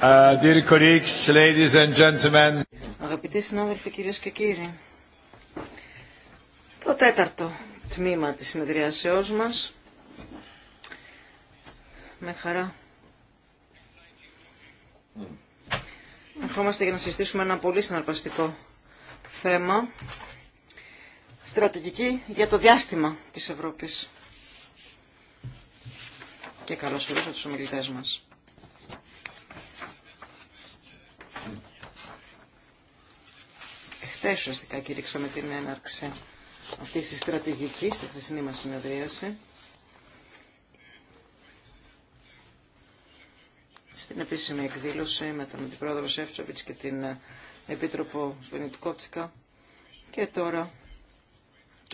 Uh, ladies and gentlemen. Αγαπητοί συνάδελφοι, κυρίες και κύριοι, το τέταρτο τμήμα της συνεδριάσεώς μας, με χαρά. Ερχόμαστε για να συζητήσουμε ένα πολύ συναρπαστικό θέμα, στρατηγική για το διάστημα της Ευρώπης. Και καλώς ορίζω τους ομιλητές μας. συντονιστές ουσιαστικά κήρυξαμε την έναρξη αυτή τη στρατηγική στη χθεσινή μα συνεδρίαση. Στην επίσημη εκδήλωση με τον Αντιπρόεδρο Σεύτσοβιτ και την Επίτροπο Βενιτικότσικα και τώρα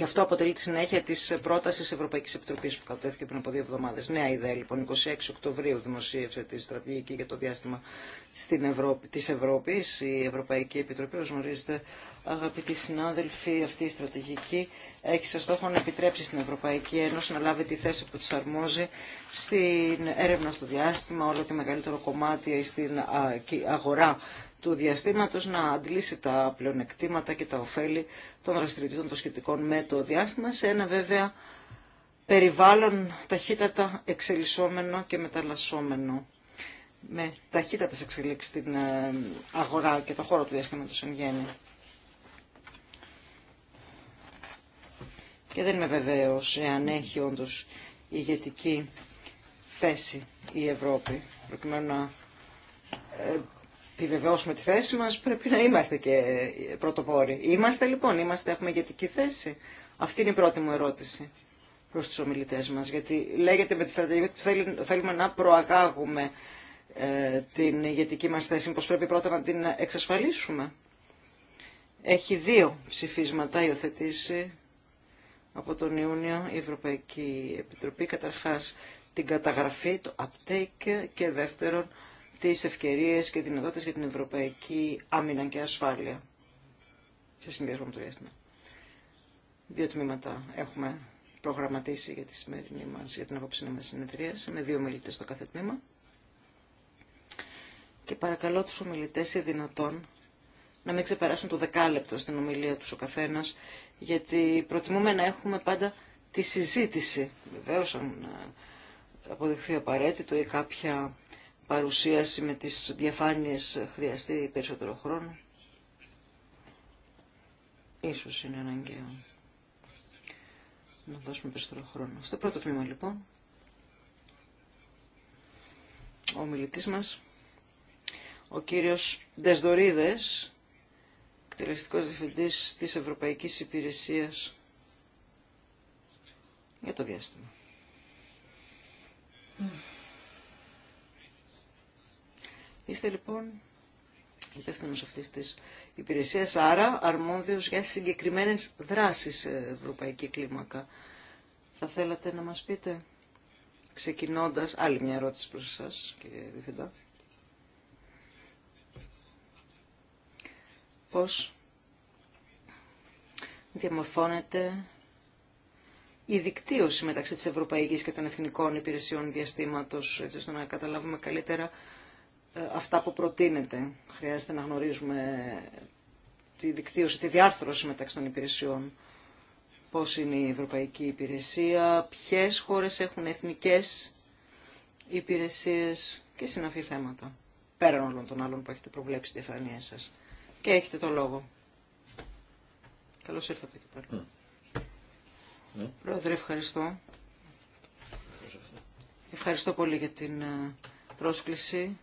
και αυτό αποτελεί τη συνέχεια τη πρόταση Ευρωπαϊκή Επιτροπή που κατέθηκε πριν από δύο εβδομάδε. Νέα ιδέα λοιπόν. 26 Οκτωβρίου δημοσίευσε τη στρατηγική για το διάστημα τη Ευρώπη, της Ευρώπης. Η Ευρωπαϊκή Επιτροπή, όπω γνωρίζετε, αγαπητοί συνάδελφοι, αυτή η στρατηγική έχει σε στόχο να επιτρέψει στην Ευρωπαϊκή Ένωση να λάβει τη θέση που τη αρμόζει στην έρευνα στο διάστημα, όλο και μεγαλύτερο κομμάτι στην αγορά του διαστήματος να αντλήσει τα πλεονεκτήματα και τα ωφέλη των δραστηριοτήτων των σχετικών με το διάστημα σε ένα βέβαια περιβάλλον ταχύτατα εξελισσόμενο και μεταλλασσόμενο με ταχύτατα εξελίξει στην ε, αγορά και το χώρο του διαστήματος εν γέννη. Και δεν είμαι βεβαίω εάν έχει όντως ηγετική θέση η Ευρώπη προκειμένου να ε, επιβεβαιώσουμε τη θέση μας πρέπει να είμαστε και πρωτοπόροι. Είμαστε λοιπόν, είμαστε, έχουμε ηγετική θέση. Αυτή είναι η πρώτη μου ερώτηση προς τους ομιλητές μας. Γιατί λέγεται με τη στρατηγική ότι θέλουμε να προαγάγουμε ε, την ηγετική μας θέση, πως πρέπει πρώτα να την εξασφαλίσουμε. Έχει δύο ψηφίσματα υιοθετήσει από τον Ιούνιο η Ευρωπαϊκή Επιτροπή. Καταρχάς την καταγραφή, το uptake και δεύτερον τις ευκαιρίες και δυνατότητες για την ευρωπαϊκή άμυνα και ασφάλεια σε συνδυασμό με το διάστημα. Δύο τμήματα έχουμε προγραμματίσει για τη σημερινή μας, για την απόψη μας συνεδρία, με δύο μιλητές στο κάθε τμήμα. Και παρακαλώ τους ομιλητές οι δυνατόν να μην ξεπεράσουν το δεκάλεπτο στην ομιλία τους ο καθένας, γιατί προτιμούμε να έχουμε πάντα τη συζήτηση, βεβαίως αν ε, αποδειχθεί απαραίτητο ή κάποια παρουσίαση με τις διαφάνειες χρειαστεί περισσότερο χρόνο. Ίσως είναι αναγκαίο να δώσουμε περισσότερο χρόνο. Στο πρώτο τμήμα λοιπόν, ο μιλητής μας, ο κύριος Ντεσδορίδες, εκτελεστικός διευθυντής της Ευρωπαϊκής Υπηρεσίας για το διάστημα. Είστε λοιπόν υπεύθυνο αυτή τη υπηρεσία, άρα αρμόδιο για συγκεκριμένε δράσει σε ευρωπαϊκή κλίμακα. Θα θέλατε να μα πείτε, ξεκινώντα, άλλη μια ερώτηση προ εσά, κύριε Διευθυντά. Πώς διαμορφώνεται η δικτύωση μεταξύ της Ευρωπαϊκής και των Εθνικών Υπηρεσιών Διαστήματος, έτσι ώστε να καταλάβουμε καλύτερα ε, αυτά που προτείνεται. Χρειάζεται να γνωρίζουμε τη δικτύωση, τη διάρθρωση μεταξύ των υπηρεσιών. Πώς είναι η Ευρωπαϊκή Υπηρεσία, ποιες χώρες έχουν εθνικές υπηρεσίες και συναφή θέματα. Πέραν όλων των άλλων που έχετε προβλέψει τη διαφανία σας. Και έχετε το λόγο. Καλώς ήρθατε και πάλι. Ναι. Πρόεδρε, ευχαριστώ. Ευχαριστώ πολύ για την ε, πρόσκληση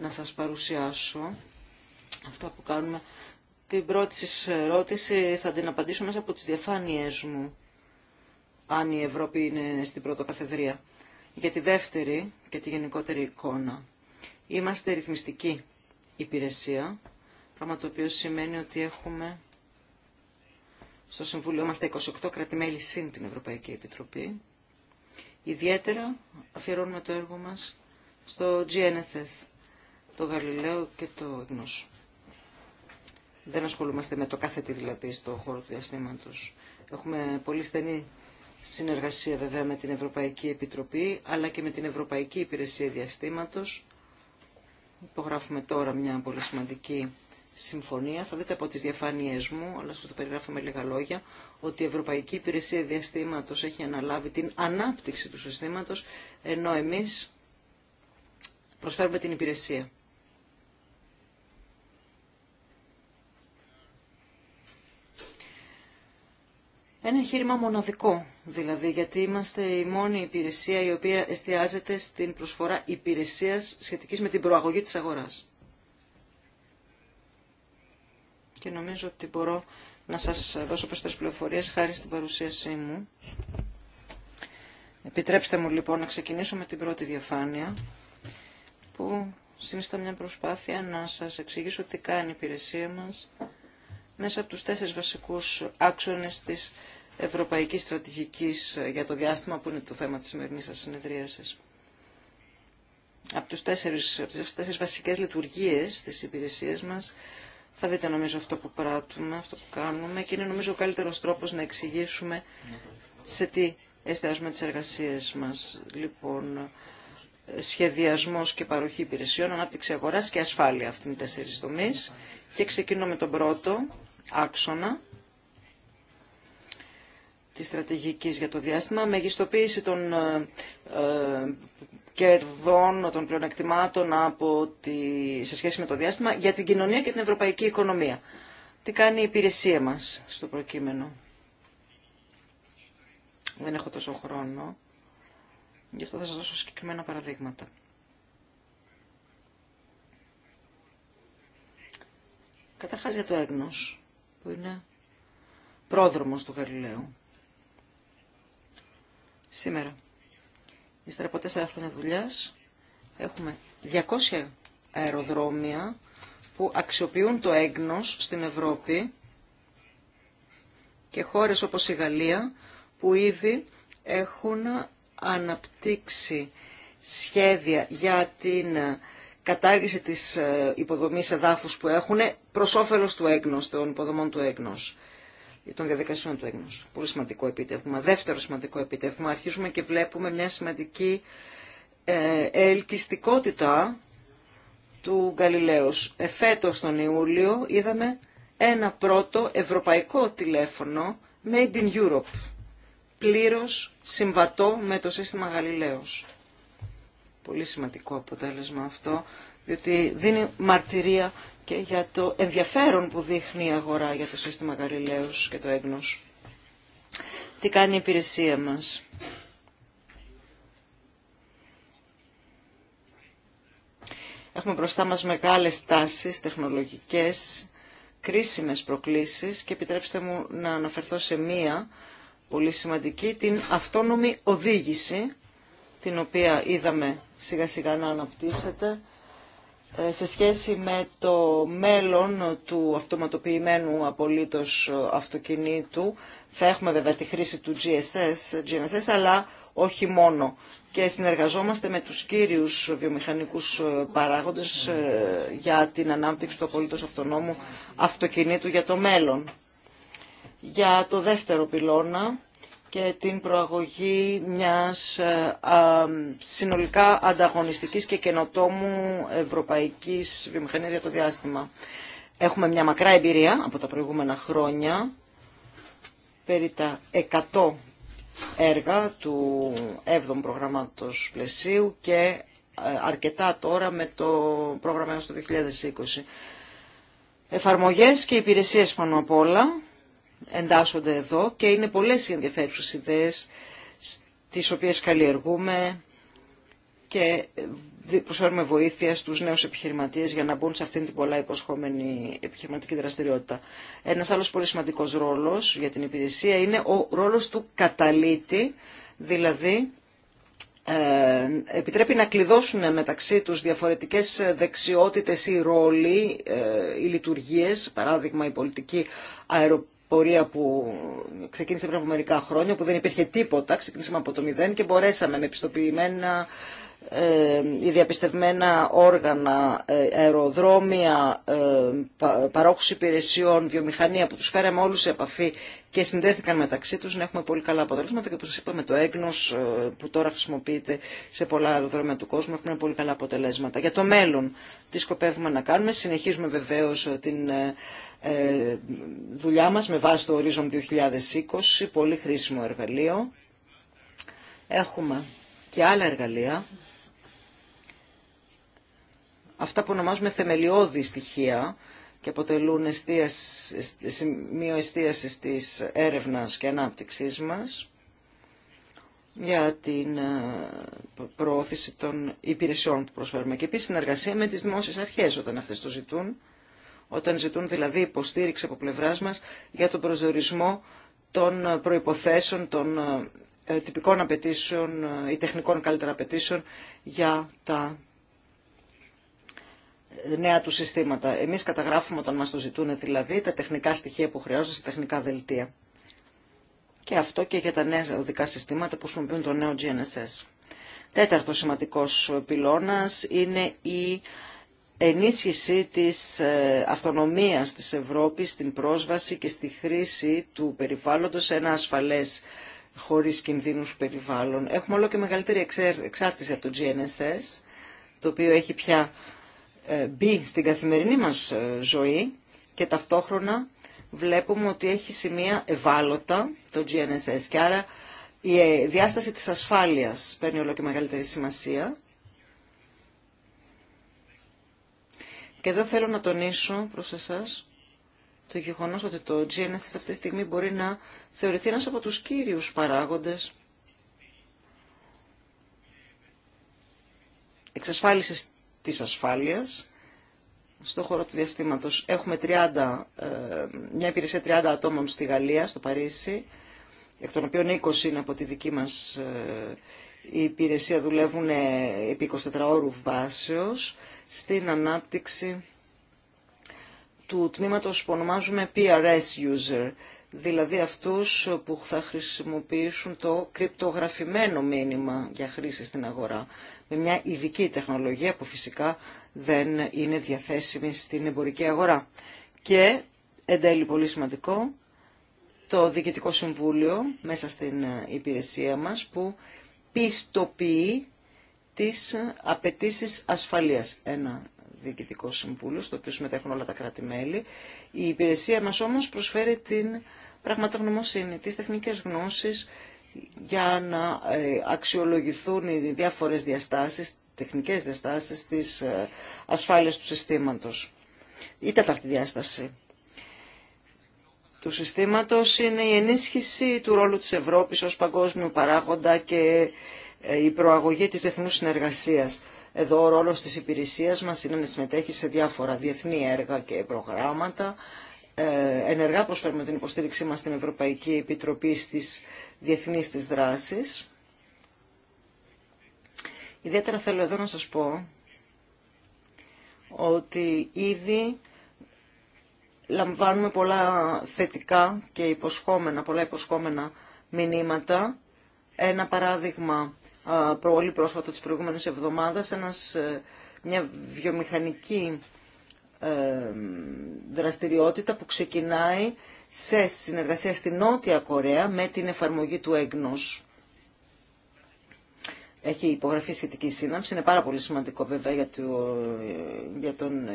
να σας παρουσιάσω αυτό που κάνουμε. Την πρώτη ερώτηση θα την απαντήσω μέσα από τις διαφάνειές μου, αν η Ευρώπη είναι στην πρώτο καθεδρία. Για τη δεύτερη και τη γενικότερη εικόνα. Είμαστε ρυθμιστική υπηρεσία, πράγμα το οποίο σημαίνει ότι έχουμε στο Συμβούλιο μας τα 28 κράτη-μέλη συν την Ευρωπαϊκή Επιτροπή Ιδιαίτερα αφιερώνουμε το έργο μας στο GNSS, το Γαλιλαίο και το Γνώσο. Δεν ασχολούμαστε με το κάθε τι δηλαδή στο χώρο του διαστήματος. Έχουμε πολύ στενή συνεργασία βέβαια με την Ευρωπαϊκή Επιτροπή, αλλά και με την Ευρωπαϊκή Υπηρεσία Διαστήματος. Υπογράφουμε τώρα μια πολύ σημαντική συμφωνία. Θα δείτε από τις διαφάνειές μου, αλλά σας το περιγράφω με λίγα λόγια, ότι η Ευρωπαϊκή Υπηρεσία Διαστήματος έχει αναλάβει την ανάπτυξη του συστήματος, ενώ εμείς προσφέρουμε την υπηρεσία. Ένα εγχείρημα μοναδικό, δηλαδή, γιατί είμαστε η μόνη υπηρεσία η οποία εστιάζεται στην προσφορά υπηρεσίας σχετικής με την προαγωγή της αγοράς. και νομίζω ότι μπορώ να σας δώσω περισσότερες πληροφορίες χάρη στην παρουσίασή μου. Επιτρέψτε μου λοιπόν να ξεκινήσω με την πρώτη διαφάνεια που συνιστά μια προσπάθεια να σας εξηγήσω τι κάνει η υπηρεσία μας μέσα από τους τέσσερις βασικούς άξονες της Ευρωπαϊκής Στρατηγικής για το διάστημα που είναι το θέμα της σημερινής σας συνεδρίασης. Από, τέσσερις, από τις τέσσερις βασικές λειτουργίες της υπηρεσίας μας θα δείτε νομίζω αυτό που πράττουμε, αυτό που κάνουμε και είναι νομίζω ο καλύτερος τρόπος να εξηγήσουμε σε τι εστιάζουμε τις εργασίες μας. Λοιπόν, σχεδιασμός και παροχή υπηρεσιών, ανάπτυξη αγοράς και ασφάλεια αυτήν οι τέσσερις τομείς. Και ξεκινώ με τον πρώτο άξονα τη στρατηγικής για το διάστημα, μεγιστοποίηση των ε, ε, κερδών, των πλεονεκτημάτων από τη... σε σχέση με το διάστημα για την κοινωνία και την ευρωπαϊκή οικονομία. Τι κάνει η υπηρεσία μας στο προκείμενο. Δεν έχω τόσο χρόνο, γι' αυτό θα σας δώσω συγκεκριμένα παραδείγματα. Καταρχάς για το έγνος, που είναι πρόδρομος του Γαλιλαίου. Σήμερα Ύστερα από τέσσερα χρόνια δουλειά έχουμε 200 αεροδρόμια που αξιοποιούν το έγνος στην Ευρώπη και χώρες όπως η Γαλλία που ήδη έχουν αναπτύξει σχέδια για την κατάργηση της υποδομής εδάφους που έχουν προς όφελος του έγνος, των υποδομών του έγνος των διαδικασιών του έγνους. Πολύ σημαντικό επιτεύγμα. Δεύτερο σημαντικό επιτεύγμα. Αρχίζουμε και βλέπουμε μια σημαντική ε, ελκυστικότητα του Γαλιλαίου Εφέτος τον Ιούλιο είδαμε ένα πρώτο ευρωπαϊκό τηλέφωνο Made in Europe, πλήρως συμβατό με το σύστημα Γαλιλαίος. Πολύ σημαντικό αποτέλεσμα αυτό, διότι δίνει μαρτυρία και για το ενδιαφέρον που δείχνει η αγορά για το σύστημα Γαλιλαίους και το έγνος. Τι κάνει η υπηρεσία μας. Έχουμε μπροστά μας μεγάλες τάσεις τεχνολογικές, κρίσιμες προκλήσεις και επιτρέψτε μου να αναφερθώ σε μία πολύ σημαντική, την αυτόνομη οδήγηση, την οποία είδαμε σιγά σιγά να αναπτύσσεται ε, σε σχέση με το μέλλον του αυτοματοποιημένου απολύτως ε, αυτοκινήτου θα έχουμε βέβαια τη χρήση του GSS, GNSS αλλά όχι μόνο και συνεργαζόμαστε με τους κύριους βιομηχανικούς ε, παράγοντες για την ανάπτυξη του απολύτως αυτονόμου αυτοκινήτου για το μέλλον. Για το δεύτερο πυλώνα και την προαγωγή μιας ε, συνολικά ανταγωνιστικής και καινοτόμου ευρωπαϊκής βιομηχανίας για το διάστημα. Έχουμε μια μακρά εμπειρία από τα προηγούμενα χρόνια, περί τα 100 έργα του 7ου προγραμμάτος πλαισίου και ε, αρκετά τώρα με το πρόγραμμα έως το 2020. Εφαρμογές και υπηρεσίες πάνω απ' όλα εντάσσονται εδώ και είναι πολλές οι ενδιαφέρουσες ιδέες τις οποίες καλλιεργούμε και προσφέρουμε βοήθεια στους νέους επιχειρηματίες για να μπουν σε αυτήν την πολλά υποσχόμενη επιχειρηματική δραστηριότητα. Ένας άλλος πολύ σημαντικός ρόλος για την υπηρεσία είναι ο ρόλος του καταλήτη, δηλαδή ε, επιτρέπει να κλειδώσουν μεταξύ τους διαφορετικές δεξιότητες ή ρόλοι, ε, οι λειτουργίες, παράδειγμα η πολιτική αεροπορια πορεία που ξεκίνησε πριν από μερικά χρόνια, που δεν υπήρχε τίποτα, ξεκινήσαμε από το μηδέν και μπορέσαμε με πιστοποιημένα ε, διαπιστευμένα όργανα, ε, αεροδρόμια, ε, παρόχους υπηρεσιών, βιομηχανία που τους φέραμε όλους σε επαφή και συνδέθηκαν μεταξύ τους να έχουμε πολύ καλά αποτελέσματα και όπως σας είπαμε το έγνος ε, που τώρα χρησιμοποιείται σε πολλά αεροδρόμια του κόσμου έχουμε πολύ καλά αποτελέσματα. Για το μέλλον τι σκοπεύουμε να κάνουμε, συνεχίζουμε βεβαίως ε, την ε, δουλειά μας με βάση το Horizon 2020, πολύ χρήσιμο εργαλείο. Έχουμε και άλλα εργαλεία, αυτά που ονομάζουμε θεμελιώδη στοιχεία και αποτελούν εστίαση, σημείο εστίασης της έρευνας και ανάπτυξής μας για την ε, προώθηση των υπηρεσιών που προσφέρουμε και επίσης συνεργασία με τις δημόσιες αρχές όταν αυτές το ζητούν όταν ζητούν δηλαδή υποστήριξη από πλευρά μα για τον προσδιορισμό των προϋποθέσεων, των ε, τυπικών απαιτήσεων ε, ή τεχνικών καλύτερα απαιτήσεων για τα ε, νέα του συστήματα. Εμείς καταγράφουμε όταν μας το ζητούν δηλαδή τα τεχνικά στοιχεία που χρειάζονται τα τεχνικά δελτία. Και αυτό και για τα νέα οδικά συστήματα που χρησιμοποιούν το νέο GNSS. Τέταρτο σημαντικός πυλώνας είναι η ενίσχυση της ε, αυτονομίας της Ευρώπης στην πρόσβαση και στη χρήση του περιβάλλοντος σε ένα ασφαλές χωρίς κινδύνους περιβάλλον. Έχουμε όλο και μεγαλύτερη εξάρτηση από το GNSS, το οποίο έχει πια ε, μπει στην καθημερινή μας ε, ζωή και ταυτόχρονα βλέπουμε ότι έχει σημεία ευάλωτα το GNSS και άρα η διάσταση της ασφάλειας παίρνει όλο και μεγαλύτερη σημασία Και εδώ θέλω να τονίσω προς εσάς το γεγονός ότι το Genesis αυτή τη στιγμή μπορεί να θεωρηθεί ένας από τους κύριους παράγοντες εξασφάλισης της ασφάλειας. Στο χώρο του διαστήματος έχουμε 30, ε, μια υπηρεσία 30 ατόμων στη Γαλλία, στο Παρίσι, εκ των οποίων 20 είναι από τη δική μας ε, η υπηρεσία δουλεύουν ε, επί 24 ώρου βάσεως στην ανάπτυξη του τμήματος που ονομάζουμε PRS User, δηλαδή αυτούς που θα χρησιμοποιήσουν το κρυπτογραφημένο μήνυμα για χρήση στην αγορά, με μια ειδική τεχνολογία που φυσικά δεν είναι διαθέσιμη στην εμπορική αγορά. Και, εν τέλει πολύ σημαντικό, το Διοικητικό Συμβούλιο μέσα στην ε, υπηρεσία μας πιστοποιεί τις απαιτήσει ασφαλείας. Ένα διοικητικό συμβούλιο, στο οποίο συμμετέχουν όλα τα κράτη-μέλη. Η υπηρεσία μας όμως προσφέρει την πραγματογνωμοσύνη, τις τεχνικές γνώσεις για να ε, αξιολογηθούν οι διάφορες διαστάσεις, τεχνικές διαστάσεις της ε, ασφάλειας του συστήματος. Η τέταρτη διάσταση του συστήματος είναι η ενίσχυση του ρόλου της Ευρώπης ως παγκόσμιου παράγοντα και ε, η προαγωγή της διεθνούς συνεργασίας. Εδώ ο ρόλος της υπηρεσίας μας είναι να συμμετέχει σε διάφορα διεθνή έργα και προγράμματα. Ε, ενεργά προσφέρουμε την υποστήριξή μας στην Ευρωπαϊκή Επιτροπή στις διεθνείς της δράσεις. Ιδιαίτερα θέλω εδώ να σας πω ότι ήδη λαμβάνουμε πολλά θετικά και υποσχόμενα, πολλά υποσχόμενα μηνύματα. Ένα παράδειγμα πολύ πρόσφατο της προηγούμενης εβδομάδας, ένας, ε, μια βιομηχανική ε, δραστηριότητα που ξεκινάει σε συνεργασία στη Νότια Κορέα με την εφαρμογή του έγνος έχει υπογραφεί σχετική σύναψη. Είναι πάρα πολύ σημαντικό βέβαια για, για, τον,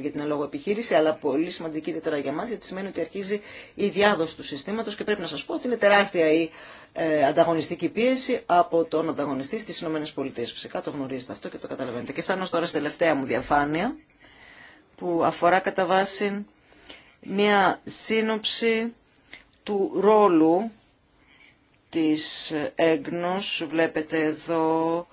για, την αλόγω επιχείρηση, αλλά πολύ σημαντική ιδιαίτερα για μας γιατί σημαίνει ότι αρχίζει η διάδοση του συστήματος και πρέπει να σας πω ότι είναι τεράστια η ε, ανταγωνιστική πίεση από τον ανταγωνιστή στι ΗΠΑ. Φυσικά το γνωρίζετε αυτό και το καταλαβαίνετε. Και φτάνω τώρα στη τελευταία μου διαφάνεια, που αφορά κατά βάση μία σύνοψη του ρόλου της έγνος. Βλέπετε εδώ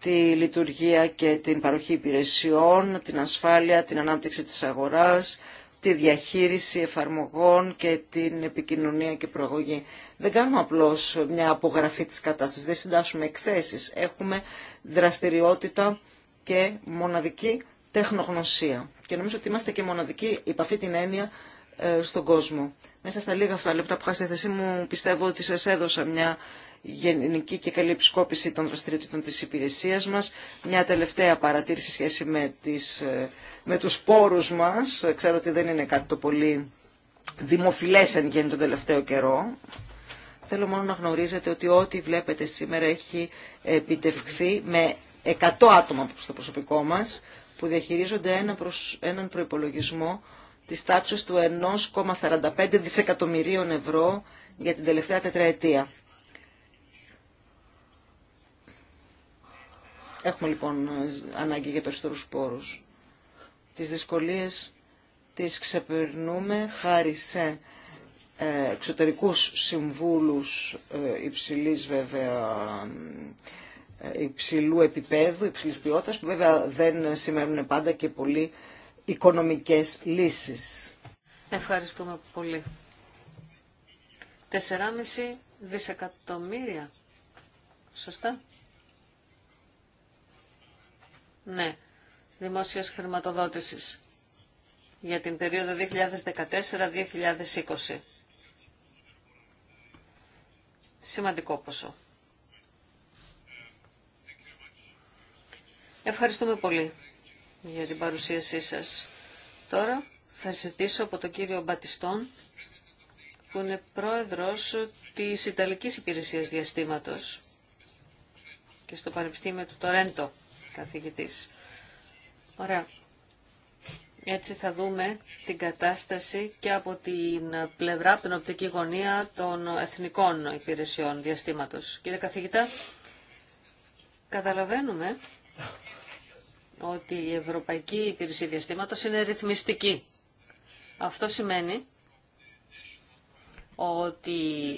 τη λειτουργία και την παροχή υπηρεσιών, την ασφάλεια, την ανάπτυξη της αγοράς, τη διαχείριση εφαρμογών και την επικοινωνία και προαγωγή. Δεν κάνουμε απλώς μια απογραφή της κατάστασης, δεν συντάσσουμε εκθέσεις. Έχουμε δραστηριότητα και μοναδική τεχνογνωσία. Και νομίζω ότι είμαστε και μοναδικοί υπ' την έννοια ε, στον κόσμο. Μέσα στα λίγα αυτά λεπτά που είχα στη θέση μου πιστεύω ότι σας έδωσα μια γενική και καλή επισκόπηση των δραστηριοτήτων της υπηρεσίας μας. Μια τελευταία παρατήρηση σχέση με, τις, ε, με τους πόρους μας. Ξέρω ότι δεν είναι κάτι το πολύ δημοφιλές εν γέννη τον τελευταίο καιρό. Θέλω μόνο να γνωρίζετε ότι ό,τι βλέπετε σήμερα έχει επιτευχθεί με 100 άτομα στο προσωπικό μας που διαχειρίζονται ένα έναν προϋπολογισμό της τάξης του 1,45 δισεκατομμυρίων ευρώ για την τελευταία τετραετία. Έχουμε λοιπόν ανάγκη για περισσότερους πόρους. Τις δυσκολίες τις ξεπερνούμε χάρη σε ε, εξωτερικούς συμβούλους ε, υψηλής βέβαια ε, υψηλού επίπεδου, υψηλής ποιότητας, που βέβαια δεν σημαίνουν πάντα και πολύ οικονομικές λύσεις. Ευχαριστούμε πολύ. 4,5 δισεκατομμύρια. Σωστά. Ναι. Δημόσιας χρηματοδότησης για την περίοδο 2014-2020. Σημαντικό ποσό. Ευχαριστούμε πολύ για την παρουσίασή σας. Τώρα θα ζητήσω από τον κύριο Μπατιστόν, που είναι πρόεδρος της Ιταλικής Υπηρεσίας Διαστήματος και στο Πανεπιστήμιο του Τορέντο, καθηγητής. Ωραία. Έτσι θα δούμε την κατάσταση και από την πλευρά, από την οπτική γωνία των εθνικών υπηρεσιών διαστήματος. Κύριε καθηγητά, καταλαβαίνουμε ότι η Ευρωπαϊκή Υπηρεσία Διαστήματος είναι ρυθμιστική. Αυτό σημαίνει ότι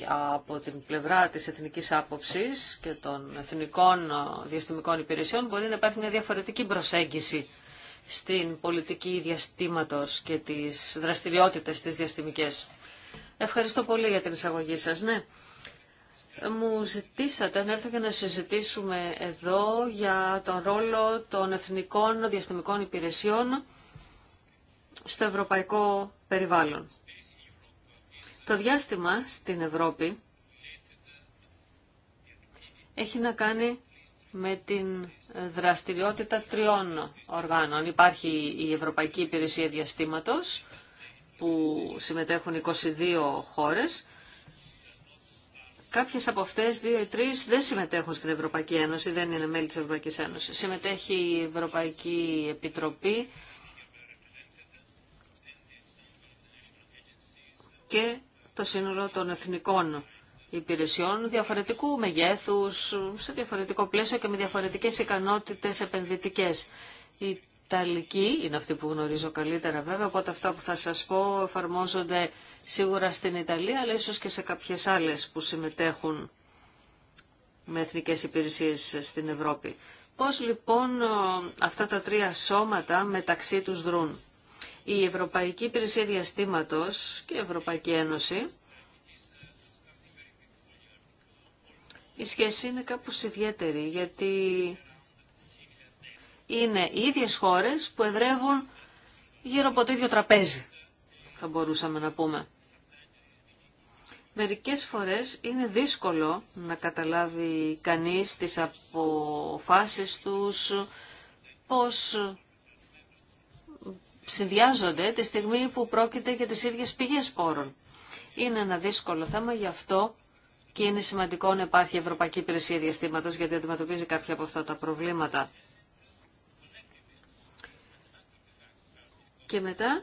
από την πλευρά της εθνικής άποψης και των εθνικών διαστημικών υπηρεσιών μπορεί να υπάρχει μια διαφορετική προσέγγιση στην πολιτική διαστήματος και τις δραστηριότητες της διαστημικές. Ευχαριστώ πολύ για την εισαγωγή σας. Ναι, μου ζητήσατε να έρθω και να συζητήσουμε εδώ για τον ρόλο των εθνικών διαστημικών υπηρεσιών στο ευρωπαϊκό περιβάλλον. Το διάστημα στην Ευρώπη έχει να κάνει με την δραστηριότητα τριών οργάνων. Υπάρχει η Ευρωπαϊκή Υπηρεσία Διαστήματος, που συμμετέχουν 22 χώρες, Κάποιες από αυτές, δύο ή τρεις, δεν συμμετέχουν στην Ευρωπαϊκή Ένωση, δεν είναι μέλη της Ευρωπαϊκής Ένωσης. Συμμετέχει η Ευρωπαϊκή Επιτροπή και το σύνολο των εθνικών υπηρεσιών διαφορετικού μεγέθους, σε διαφορετικό πλαίσιο και με διαφορετικές ικανότητες επενδυτικές. Η Ιταλική είναι αυτή που γνωρίζω καλύτερα βέβαια, οπότε αυτά που θα σας πω εφαρμόζονται σίγουρα στην Ιταλία, αλλά ίσως και σε κάποιες άλλες που συμμετέχουν με εθνικές υπηρεσίες στην Ευρώπη. Πώς λοιπόν ε, αυτά τα τρία σώματα μεταξύ τους δρούν. Η Ευρωπαϊκή Υπηρεσία Διαστήματος και η Ευρωπαϊκή Ένωση η σχέση είναι κάπως ιδιαίτερη γιατί είναι οι ίδιες χώρες που εδρεύουν γύρω από το ίδιο τραπέζι θα μπορούσαμε να πούμε. Μερικές φορές είναι δύσκολο να καταλάβει κανείς τις αποφάσεις τους, πώς συνδυάζονται τη στιγμή που πρόκειται για τις ίδιες πηγές πόρων. Είναι ένα δύσκολο θέμα, γι' αυτό και είναι σημαντικό να υπάρχει Ευρωπαϊκή Υπηρεσία Διαστήματος γιατί αντιμετωπίζει κάποια από αυτά τα προβλήματα. Και μετά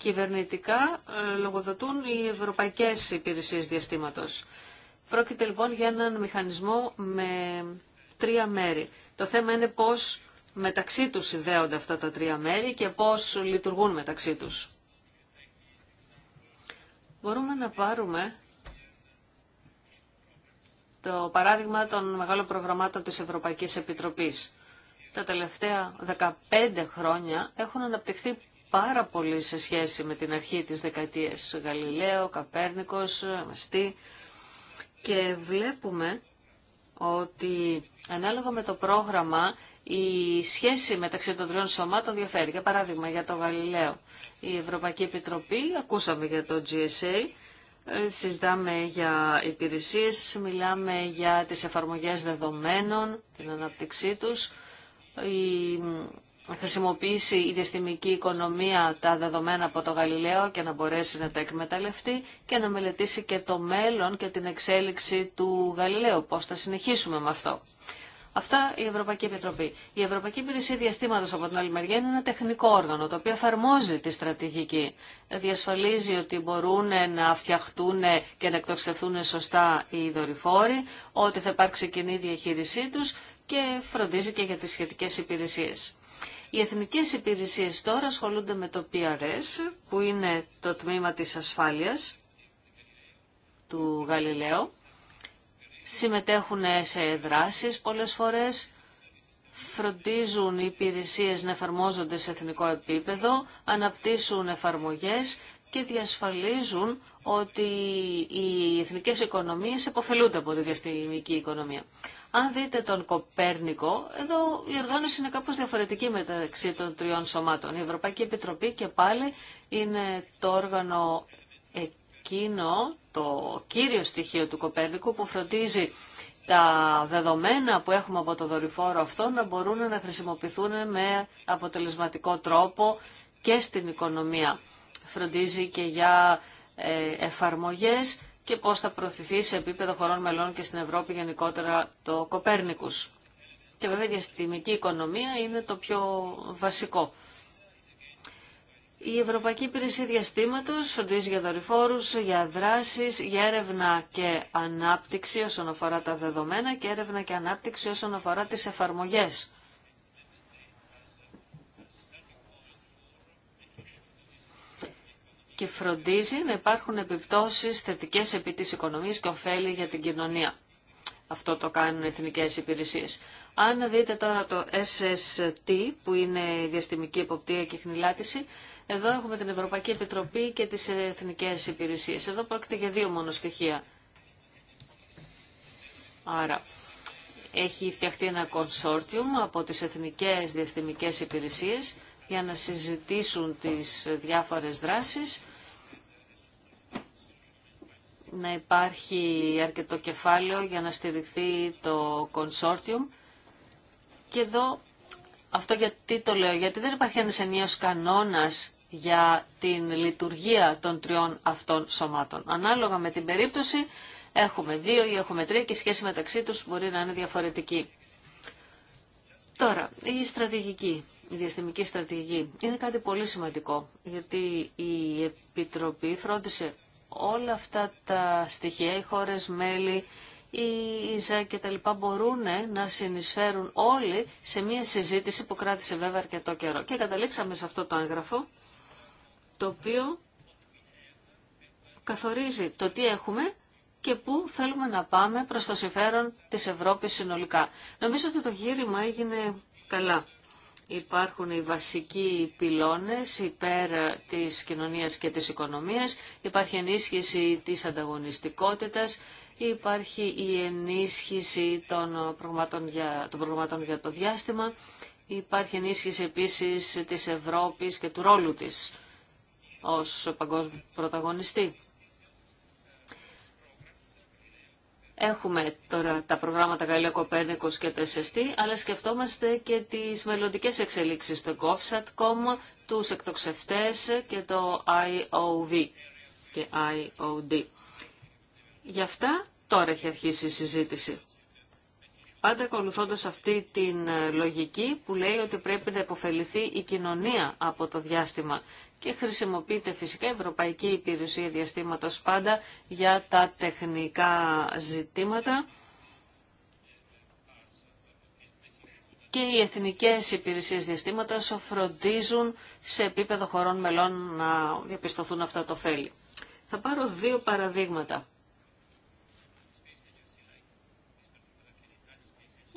κυβερνητικά ε, λογοδοτούν οι ευρωπαϊκές υπηρεσίες διαστήματος. Πρόκειται λοιπόν για έναν μηχανισμό με τρία μέρη. Το θέμα είναι πώς μεταξύ τους συνδέονται αυτά τα τρία μέρη και πώς λειτουργούν μεταξύ τους. Μπορούμε να πάρουμε το παράδειγμα των μεγάλων προγραμμάτων της Ευρωπαϊκής Επιτροπής. Τα τελευταία 15 χρόνια έχουν αναπτυχθεί πάρα πολύ σε σχέση με την αρχή της δεκαετίας Γαλιλαίο, Καπέρνικος, Αμαστή. και βλέπουμε ότι ανάλογα με το πρόγραμμα η σχέση μεταξύ των τριών σωμάτων διαφέρει. Για παράδειγμα για το Γαλιλαίο η Ευρωπαϊκή Επιτροπή, ακούσαμε για το GSA, συζητάμε για υπηρεσίες, μιλάμε για τις εφαρμογές δεδομένων, την ανάπτυξή τους, η να χρησιμοποιήσει η διαστημική οικονομία τα δεδομένα από το Γαλιλαίο και να μπορέσει να τα εκμεταλλευτεί και να μελετήσει και το μέλλον και την εξέλιξη του Γαλιλαίου, πώς θα συνεχίσουμε με αυτό. Αυτά η Ευρωπαϊκή Επιτροπή. Η Ευρωπαϊκή Υπηρεσία Διαστήματο από την άλλη μεριά είναι ένα τεχνικό όργανο το οποίο εφαρμόζει τη στρατηγική. Διασφαλίζει ότι μπορούν να φτιαχτούν και να εκτοξευθούν σωστά οι δορυφόροι, ότι θα υπάρξει κοινή διαχείρισή του και φροντίζει και για τι σχετικέ υπηρεσίε. Οι εθνικές υπηρεσίες τώρα ασχολούνται με το PRS, που είναι το τμήμα της ασφάλειας του Γαλιλαίου. Συμμετέχουν σε δράσεις πολλές φορές, φροντίζουν οι υπηρεσίες να εφαρμόζονται σε εθνικό επίπεδο, αναπτύσσουν εφαρμογές και διασφαλίζουν ότι οι εθνικές οικονομίες εποφελούνται από τη διαστημική οικονομία. Αν δείτε τον Κοπέρνικο, εδώ η οργάνωση είναι κάπως διαφορετική μεταξύ των τριών σωμάτων. Η Ευρωπαϊκή Επιτροπή και πάλι είναι το όργανο εκείνο, το κύριο στοιχείο του Κοπέρνικου που φροντίζει τα δεδομένα που έχουμε από το δορυφόρο αυτό να μπορούν να χρησιμοποιηθούν με αποτελεσματικό τρόπο και στην οικονομία. Φροντίζει και για ε, εφαρμογές και πώς θα προωθηθεί σε επίπεδο χωρών μελών και στην Ευρώπη γενικότερα το Κοπέρνικους. Και βέβαια η διαστημική οικονομία είναι το πιο βασικό. Η Ευρωπαϊκή Υπηρεσία Διαστήματος φροντίζει για δορυφόρους, για δράσεις, για έρευνα και ανάπτυξη όσον αφορά τα δεδομένα και έρευνα και ανάπτυξη όσον αφορά τι εφαρμογές. και φροντίζει να υπάρχουν επιπτώσεις θετικές επί της οικονομίας και ωφέλη για την κοινωνία. Αυτό το κάνουν οι εθνικές υπηρεσίες. Αν δείτε τώρα το SST, που είναι η διαστημική εποπτεία και χνηλάτιση, εδώ έχουμε την Ευρωπαϊκή Επιτροπή και τις εθνικές υπηρεσίες. Εδώ πρόκειται για δύο μόνο στοιχεία. Άρα, έχει φτιαχτεί ένα κονσόρτιουμ από τις εθνικές διαστημικές υπηρεσίες για να συζητήσουν τις διάφορες δράσεις να υπάρχει αρκετό κεφάλαιο για να στηριχθεί το consortium. Και εδώ αυτό γιατί το λέω, γιατί δεν υπάρχει ένας ενίος κανόνας για την λειτουργία των τριών αυτών σωμάτων. Ανάλογα με την περίπτωση έχουμε δύο ή έχουμε τρία και η σχέση μεταξύ τους μπορεί να είναι διαφορετική. Τώρα, η στρατηγική, η διαστημική στρατηγική είναι κάτι πολύ σημαντικό, γιατί η Επιτροπή φρόντισε όλα αυτά τα στοιχεία, οι χώρες μέλη, η ΙΖΑ και τα λοιπά μπορούν ε, να συνεισφέρουν όλοι σε μια συζήτηση που κράτησε βέβαια αρκετό καιρό. Και καταλήξαμε σε αυτό το έγγραφο, το οποίο καθορίζει το τι έχουμε και πού θέλουμε να πάμε προς το συμφέρον της Ευρώπης συνολικά. Νομίζω ότι το γύριμα έγινε καλά. Υπάρχουν οι βασικοί πυλώνες υπέρ της κοινωνίας και της οικονομίας, υπάρχει ενίσχυση της ανταγωνιστικότητας, υπάρχει η ενίσχυση των προγραμμάτων για, για το διάστημα, υπάρχει ενίσχυση επίσης της Ευρώπης και του ρόλου της ως παγκόσμιο πρωταγωνιστή. Έχουμε τώρα τα προγράμματα Γαλλία Κοπέρνικος και το SST, αλλά σκεφτόμαστε και τις μελλοντικές εξελίξεις στο GovSatcom, τους εκτοξευτές και το IOV και IOD. Γι' αυτά τώρα έχει αρχίσει η συζήτηση. Πάντα ακολουθώντα αυτή την λογική που λέει ότι πρέπει να υποφεληθεί η κοινωνία από το διάστημα και χρησιμοποιείται φυσικά η Ευρωπαϊκή Υπηρεσία Διαστήματος πάντα για τα τεχνικά ζητήματα και οι εθνικές υπηρεσίες διαστήματος φροντίζουν σε επίπεδο χωρών μελών να διαπιστωθούν αυτά το φέλη. Θα πάρω δύο παραδείγματα.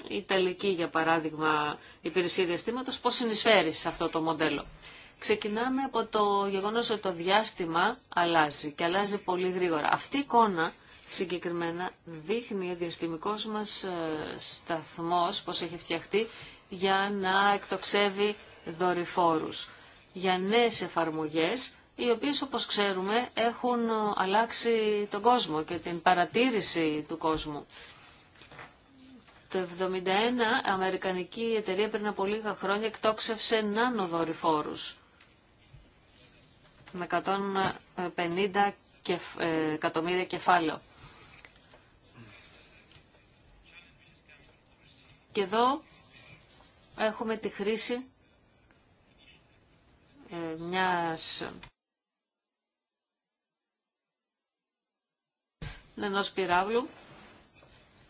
Η Ιταλική, για παράδειγμα, υπηρεσία διαστήματος, πώς συνεισφέρει σε αυτό το μοντέλο. Ξεκινάμε από το γεγονός ότι το διάστημα αλλάζει και αλλάζει πολύ γρήγορα. Αυτή η εικόνα συγκεκριμένα δείχνει ο διαστημικός μας ε, σταθμός, πώς έχει φτιαχτεί, για να εκτοξεύει δορυφόρους, για νέες εφαρμογές, οι οποίες όπως ξέρουμε έχουν ε, αλλάξει τον κόσμο και την παρατήρηση του κόσμου. Το 1971 η Αμερικανική εταιρεία πριν από λίγα χρόνια εκτόξευσε νάνο δορυφόρους με 150 ε, εκατομμύρια κεφάλαιο. Και εδώ έχουμε τη χρήση ε, μιας ενός πυράβλου.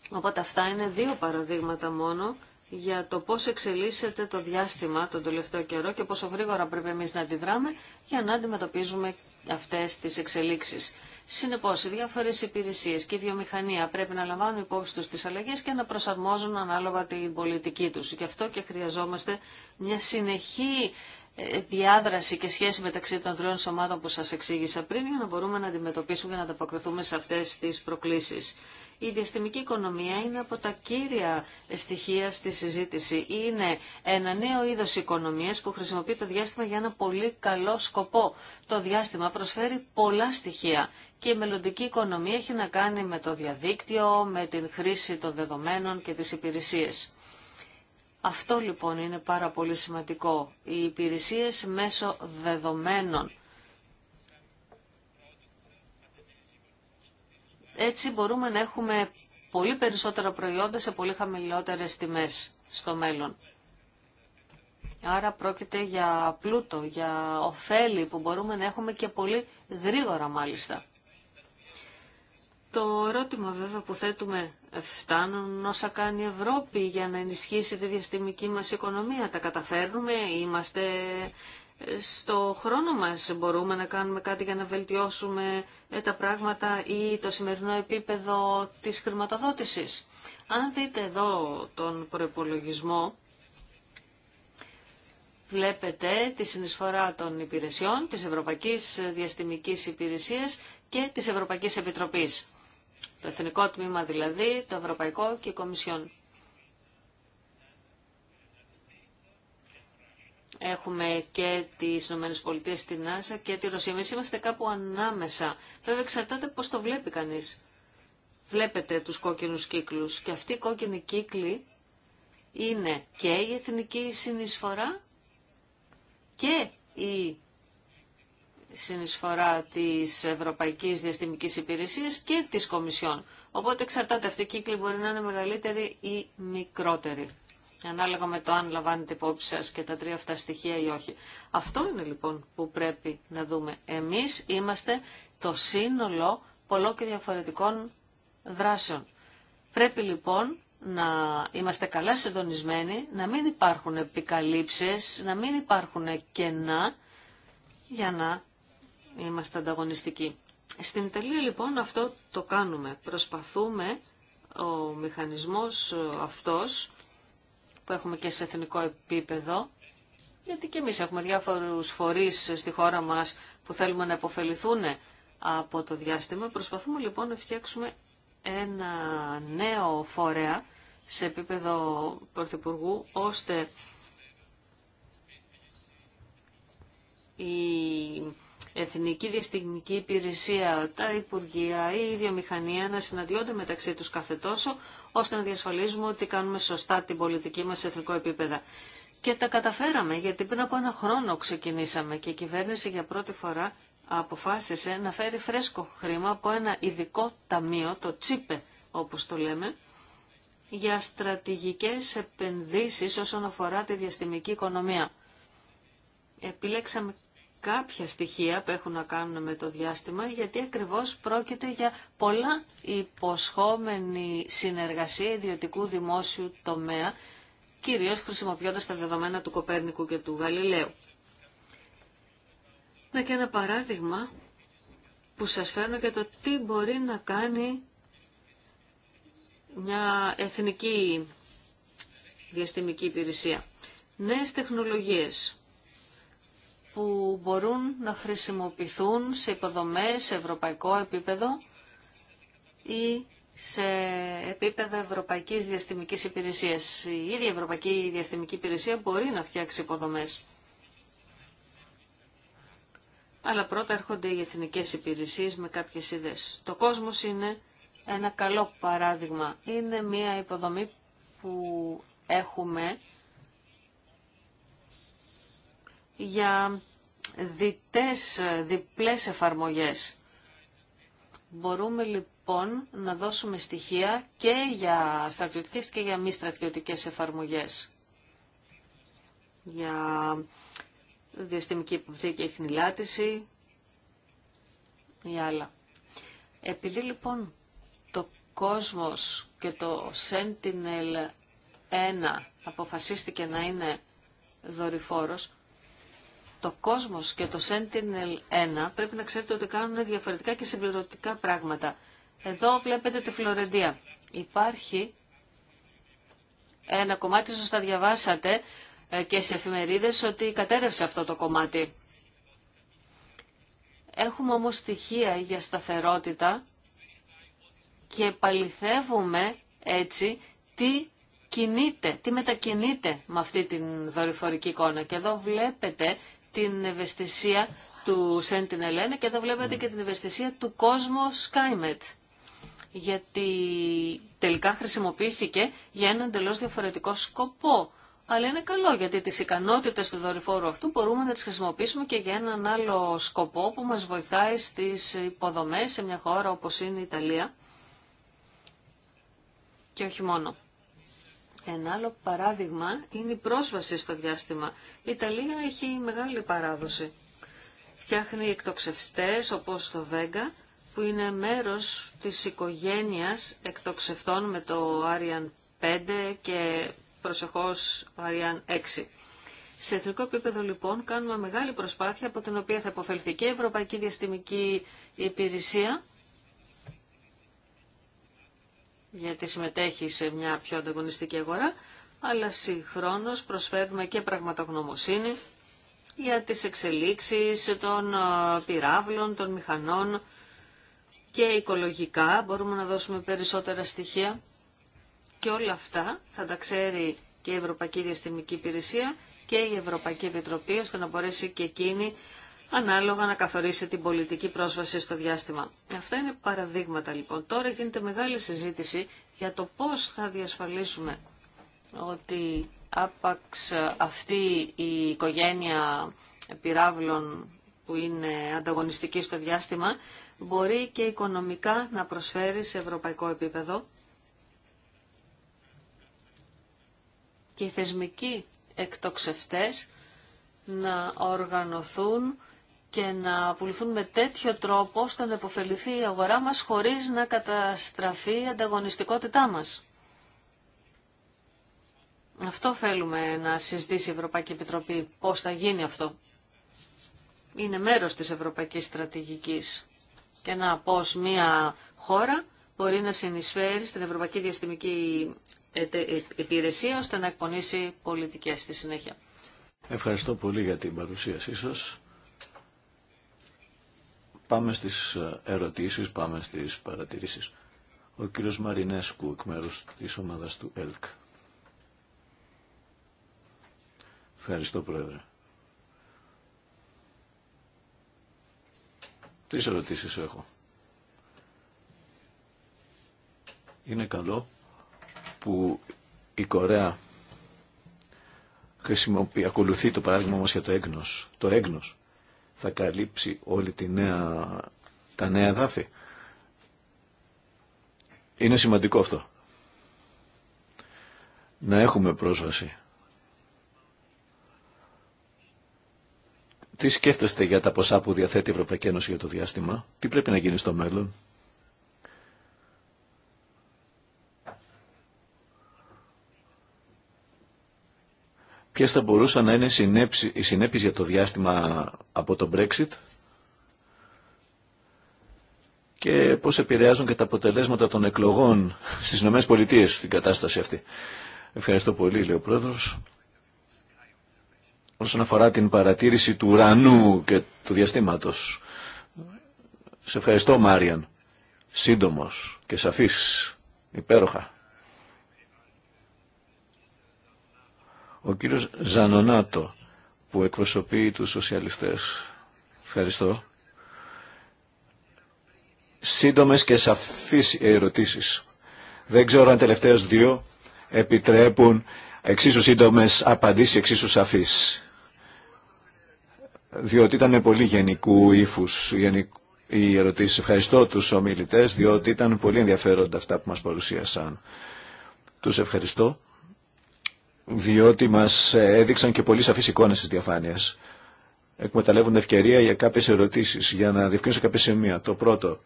Οπότε αυτά είναι δύο παραδείγματα μόνο για το πώς εξελίσσεται το διάστημα τον τελευταίο καιρό και πόσο γρήγορα πρέπει εμείς να αντιδράμε για να αντιμετωπίζουμε αυτές τις εξελίξεις. Συνεπώς, οι διάφορες υπηρεσίες και η βιομηχανία πρέπει να λαμβάνουν υπόψη τους τις αλλαγές και να προσαρμόζουν ανάλογα την πολιτική τους. Γι' αυτό και χρειαζόμαστε μια συνεχή ε, διάδραση και σχέση μεταξύ των τριών σωμάτων που σας εξήγησα πριν για να μπορούμε να αντιμετωπίσουμε και να ανταποκριθούμε σε αυτές τις προκλήσεις. Η διαστημική οικονομία είναι από τα κύρια στοιχεία στη συζήτηση. Είναι ένα νέο είδος οικονομίας που χρησιμοποιεί το διάστημα για ένα πολύ καλό σκοπό. Το διάστημα προσφέρει πολλά στοιχεία και η μελλοντική οικονομία έχει να κάνει με το διαδίκτυο, με την χρήση των δεδομένων και τις υπηρεσίες. Αυτό λοιπόν είναι πάρα πολύ σημαντικό. Οι υπηρεσίες μέσω δεδομένων Έτσι μπορούμε να έχουμε πολύ περισσότερα προϊόντα σε πολύ χαμηλότερες τιμές στο μέλλον. Άρα πρόκειται για πλούτο, για ωφέλη που μπορούμε να έχουμε και πολύ γρήγορα μάλιστα. Το ερώτημα βέβαια που θέτουμε φτάνουν όσα κάνει η Ευρώπη για να ενισχύσει τη διαστημική μας οικονομία. Τα καταφέρνουμε, είμαστε στο χρόνο μας μπορούμε να κάνουμε κάτι για να βελτιώσουμε ε, τα πράγματα ή το σημερινό επίπεδο της χρηματοδότησης. Αν δείτε εδώ τον προπολογισμό, βλέπετε τη συνεισφορά των υπηρεσιών, της Ευρωπαϊκής Διαστημικής Υπηρεσίας και της Ευρωπαϊκής Επιτροπής. Το Εθνικό Τμήμα δηλαδή, το Ευρωπαϊκό και η Κομισιόν. Έχουμε και τις ΗΠΑ στην Άσα και τη Ρωσία. Εμεί είμαστε κάπου ανάμεσα. Βέβαια εξαρτάται πώ το βλέπει κανείς. Βλέπετε τους κόκκινους κύκλους και αυτοί οι κόκκινοι κύκλοι είναι και η εθνική συνεισφορά και η συνεισφορά της Ευρωπαϊκής Διαστημικής Υπηρεσίας και της Κομισιόν. Οπότε εξαρτάται αυτή η κύκλη μπορεί να είναι μεγαλύτερη ή μικρότερη ανάλογα με το αν λαμβάνετε υπόψη σας και τα τρία αυτά στοιχεία ή όχι. Αυτό είναι λοιπόν που πρέπει να δούμε. Εμείς είμαστε το σύνολο πολλών και διαφορετικών δράσεων. Πρέπει λοιπόν να είμαστε καλά συντονισμένοι, να μην υπάρχουν επικαλύψεις, να μην υπάρχουν κενά για να είμαστε ανταγωνιστικοί. Στην Ιταλία λοιπόν αυτό το κάνουμε. Προσπαθούμε ο μηχανισμός αυτός που έχουμε και σε εθνικό επίπεδο, γιατί και εμείς έχουμε διάφορους φορείς στη χώρα μας που θέλουμε να επωφεληθούν από το διάστημα. Προσπαθούμε λοιπόν να φτιάξουμε ένα νέο φορέα σε επίπεδο Πρωθυπουργού, ώστε η Εθνική Διαστημική Υπηρεσία, τα Υπουργεία ή η βιομηχανία να συναντιόνται μεταξύ τους κάθε τόσο, ώστε να διασφαλίζουμε ότι κάνουμε σωστά την πολιτική μας σε εθνικό επίπεδο. Και τα καταφέραμε, γιατί πριν από ένα χρόνο ξεκινήσαμε και η κυβέρνηση για πρώτη φορά αποφάσισε να φέρει φρέσκο χρήμα από ένα ειδικό ταμείο, το τσίπε όπως το λέμε, για στρατηγικές επενδύσεις όσον αφορά τη διαστημική οικονομία. Επιλέξαμε κάποια στοιχεία που έχουν να κάνουν με το διάστημα, γιατί ακριβώς πρόκειται για πολλά υποσχόμενη συνεργασία ιδιωτικού δημόσιου τομέα, κυρίως χρησιμοποιώντας τα δεδομένα του Κοπέρνικου και του Γαλιλαίου. Να και ένα παράδειγμα που σας φέρνω για το τι μπορεί να κάνει μια εθνική διαστημική υπηρεσία. Νέες τεχνολογίες, που μπορούν να χρησιμοποιηθούν σε υποδομές σε ευρωπαϊκό επίπεδο ή σε επίπεδο Ευρωπαϊκής Διαστημικής Υπηρεσίας. Η ίδια Ευρωπαϊκή Διαστημική Υπηρεσία μπορεί να φτιάξει υποδομές. Αλλά πρώτα έρχονται οι εθνικές υπηρεσίες με κάποιες ιδέες. Το κόσμος είναι ένα καλό παράδειγμα. Είναι μια υποδομή που έχουμε για διτές, διπλές εφαρμογές. Μπορούμε λοιπόν να δώσουμε στοιχεία και για στρατιωτικές και για μη στρατιωτικές εφαρμογές. Για διαστημική υποπτή και χνηλάτιση ή άλλα. Επειδή λοιπόν το κόσμος και το Sentinel-1 αποφασίστηκε να είναι δορυφόρος, το κόσμος και το Sentinel-1 πρέπει να ξέρετε ότι κάνουν διαφορετικά και συμπληρωτικά πράγματα. Εδώ βλέπετε τη Φλωρεντία. Υπάρχει ένα κομμάτι, σας τα διαβάσατε ε, και σε εφημερίδες, ότι κατέρευσε αυτό το κομμάτι. Έχουμε όμως στοιχεία για σταθερότητα και παληθεύουμε έτσι τι κινείται, τι μετακινείται με αυτή την δορυφορική εικόνα. Και εδώ βλέπετε την ευαισθησία του Sentinel-1 και εδώ βλέπετε ναι. και την ευαισθησία του κόσμου Skymet γιατί τελικά χρησιμοποιήθηκε για έναν εντελώ διαφορετικό σκοπό. Αλλά είναι καλό γιατί τις ικανότητες του δορυφόρου αυτού μπορούμε να τις χρησιμοποιήσουμε και για έναν άλλο σκοπό που μας βοηθάει στις υποδομές σε μια χώρα όπως είναι η Ιταλία. Και όχι μόνο. Ένα άλλο παράδειγμα είναι η πρόσβαση στο διάστημα. Η Ιταλία έχει μεγάλη παράδοση. Φτιάχνει εκτοξευτές όπως το Βέγγα που είναι μέρος της οικογένειας εκτοξευτών με το Άριαν 5 και προσεχώς Άριαν 6. Σε εθνικό επίπεδο λοιπόν κάνουμε μεγάλη προσπάθεια από την οποία θα υποφελθεί και η Ευρωπαϊκή Διαστημική Υπηρεσία γιατί συμμετέχει σε μια πιο ανταγωνιστική αγορά, αλλά συγχρόνως προσφέρουμε και πραγματογνωμοσύνη για τις εξελίξεις των ε, πυράβλων, των μηχανών και οικολογικά. Μπορούμε να δώσουμε περισσότερα στοιχεία και όλα αυτά θα τα ξέρει και η Ευρωπαϊκή Διαστημική Υπηρεσία και η Ευρωπαϊκή Επιτροπή, ώστε να μπορέσει και εκείνη ανάλογα να καθορίσει την πολιτική πρόσβαση στο διάστημα. Αυτά είναι παραδείγματα λοιπόν. Τώρα γίνεται μεγάλη συζήτηση για το πώς θα διασφαλίσουμε ότι άπαξ αυτή η οικογένεια πυράβλων που είναι ανταγωνιστική στο διάστημα μπορεί και οικονομικά να προσφέρει σε ευρωπαϊκό επίπεδο και οι θεσμικοί εκτοξευτές να οργανωθούν και να πουληθούν με τέτοιο τρόπο ώστε να υποφεληθεί η αγορά μας χωρίς να καταστραφεί η ανταγωνιστικότητά μας. Αυτό θέλουμε να συζητήσει η Ευρωπαϊκή Επιτροπή, πώς θα γίνει αυτό. Είναι μέρος της Ευρωπαϊκής Στρατηγικής και να πώς μια χώρα μπορεί να συνεισφέρει στην Ευρωπαϊκή Διαστημική ε, Υπηρεσία ώστε να εκπονήσει πολιτικές στη συνέχεια. Ευχαριστώ πολύ για την παρουσίασή σας. Πάμε στις ε, ερωτήσεις, πάμε στις παρατηρήσεις. Ο κύριος Μαρινέσκου εκ μέρους της ομάδας του ΕΛΚ. Ευχαριστώ Πρόεδρε. Τρεις ερωτήσεις έχω. Είναι καλό που η Κορέα χρησιμοποιεί, ακολουθεί το παράδειγμα μας για το έγνος. Το έγνος θα καλύψει όλη τη νέα, τα νέα εδάφη. Είναι σημαντικό αυτό. Να έχουμε πρόσβαση. Τι σκέφτεστε για τα ποσά που διαθέτει η Ευρωπαϊκή Ένωση για το διάστημα, τι πρέπει να γίνει στο μέλλον. Ποιες θα μπορούσαν να είναι οι συνέπειες για το διάστημα από το Brexit και πώς επηρεάζουν και τα αποτελέσματα των εκλογών στις πολιτείες στην κατάσταση αυτή. Ευχαριστώ πολύ, λέει ο Πρόεδρος. Όσον αφορά την παρατήρηση του ουρανού και του διαστήματος. Σε ευχαριστώ, Μάριαν. Σύντομος και σαφής. Υπέροχα. Ο κύριος Ζανονάτο που εκπροσωπεί τους σοσιαλιστές. Ευχαριστώ. Σύντομες και σαφείς ερωτήσεις. Δεν ξέρω αν τελευταίες δύο επιτρέπουν εξίσου σύντομες απαντήσεις, εξίσου σαφείς. Διότι ήταν πολύ γενικού ύφους οι ερωτήσεις. Ευχαριστώ τους ομιλητές, διότι ήταν πολύ ενδιαφέροντα αυτά που μας παρουσίασαν. Τους ευχαριστώ διότι μας έδειξαν και πολύ σαφείς εικόνες της διαφάνειας. Εκμεταλλεύουν ευκαιρία για κάποιες ερωτήσεις, για να διευκρινίσω κάποια σημεία. Το πρώτο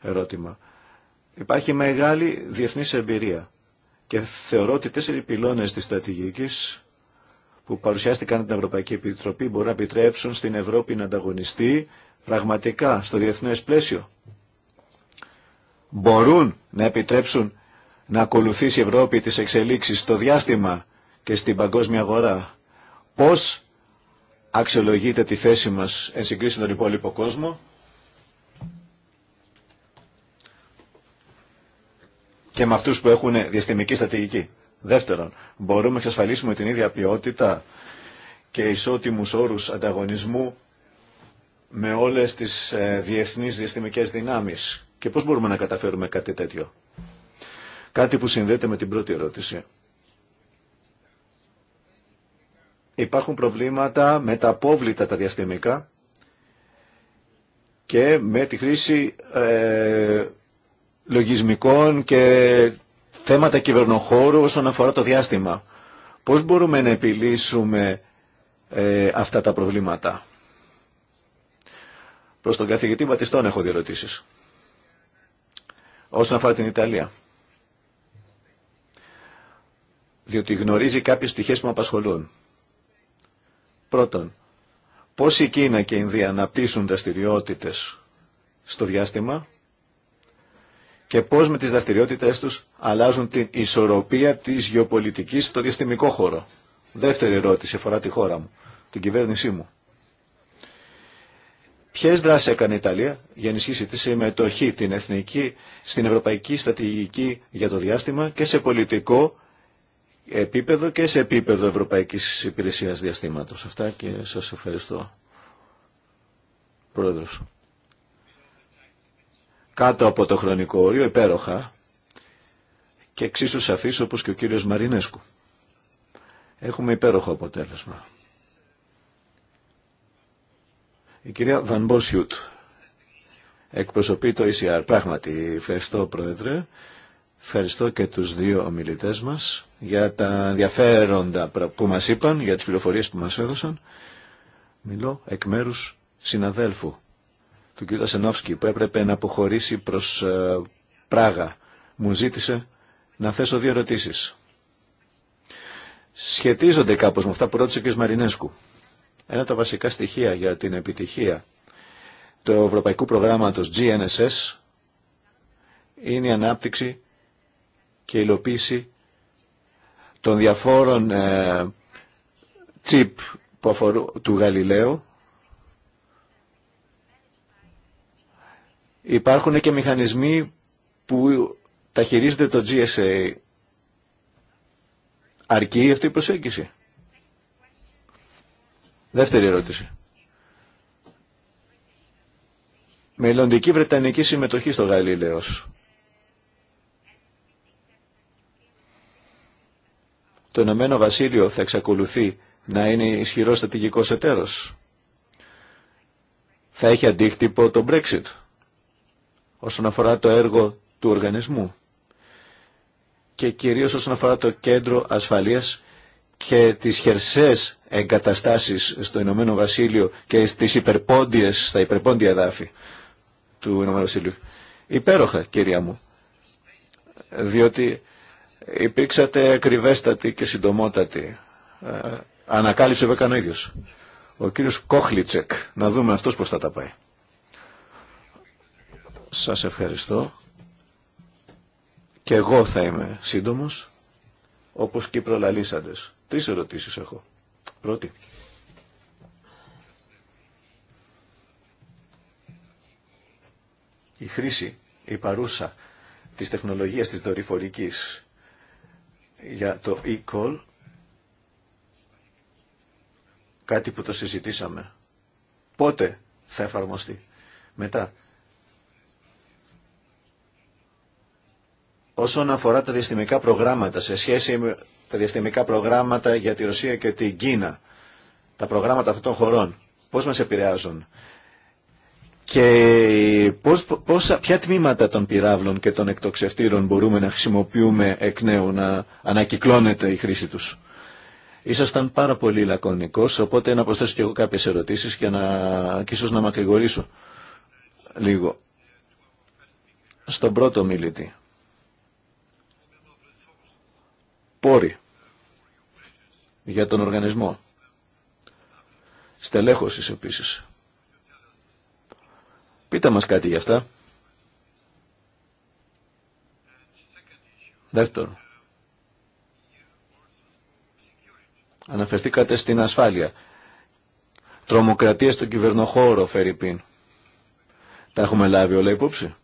ερώτημα. Υπάρχει μεγάλη διεθνής εμπειρία και θεωρώ ότι τέσσερις πυλώνες της στρατηγικής που παρουσιάστηκαν την Ευρωπαϊκή Επιτροπή μπορούν να επιτρέψουν στην Ευρώπη να ανταγωνιστεί πραγματικά στο διεθνές πλαίσιο. Μπορούν να επιτρέψουν να ακολουθήσει η Ευρώπη τις εξελίξεις στο διάστημα και στην παγκόσμια αγορά. Πώς αξιολογείται τη θέση μας εν συγκρίση με τον υπόλοιπο κόσμο και με αυτούς που έχουν διαστημική στρατηγική. Δεύτερον, μπορούμε να εξασφαλίσουμε την ίδια ποιότητα και ισότιμους όρους ανταγωνισμού με όλες τις ε, διεθνείς διαστημικές δυνάμεις. Και πώς μπορούμε να καταφέρουμε κάτι τέτοιο. Κάτι που συνδέεται με την πρώτη ερώτηση. υπάρχουν προβλήματα με τα απόβλητα τα διαστημικά και με τη χρήση ε, λογισμικών και θέματα κυβερνοχώρου όσον αφορά το διάστημα. Πώς μπορούμε να επιλύσουμε ε, αυτά τα προβλήματα. Προς τον καθηγητή Ματιστών έχω δύο ερωτήσεις. Όσον αφορά την Ιταλία. Διότι γνωρίζει κάποιες στοιχείες που με απασχολούν. Πρώτον, πώς η Κίνα και η Ινδία αναπτύσσουν δραστηριότητε στο διάστημα και πώς με τις δραστηριότητες τους αλλάζουν την ισορροπία της γεωπολιτικής στο διαστημικό χώρο. Δεύτερη ερώτηση αφορά τη χώρα μου, την κυβέρνησή μου. Ποιε δράσει έκανε η Ιταλία για ενισχύσει τη συμμετοχή την εθνική στην ευρωπαϊκή στρατηγική για το διάστημα και σε πολιτικό επίπεδο και σε επίπεδο Ευρωπαϊκής Υπηρεσίας Διαστήματος. Αυτά και σας ευχαριστώ. Πρόεδρος. Κάτω από το χρονικό όριο, υπέροχα και εξίσου σαφής όπως και ο κύριος Μαρινέσκου. Έχουμε υπέροχο αποτέλεσμα. Η κυρία Βανμπόσιουτ εκπροσωπεί το ECR. Πράγματι, ευχαριστώ Πρόεδρε, ευχαριστώ και τους δύο ομιλητές μας για τα ενδιαφέροντα που μας είπαν, για τις πληροφορίες που μας έδωσαν. Μιλώ εκ μέρους συναδέλφου του κ. Σενόφσκι που έπρεπε να αποχωρήσει προς ε, Πράγα. Μου ζήτησε να θέσω δύο ερωτήσεις. Σχετίζονται κάπως με αυτά που ρώτησε ο κ. Μαρινέσκου. Ένα τα βασικά στοιχεία για την επιτυχία του Ευρωπαϊκού Προγράμματος GNSS είναι η ανάπτυξη και η υλοποίηση των διαφόρων ε, τσιπ που του Γαλιλαίου υπάρχουν και μηχανισμοί που τα χειρίζονται το GSA. Αρκεί αυτή η προσέγγιση. Δεύτερη ερώτηση. Μελλοντική Βρετανική συμμετοχή στο Γαλιλαίος. το Ηνωμένο Βασίλειο θα εξακολουθεί να είναι ισχυρό στρατηγικός εταίρος. Θα έχει αντίκτυπο το Brexit όσον αφορά το έργο του οργανισμού και κυρίως όσον αφορά το κέντρο ασφαλείας και τις χερσές εγκαταστάσεις στο Ηνωμένο Βασίλειο και στις υπερπόντιες, στα υπερπόντια εδάφη του Ηνωμένου Βασίλειου. Υπέροχα, κυρία μου, διότι υπήρξατε ακριβέστατοι και συντομότατοι. Ε, ανακάλυψε βέβαια ο ίδιος. Ο κύριος Κόχλιτσεκ. Να δούμε αυτός πώς θα τα πάει. Σας ευχαριστώ. Και εγώ θα είμαι σύντομος, όπως και οι προλαλήσαντες. Τρεις ερωτήσεις έχω. Πρώτη. Η χρήση, η παρούσα της τεχνολογίας της δορυφορικής για το e-call, κάτι που το συζητήσαμε. Πότε θα εφαρμοστεί. Μετά. Όσον αφορά τα διαστημικά προγράμματα, σε σχέση με τα διαστημικά προγράμματα για τη Ρωσία και την Κίνα, τα προγράμματα αυτών των χωρών, πώς μας επηρεάζουν. Και πώς, πώς, ποια τμήματα των πυράβλων και των εκτοξευτήρων μπορούμε να χρησιμοποιούμε εκ νέου, να ανακυκλώνεται η χρήση τους. Ήσασταν πάρα πολύ λακωνικός, οπότε να προσθέσω και εγώ κάποιες ερωτήσεις και, να, και ίσως να μακρηγορήσω λίγο. Στον πρώτο μιλητή. Πόρη για τον οργανισμό. Στελέχωσης επίσης. Πείτε μας κάτι γι' αυτά. Δεύτερον, αναφερθήκατε στην ασφάλεια. Τρομοκρατία στον κυβερνοχώρο, Φερρυπίν. Τα έχουμε λάβει όλα υπόψη.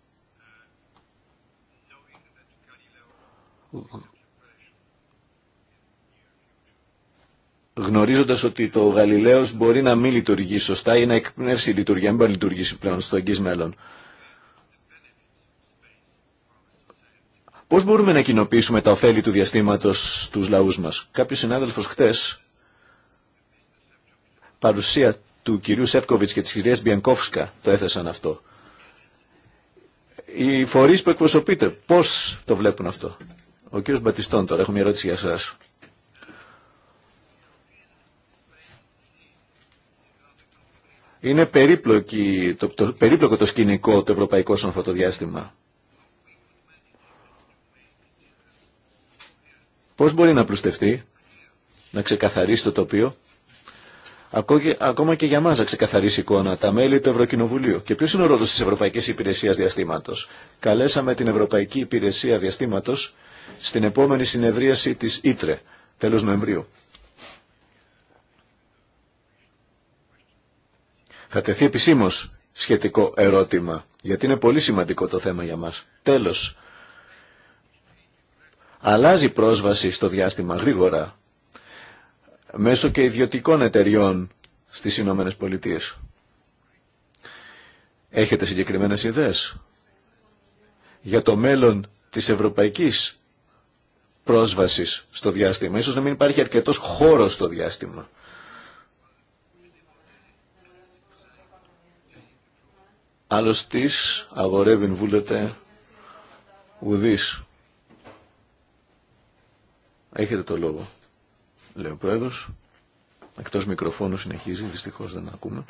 Γνωρίζοντα ότι το Γαλιλαίο μπορεί να μην λειτουργεί σωστά ή να εκπνεύσει η λειτουργία, μην μπορεί να λειτουργήσει πλέον στο εγγύς μέλλον. Πώς μπορούμε να λειτουργησει πλεον στο εγγυ μελλον πως μπορουμε να κοινοποιησουμε τα ωφέλη του διαστήματος στους λαούς μας. Κάποιος συνάδελφος χτες, παρουσία του κυρίου Σεύκοβιτς και της κυρίας Μπιανκόφσκα το έθεσαν αυτό. Οι φορείς που εκπροσωπείτε, πώς το βλέπουν αυτό. Ο κύριος Μπατιστών τώρα, έχω μια ερώτηση για σας. Είναι περίπλοκη, το, περίπλοκο το σκηνικό το ευρωπαϊκό σαν αυτό το διάστημα. Πώς μπορεί να πλουστευτεί, να ξεκαθαρίσει το τοπίο, ακόμα και για μας να ξεκαθαρίσει εικόνα τα μέλη του Ευρωκοινοβουλίου. Και ποιος είναι ο ρόλος της Ευρωπαϊκής Υπηρεσίας Διαστήματος. Καλέσαμε την Ευρωπαϊκή Υπηρεσία Διαστήματος στην επόμενη συνεδρίαση της Ίτρε τέλος Νοεμβρίου. Θα τεθεί επισήμω σχετικό ερώτημα, γιατί είναι πολύ σημαντικό το θέμα για μας. Τέλος, αλλάζει πρόσβαση στο διάστημα γρήγορα μέσω και ιδιωτικών εταιριών στις Ηνωμένες Πολιτείες. Έχετε συγκεκριμένες ιδέες για το μέλλον της ευρωπαϊκής πρόσβασης στο διάστημα. Ίσως να μην υπάρχει αρκετός χώρος στο διάστημα. άλλος της αγορεύειν βούλετε ουδείς. Έχετε το λόγο, λέει ο Πρόεδρος. Εκτός μικροφώνου συνεχίζει, δυστυχώς δεν ακούμε.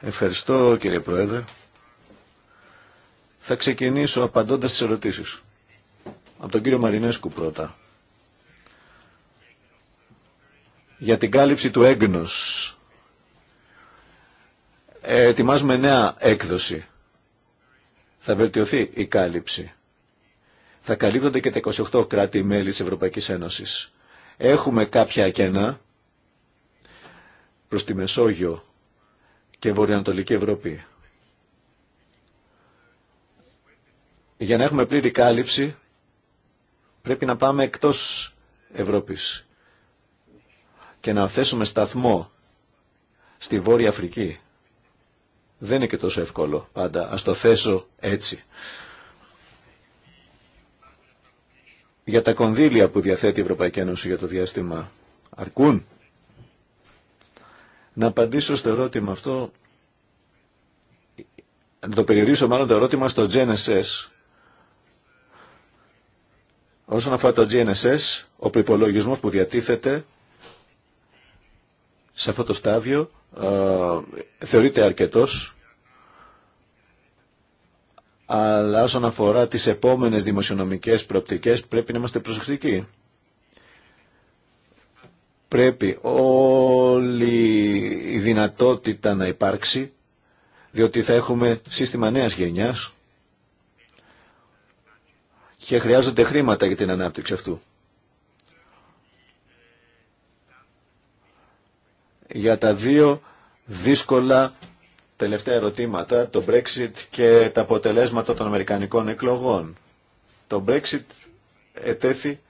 Ευχαριστώ κύριε Πρόεδρε. Θα ξεκινήσω απαντώντας τις ερωτήσεις. Από τον κύριο Μαρινέσκου πρώτα. Για την κάλυψη του έγκνος ετοιμάζουμε νέα έκδοση. Θα βελτιωθεί η κάλυψη. Θα καλύπτονται και τα 28 κράτη-μέλη της Ευρωπαϊκής Ένωσης. Έχουμε κάποια κενά προς τη Μεσόγειο και Βορειοανατολική Ευρώπη. Για να έχουμε πλήρη κάλυψη πρέπει να πάμε εκτός Ευρώπης και να θέσουμε σταθμό στη Βόρεια Αφρική δεν είναι και τόσο εύκολο πάντα. Ας το θέσω έτσι. Για τα κονδύλια που διαθέτει η Ευρωπαϊκή Ένωση για το διάστημα αρκούν. Να απαντήσω στο ερώτημα αυτό, να το περιορίσω μάλλον το ερώτημα στο GNSS. Όσον αφορά το GNSS, ο προπολογισμό που διατίθεται σε αυτό το στάδιο ε, θεωρείται αρκετός αλλά όσον αφορά τις επόμενες δημοσιονομικές προοπτικές πρέπει να είμαστε προσεκτικοί. Πρέπει όλη η δυνατότητα να υπάρξει, διότι θα έχουμε σύστημα νέας γενιάς και χρειάζονται χρήματα για την ανάπτυξη αυτού. για τα δύο δύσκολα τελευταία ερωτήματα, το Brexit και τα αποτελέσματα των Αμερικανικών εκλογών. Το Brexit ετέθη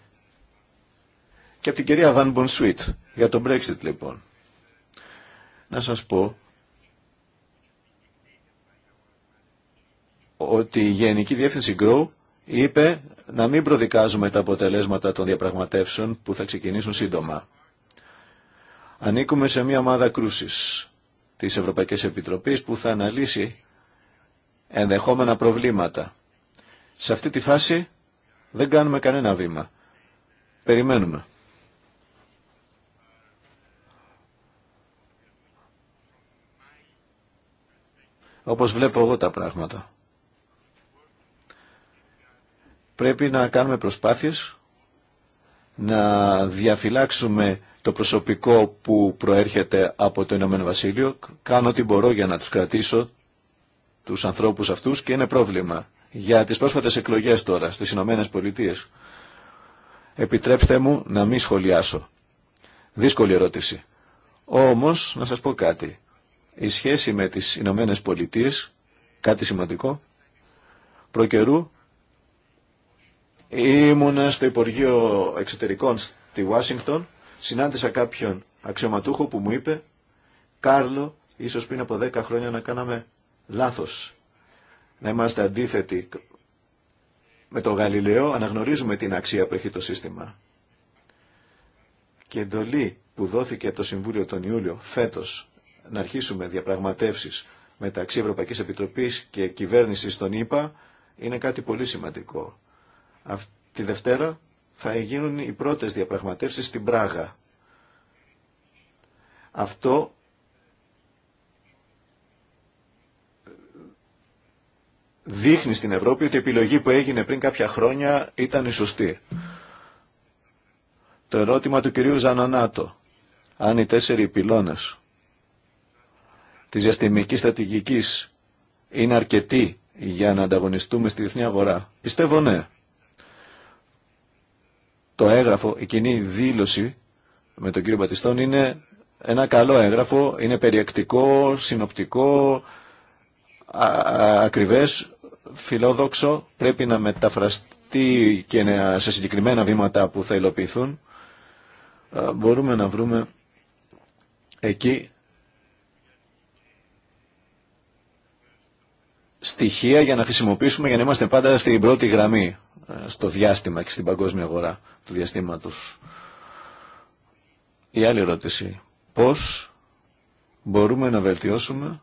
και από την κυρία Βαν Μπονσουίτ. Για το Brexit λοιπόν. Να σας πω ότι η Γενική Διεύθυνση Grow είπε να μην προδικάζουμε τα αποτελέσματα των διαπραγματεύσεων που θα ξεκινήσουν σύντομα. Ανήκουμε σε μια ομάδα κρούσης της Ευρωπαϊκής Επιτροπής που θα αναλύσει ενδεχόμενα προβλήματα. Σε αυτή τη φάση δεν κάνουμε κανένα βήμα. Περιμένουμε. Όπως βλέπω εγώ τα πράγματα. Πρέπει να κάνουμε προσπάθειες να διαφυλάξουμε το προσωπικό που προέρχεται από το Ηνωμένο Βασίλειο. Κάνω ό,τι μπορώ για να τους κρατήσω τους ανθρώπους αυτούς και είναι πρόβλημα. Για τις πρόσφατες εκλογές τώρα στις Ηνωμένε Πολιτείε. Επιτρέψτε μου να μην σχολιάσω. Δύσκολη ερώτηση. Όμως, να σας πω κάτι. Η σχέση με τις Ηνωμένε Πολιτείε, κάτι σημαντικό, προκαιρού ήμουνα στο Υπουργείο Εξωτερικών στη Ουάσιγκτον συνάντησα κάποιον αξιωματούχο που μου είπε «Κάρλο, ίσως πριν από δέκα χρόνια να κάναμε λάθος, να είμαστε αντίθετοι με το Γαλιλαίο, αναγνωρίζουμε την αξία που έχει το σύστημα». Και εντολή που δόθηκε από το Συμβούλιο τον Ιούλιο φέτος να αρχίσουμε διαπραγματεύσεις μεταξύ Ευρωπαϊκής Επιτροπής και κυβέρνησης των ΗΠΑ είναι κάτι πολύ σημαντικό. Αυτή τη Δευτέρα θα γίνουν οι πρώτες διαπραγματεύσεις στην Πράγα. Αυτό δείχνει στην Ευρώπη ότι η επιλογή που έγινε πριν κάποια χρόνια ήταν η σωστή. Το ερώτημα του κυρίου Ζανανάτο, αν οι τέσσερι πυλώνες της διαστημικής στρατηγικής είναι αρκετοί για να ανταγωνιστούμε στη διεθνή αγορά. Πιστεύω ναι το έγγραφο, η κοινή δήλωση με τον κύριο Μπατιστόν είναι ένα καλό έγγραφο, είναι περιεκτικό, συνοπτικό, ακριβές, φιλόδοξο, πρέπει να μεταφραστεί και σε συγκεκριμένα βήματα που θα υλοποιηθούν. Μπορούμε να βρούμε εκεί στοιχεία για να χρησιμοποιήσουμε για να είμαστε πάντα στην πρώτη γραμμή ε, στο διάστημα και στην παγκόσμια αγορά του διαστήματος. Η άλλη ερώτηση. Πώς μπορούμε να βελτιώσουμε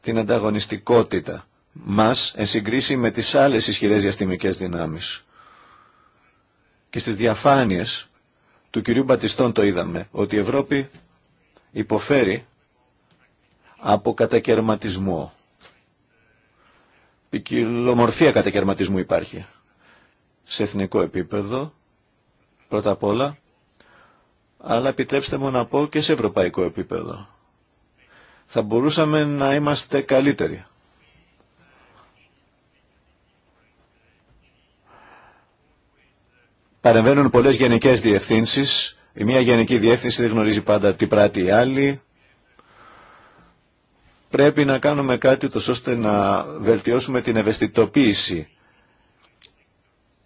την ανταγωνιστικότητα μας εν συγκρίση με τις άλλες ισχυρές διαστημικές δυνάμεις. Και στις διαφάνειες του κυρίου Μπατιστών το είδαμε ότι η Ευρώπη υποφέρει από κατακαιρματισμό ποικιλομορφία κατακαιρματισμού υπάρχει σε εθνικό επίπεδο, πρώτα απ' όλα, αλλά επιτρέψτε μου να πω και σε ευρωπαϊκό επίπεδο. Θα μπορούσαμε να είμαστε καλύτεροι. Παρεμβαίνουν πολλές γενικές διευθύνσεις. Η μία γενική διεύθυνση δεν γνωρίζει πάντα τι πράττει η άλλη πρέπει να κάνουμε κάτι το ώστε να βελτιώσουμε την ευαισθητοποίηση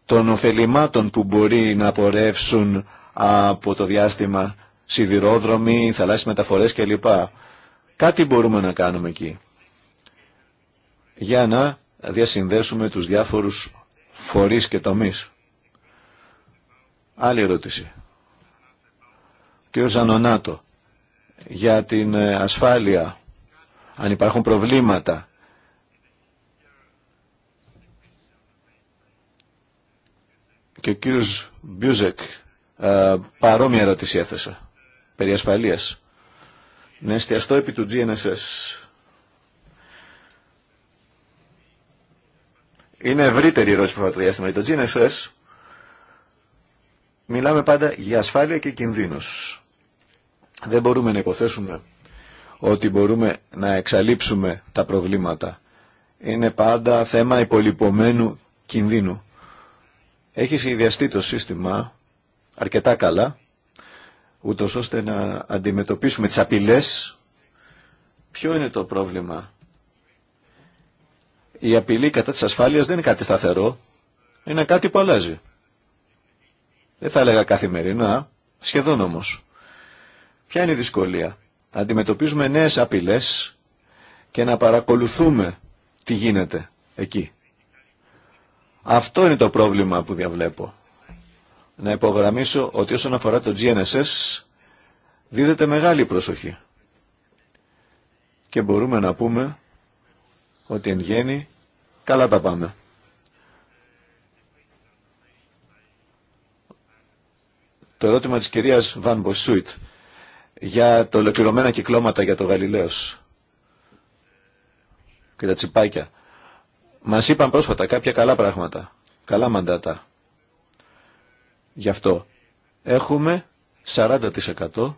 των ωφελημάτων που μπορεί να απορρεύσουν από το διάστημα σιδηρόδρομοι, θαλάσσιες μεταφορές κλπ. Κάτι μπορούμε να κάνουμε εκεί για να διασυνδέσουμε τους διάφορους φορείς και τομείς. Άλλη ερώτηση. Και ο Ζανονάτο για την ε, ασφάλεια αν υπάρχουν προβλήματα. Και ο κύριος Μπιούζεκ ε, παρόμοια ερώτηση έθεσα περί ασφαλείας. Ναι, εστιαστώ επί του GNSS. Είναι ευρύτερη η ερώτηση που το διάστημα. Το GNSS μιλάμε πάντα για ασφάλεια και κινδύνους. Δεν μπορούμε να υποθέσουμε ότι μπορούμε να εξαλείψουμε τα προβλήματα. Είναι πάντα θέμα υπολοιπωμένου κινδύνου. Έχει σχεδιαστεί το σύστημα αρκετά καλά, ούτω ώστε να αντιμετωπίσουμε τις απειλές. Ποιο είναι το πρόβλημα. Η απειλή κατά της ασφάλειας δεν είναι κάτι σταθερό, είναι κάτι που αλλάζει. Δεν θα έλεγα καθημερινά, σχεδόν όμως. Ποια είναι η δυσκολία αντιμετωπίζουμε νέες απειλές και να παρακολουθούμε τι γίνεται εκεί. Αυτό είναι το πρόβλημα που διαβλέπω. Να υπογραμμίσω ότι όσον αφορά το GNSS δίδεται μεγάλη προσοχή. Και μπορούμε να πούμε ότι εν γέννη καλά τα πάμε. Το ερώτημα της κυρίας Βαν Μποσούιτ για τα ολοκληρωμένα κυκλώματα για το Γαλιλαίος και τα τσιπάκια. Μας είπαν πρόσφατα κάποια καλά πράγματα, καλά μαντάτα. Γι' αυτό έχουμε 40%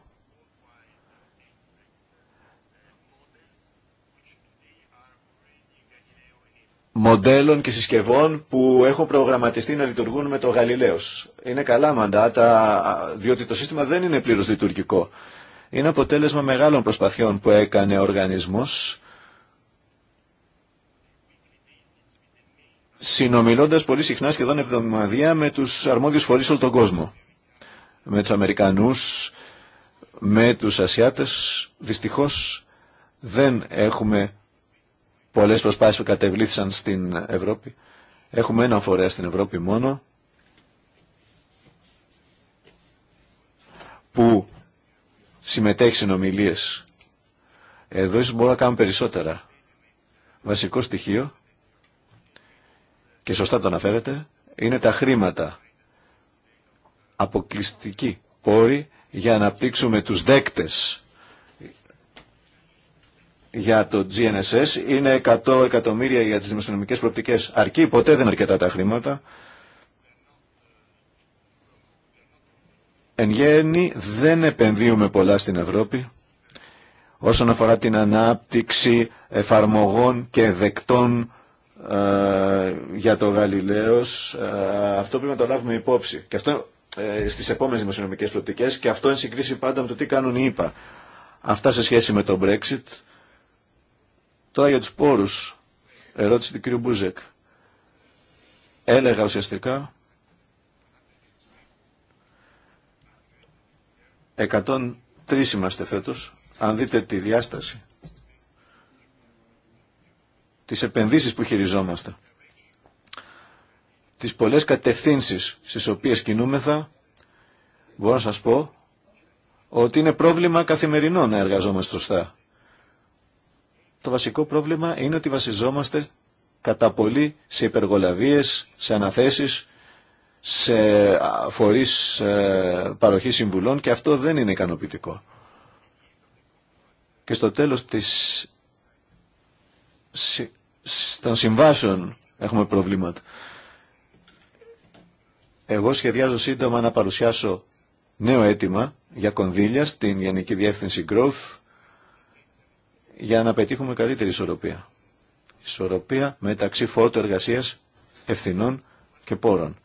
μοντέλων και συσκευών που έχουν προγραμματιστεί να λειτουργούν με το Γαλιλαίος. Είναι καλά μαντάτα, διότι το σύστημα δεν είναι πλήρως λειτουργικό είναι αποτέλεσμα μεγάλων προσπαθειών που έκανε ο οργανισμός συνομιλώντας πολύ συχνά σχεδόν εβδομαδία με τους αρμόδιους φορείς όλο τον κόσμο. Με τους Αμερικανούς, με τους Ασιάτες. Δυστυχώς δεν έχουμε πολλές προσπάθειες που κατεβλήθησαν στην Ευρώπη. Έχουμε ένα φορέα στην Ευρώπη μόνο που συμμετέχει σε Εδώ ίσως μπορούμε να κάνουμε περισσότερα. Βασικό στοιχείο, και σωστά το αναφέρετε, είναι τα χρήματα. Αποκλειστική πόρη για να αναπτύξουμε τους δέκτες για το GNSS είναι 100 εκατομμύρια για τις δημοσιονομικές προοπτικές. Αρκεί ποτέ δεν αρκετά τα χρήματα. Εν γέννη δεν επενδύουμε πολλά στην Ευρώπη όσον αφορά την ανάπτυξη εφαρμογών και δεκτών ε, για το Γαλιλαίος. Ε, αυτό πρέπει να το λάβουμε υπόψη. Και αυτό ε, στις επόμενες δημοσιονομικές πλωτικές και αυτό εν συγκρίση πάντα με το τι κάνουν οι ΙΠΑ. Αυτά σε σχέση με το Brexit. Τώρα για τους πόρους. Ερώτηση του κ. Μπούζεκ. Έλεγα ουσιαστικά 103 είμαστε φέτος, αν δείτε τη διάσταση, τις επενδύσεις που χειριζόμαστε, τις πολλές κατευθύνσεις στις οποίες κινούμεθα, μπορώ να σας πω ότι είναι πρόβλημα καθημερινό να εργαζόμαστε σωστά. Το βασικό πρόβλημα είναι ότι βασιζόμαστε κατά πολύ σε υπεργολαβίες, σε αναθέσεις, σε φορείς ε, παροχή συμβουλών και αυτό δεν είναι ικανοποιητικό. Και στο τέλος της... των συμβάσεων έχουμε προβλήματα. Εγώ σχεδιάζω σύντομα να παρουσιάσω νέο αίτημα για κονδύλια στην Γενική Διεύθυνση Growth για να πετύχουμε καλύτερη ισορροπία. Ισορροπία μεταξύ φόρτου εργασίας, ευθυνών και πόρων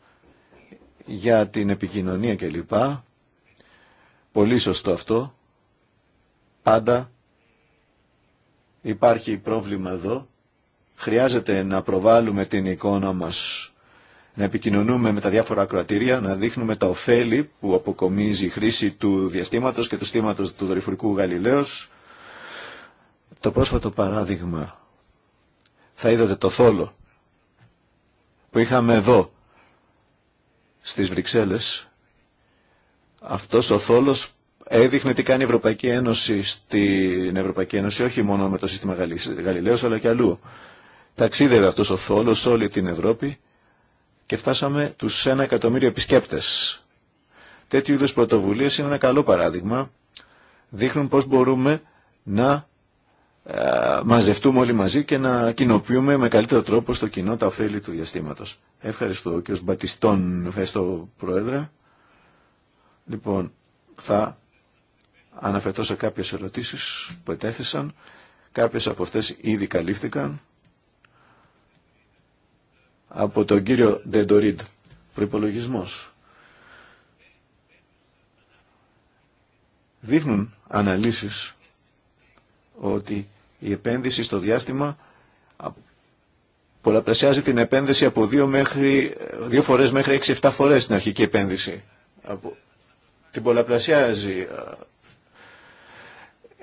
για την επικοινωνία κλπ. Πολύ σωστό αυτό. Πάντα υπάρχει πρόβλημα εδώ. Χρειάζεται να προβάλλουμε την εικόνα μας, να επικοινωνούμε με τα διάφορα ακροατήρια, να δείχνουμε τα ωφέλη που αποκομίζει η χρήση του διαστήματος και του στήματος του δορυφορικού Γαλιλαίος. Το πρόσφατο παράδειγμα θα είδατε το θόλο που είχαμε εδώ στις Βρυξέλλες αυτός ο θόλος έδειχνε τι κάνει η Ευρωπαϊκή Ένωση στην Ευρωπαϊκή Ένωση όχι μόνο με το σύστημα Γαλιλαίος αλλά και αλλού. Ταξίδευε αυτός ο θόλος όλη την Ευρώπη και φτάσαμε τους ένα εκατομμύριο επισκέπτες. Τέτοιου είδους πρωτοβουλίες είναι ένα καλό παράδειγμα. Δείχνουν πώς μπορούμε να ε, μαζευτούμε όλοι μαζί και να κοινοποιούμε με καλύτερο τρόπο στο κοινό τα ωφέλη του διαστήματος. Ευχαριστώ και ως Μπατιστών, ευχαριστώ Πρόεδρε. Λοιπόν, θα αναφερθώ σε κάποιες ερωτήσεις που ετέθησαν. Κάποιες από αυτές ήδη καλύφθηκαν από τον κύριο Ντεντορίντ. προπολογισμό. Δείχνουν αναλύσεις ότι η επένδυση στο διάστημα πολλαπλασιάζει την επένδυση από δύο, μέχρι, δύο φορές μέχρι 6-7 φορές την αρχική επένδυση. Από, την πολλαπλασιάζει.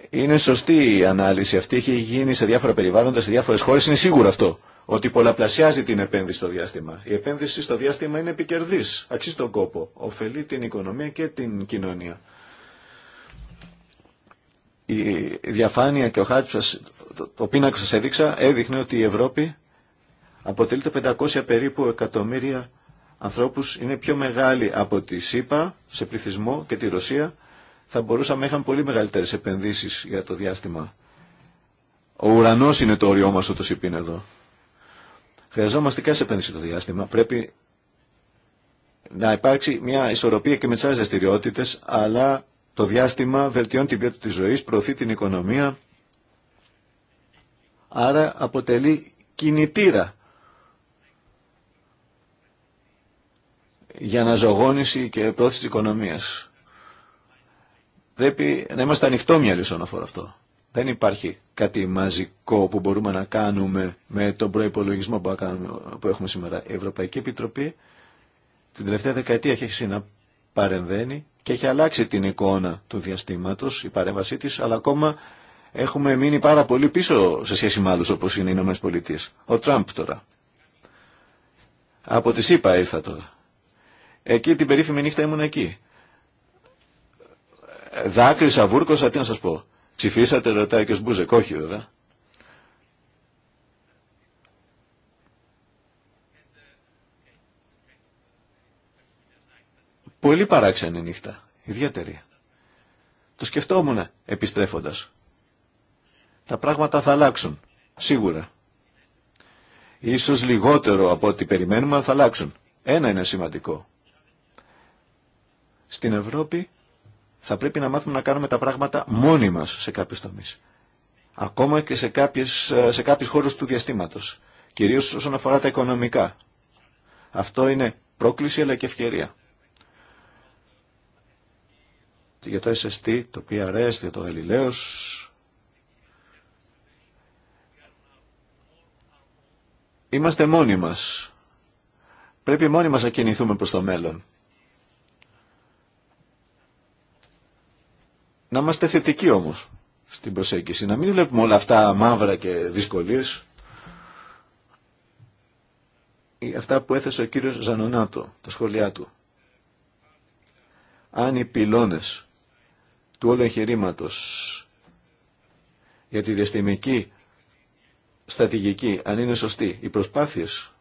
Είναι σωστή η ανάλυση. Αυτή έχει γίνει σε διάφορα περιβάλλοντα, σε διάφορες χώρες. Είναι σίγουρο αυτό ότι πολλαπλασιάζει την επένδυση στο διάστημα. Η επένδυση στο διάστημα είναι επικερδής, αξίζει τον κόπο, ωφελεί την οικονομία και την κοινωνία η διαφάνεια και ο χάρτη σα, το, το πίνακα σας έδειξα, έδειχνε ότι η Ευρώπη αποτελείται 500 περίπου εκατομμύρια ανθρώπου είναι πιο μεγάλη από τη ΣΥΠΑ σε πληθυσμό και τη Ρωσία, θα μπορούσαμε να είχαν πολύ μεγαλύτερες επενδύσεις για το διάστημα. Ο ουρανός είναι το όριό μα όπω είπε εδώ. Χρειαζόμαστε επενδύσει επένδυση το διάστημα. Πρέπει να υπάρξει μια ισορροπία και με τι άλλε δραστηριότητε, αλλά το διάστημα βελτιώνει την ποιότητα της ζωής, προωθεί την οικονομία, άρα αποτελεί κινητήρα για αναζωγόνηση και πρόθεση της οικονομίας. Πρέπει να είμαστε ανοιχτόμυαλοι όσον αφορά αυτό. Δεν υπάρχει κάτι μαζικό που μπορούμε να κάνουμε με τον προϋπολογισμό που, έχουμε σήμερα. Η Ευρωπαϊκή Επιτροπή την τελευταία δεκαετία έχει παρεμβαίνει και έχει αλλάξει την εικόνα του διαστήματος, η παρέμβασή τη, αλλά ακόμα έχουμε μείνει πάρα πολύ πίσω σε σχέση με άλλους όπως είναι οι Ηνωμένες Πολιτείες. Ο Τραμπ τώρα. Από τη ΣΥΠΑ ήρθα τώρα. Εκεί την περίφημη νύχτα ήμουν εκεί. Δάκρυσα, βούρκωσα, τι να σας πω. Ψηφίσατε, ρωτάει και ο Σμπούζεκ. Όχι βέβαια. Πολύ παράξενη νύχτα, ιδιαίτερη. Το σκεφτόμουν επιστρέφοντας. Τα πράγματα θα αλλάξουν, σίγουρα. Ίσως λιγότερο από ό,τι περιμένουμε, θα αλλάξουν. Ένα είναι σημαντικό. Στην Ευρώπη θα πρέπει να μάθουμε να κάνουμε τα πράγματα μόνοι μας σε κάποιους τομείς. Ακόμα και σε, κάποιες, σε κάποιους χώρους του διαστήματος. Κυρίως όσον αφορά τα οικονομικά. Αυτό είναι πρόκληση αλλά και ευκαιρία για το SST, το PRS, για το Γαλιλαίος. Είμαστε μόνοι μας. Πρέπει μόνοι μας να κινηθούμε προς το μέλλον. Να είμαστε θετικοί όμως στην προσέγγιση. Να μην βλέπουμε όλα αυτά μαύρα και δυσκολίες. Αυτά που έθεσε ο κύριος Ζανονάτο, τα σχόλιά του. Αν οι πυλώνες του όλου εγχειρήματο για τη διαστημική στρατηγική, αν είναι σωστή, οι προσπάθειες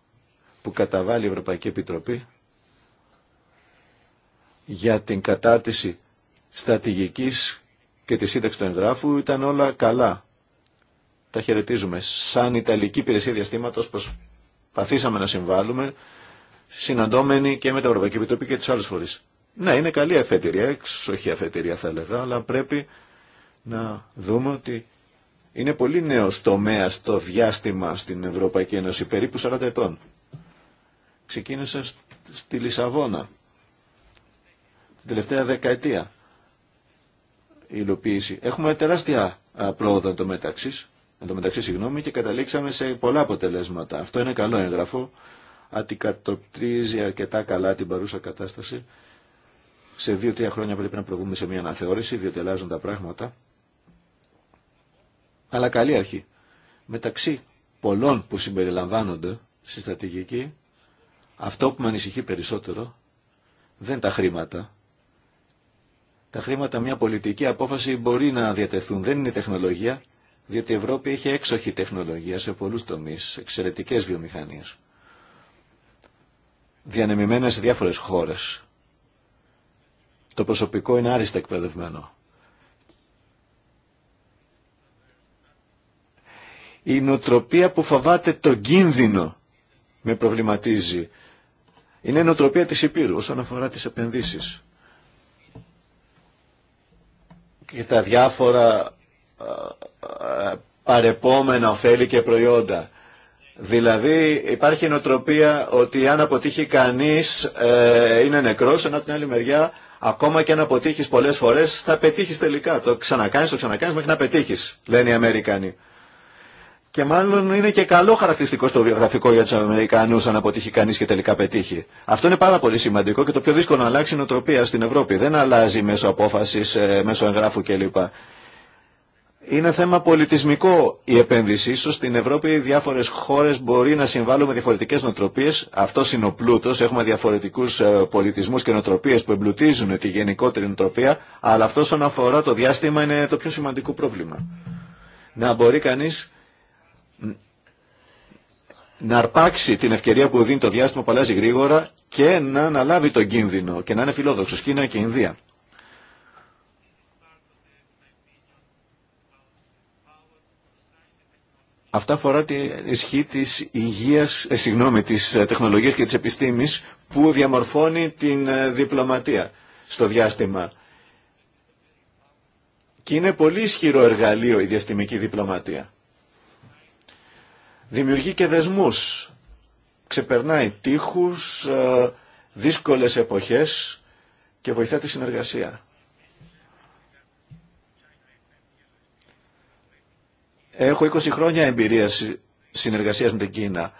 που καταβάλει η Ευρωπαϊκή Επιτροπή για την κατάρτιση στρατηγικής και τη σύνταξη του εγγράφου ήταν όλα καλά. Τα χαιρετίζουμε. Σαν Ιταλική Υπηρεσία Διαστήματος προσπαθήσαμε να συμβάλλουμε συναντώμενοι και με την Ευρωπαϊκή Επιτροπή και τις άλλες φορές. Ναι, είναι καλή αφετηρία, εξοχή αφετηρία θα έλεγα, αλλά πρέπει να δούμε ότι είναι πολύ νέο τομέα το διάστημα στην Ευρωπαϊκή Ένωση, περίπου 40 ετών. Ξεκίνησε στη Λισαβόνα την τελευταία δεκαετία η υλοποίηση. Έχουμε τεράστια πρόοδο εν μεταξύ, συγγνώμη, και καταλήξαμε σε πολλά αποτελέσματα. Αυτό είναι καλό έγγραφο, αντικατοπτρίζει αρκετά καλά την παρούσα κατάσταση σε δύο-τρία χρόνια πρέπει να προβούμε σε μια αναθεώρηση, διότι αλλάζουν τα πράγματα. Αλλά καλή αρχή. Μεταξύ πολλών που συμπεριλαμβάνονται στη στρατηγική, αυτό που με ανησυχεί περισσότερο δεν τα χρήματα. Τα χρήματα μια πολιτική απόφαση μπορεί να διατεθούν, δεν είναι τεχνολογία, διότι η Ευρώπη έχει έξοχη τεχνολογία σε πολλούς τομείς, εξαιρετικές βιομηχανίες, διανεμημένες σε διάφορες χώρες. Το προσωπικό είναι άριστα εκπαιδευμένο. Η νοοτροπία που φοβάται το κίνδυνο με προβληματίζει. Είναι η νοοτροπία της Υπήρου όσον αφορά τις επενδύσεις. Και τα διάφορα παρεπόμενα ωφέλη και προϊόντα. Δηλαδή υπάρχει νοοτροπία ότι αν αποτύχει κανείς ε, είναι νεκρός, ενώ από την άλλη μεριά Ακόμα και αν αποτύχει πολλέ φορέ, θα πετύχει τελικά. Το ξανακάνει, το ξανακάνει μέχρι να πετύχει, λένε οι Αμερικανοί. Και μάλλον είναι και καλό χαρακτηριστικό στο βιογραφικό για του Αμερικανού αν αποτύχει κανεί και τελικά πετύχει. Αυτό είναι πάρα πολύ σημαντικό και το πιο δύσκολο να αλλάξει η νοοτροπία στην Ευρώπη. Δεν αλλάζει μέσω απόφαση, ε, μέσω εγγράφου κλπ. Είναι θέμα πολιτισμικό η επένδυση. Ίσως στην Ευρώπη οι διάφορες χώρες μπορεί να συμβάλλουν με διαφορετικές νοοτροπίες. Αυτό είναι ο πλούτος. Έχουμε διαφορετικούς ε, πολιτισμούς και νοοτροπίες που εμπλουτίζουν τη γενικότερη νοοτροπία. Αλλά αυτό όσον αφορά το διάστημα είναι το πιο σημαντικό πρόβλημα. Να μπορεί κανείς να αρπάξει την ευκαιρία που δίνει το διάστημα που αλλάζει γρήγορα και να αναλάβει τον κίνδυνο και να είναι φιλόδοξος. Κίνα και Ινδία. Αυτά αφορά την ισχύ τη υγεία, ε, συγγνώμη, ε, τεχνολογίας και της επιστήμης που διαμορφώνει την ε, διπλωματία στο διάστημα. Και είναι πολύ ισχυρό εργαλείο η διαστημική διπλωματία. Δημιουργεί και δεσμούς. Ξεπερνάει τείχους, δύσκολες εποχές και βοηθά τη συνεργασία. Έχω 20 χρόνια εμπειρία συνεργασίας με την Κίνα.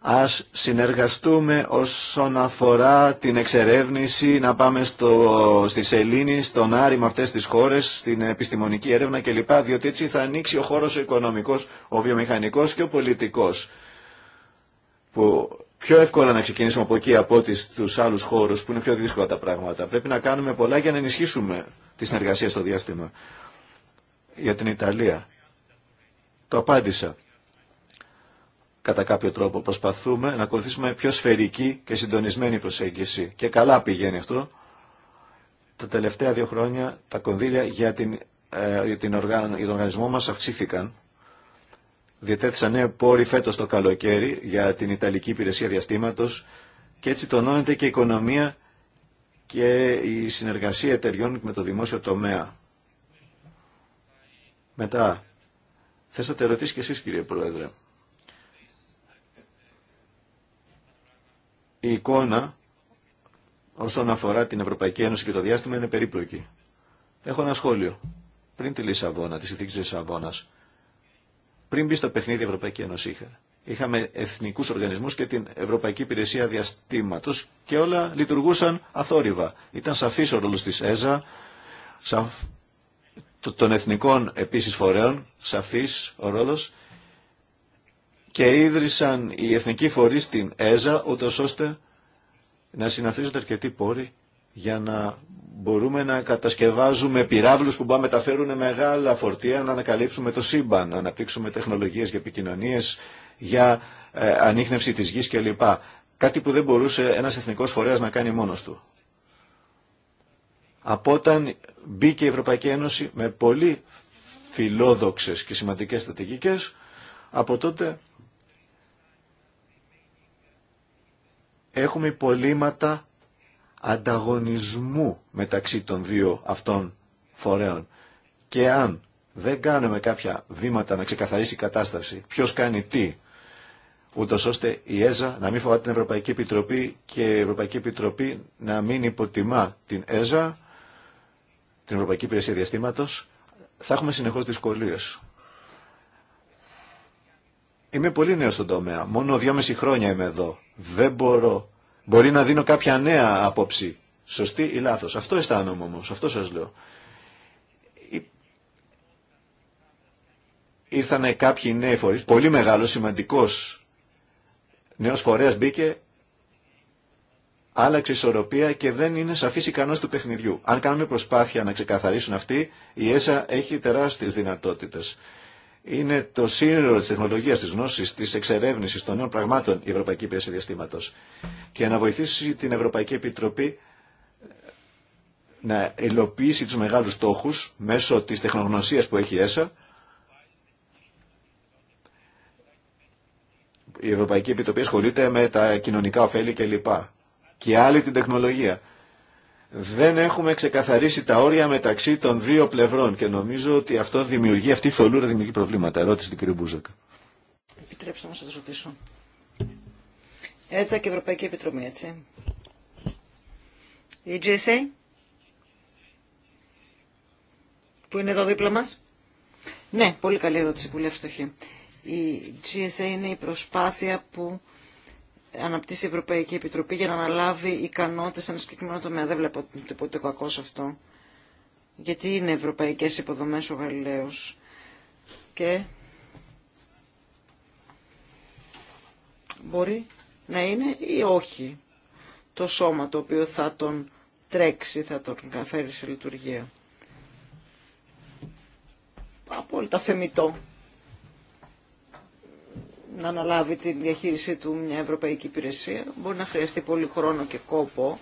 Ας συνεργαστούμε όσον αφορά την εξερεύνηση, να πάμε στο, στη Σελήνη, στον Άρη με αυτές τις χώρες, στην επιστημονική έρευνα κλπ. Διότι έτσι θα ανοίξει ο χώρος ο οικονομικός, ο βιομηχανικός και ο πολιτικός. Που πιο εύκολα να ξεκινήσουμε από εκεί από ό,τι στους άλλους χώρους που είναι πιο δύσκολα τα πράγματα. Πρέπει να κάνουμε πολλά για να ενισχύσουμε τη συνεργασία στο διάστημα για την Ιταλία. Το απάντησα. Κατά κάποιο τρόπο προσπαθούμε να ακολουθήσουμε πιο σφαιρική και συντονισμένη προσέγγιση. Και καλά πηγαίνει αυτό. Τα τελευταία δύο χρόνια τα κονδύλια για, την, ε, για, την οργαν, τον οργανισμό μας αυξήθηκαν. Διετέθησαν νέο πόροι φέτος το καλοκαίρι για την Ιταλική Υπηρεσία Διαστήματος και έτσι τονώνεται και η οικονομία και η συνεργασία εταιριών με το δημόσιο τομέα. Μετά, Θέσατε ερωτήσει και εσείς κύριε Πρόεδρε. Η εικόνα όσον αφορά την Ευρωπαϊκή Ένωση και το διάστημα είναι περίπλοκη. Έχω ένα σχόλιο. Πριν τη Λισαβόνα, τη συνθήκη τη Λισαβόνα, πριν μπει στο παιχνίδι η Ευρωπαϊκή Ένωση, είχα. είχαμε εθνικού οργανισμού και την Ευρωπαϊκή Υπηρεσία Διαστήματο και όλα λειτουργούσαν αθόρυβα. Ήταν σαφή ο ρόλο τη ΕΖΑ, των εθνικών επίσης φορέων, σαφής ο ρόλος, και ίδρυσαν οι εθνικοί φορείς στην ΕΖΑ, ούτω ώστε να συναθρίζονται αρκετοί πόροι για να μπορούμε να κατασκευάζουμε πυράβλους που μπορούμε να μεταφέρουν μεγάλα φορτία, να ανακαλύψουμε το σύμπαν, να αναπτύξουμε τεχνολογίες για επικοινωνίες, για ε, ανείχνευση της γης κλπ. Κάτι που δεν μπορούσε ένας εθνικός φορέας να κάνει μόνος του από όταν μπήκε η Ευρωπαϊκή Ένωση με πολύ φιλόδοξες και σημαντικές στρατηγικές, από τότε έχουμε υπολείμματα ανταγωνισμού μεταξύ των δύο αυτών φορέων. Και αν δεν κάνουμε κάποια βήματα να ξεκαθαρίσει η κατάσταση, ποιος κάνει τι, ούτω ώστε η ΕΖΑ να μην φοβάται την Ευρωπαϊκή Επιτροπή και η Ευρωπαϊκή Επιτροπή να μην υποτιμά την ΕΖΑ, την Ευρωπαϊκή Υπηρεσία Διαστήματο θα έχουμε συνεχώ δυσκολίε. Είμαι πολύ νέο στον τομέα. Μόνο δυόμιση χρόνια είμαι εδώ. Δεν μπορώ. Μπορεί να δίνω κάποια νέα άποψη. Σωστή ή λάθο. Αυτό αισθάνομαι όμω. Αυτό σας λέω. Ήρθανε κάποιοι νέοι φορείς, πολύ μεγάλος, σημαντικός νέο φορέας μπήκε άλλαξε ισορροπία και δεν είναι σαφή ικανότητα του παιχνιδιού. Αν κάνουμε προσπάθεια να ξεκαθαρίσουν αυτοί, η ΕΣΑ έχει τεράστιε δυνατότητε. Είναι το σύνολο τη τεχνολογία, τη γνώση, τη εξερεύνηση των νέων πραγμάτων η Ευρωπαϊκή Πίεση Διαστήματο. Και να βοηθήσει την Ευρωπαϊκή Επιτροπή να υλοποιήσει του μεγάλου στόχου μέσω τη τεχνογνωσία που έχει η ΕΣΑ, η Ευρωπαϊκή Επιτροπή ασχολείται με τα κοινωνικά ωφέλη κλπ και άλλη την τεχνολογία. Δεν έχουμε ξεκαθαρίσει τα όρια μεταξύ των δύο πλευρών και νομίζω ότι αυτό δημιουργεί, αυτή η θολούρα δημιουργεί προβλήματα. Ερώτηση του κ. Μπούζακα. Επιτρέψτε να σα ρωτήσω. ΕΖΑ και Ευρωπαϊκή Επιτροπή, έτσι. Η GSA, που είναι εδώ δίπλα μας. Ναι, πολύ καλή ερώτηση που λέει Η GSA είναι η προσπάθεια που αναπτύσσει η Ευρωπαϊκή Επιτροπή για να αναλάβει ικανότητε σε ένα συγκεκριμένο τομέα. Δεν βλέπω τίποτε κακό σε αυτό. Γιατί είναι ευρωπαϊκές υποδομές ο Γαλιλαίο. Και μπορεί να είναι ή όχι το σώμα το οποίο θα τον τρέξει, θα τον φέρει σε λειτουργία. Απόλυτα θεμητό να αναλάβει την διαχείρισή του μια ευρωπαϊκή υπηρεσία. Μπορεί να χρειαστεί πολύ χρόνο και κόπο,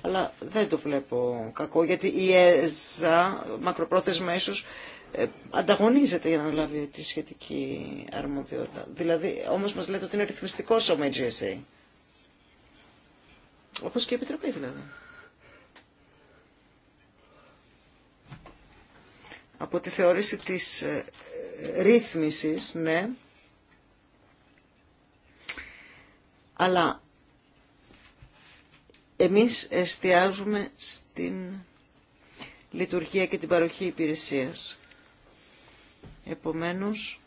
αλλά δεν το βλέπω κακό, γιατί η ΕΖΑ, μακροπρόθεσμα ίσως, ε, ανταγωνίζεται για να λάβει τη σχετική αρμοδιότητα. Δηλαδή, όμως μας λέτε ότι είναι ρυθμιστικό σώμα η GSA. Όπως και η Επιτροπή δηλαδή. Από τη θεώρηση της ε, ρύθμισης, ναι, Αλλά εμείς εστιάζουμε στην λειτουργία και την παροχή υπηρεσίας. Επομένως,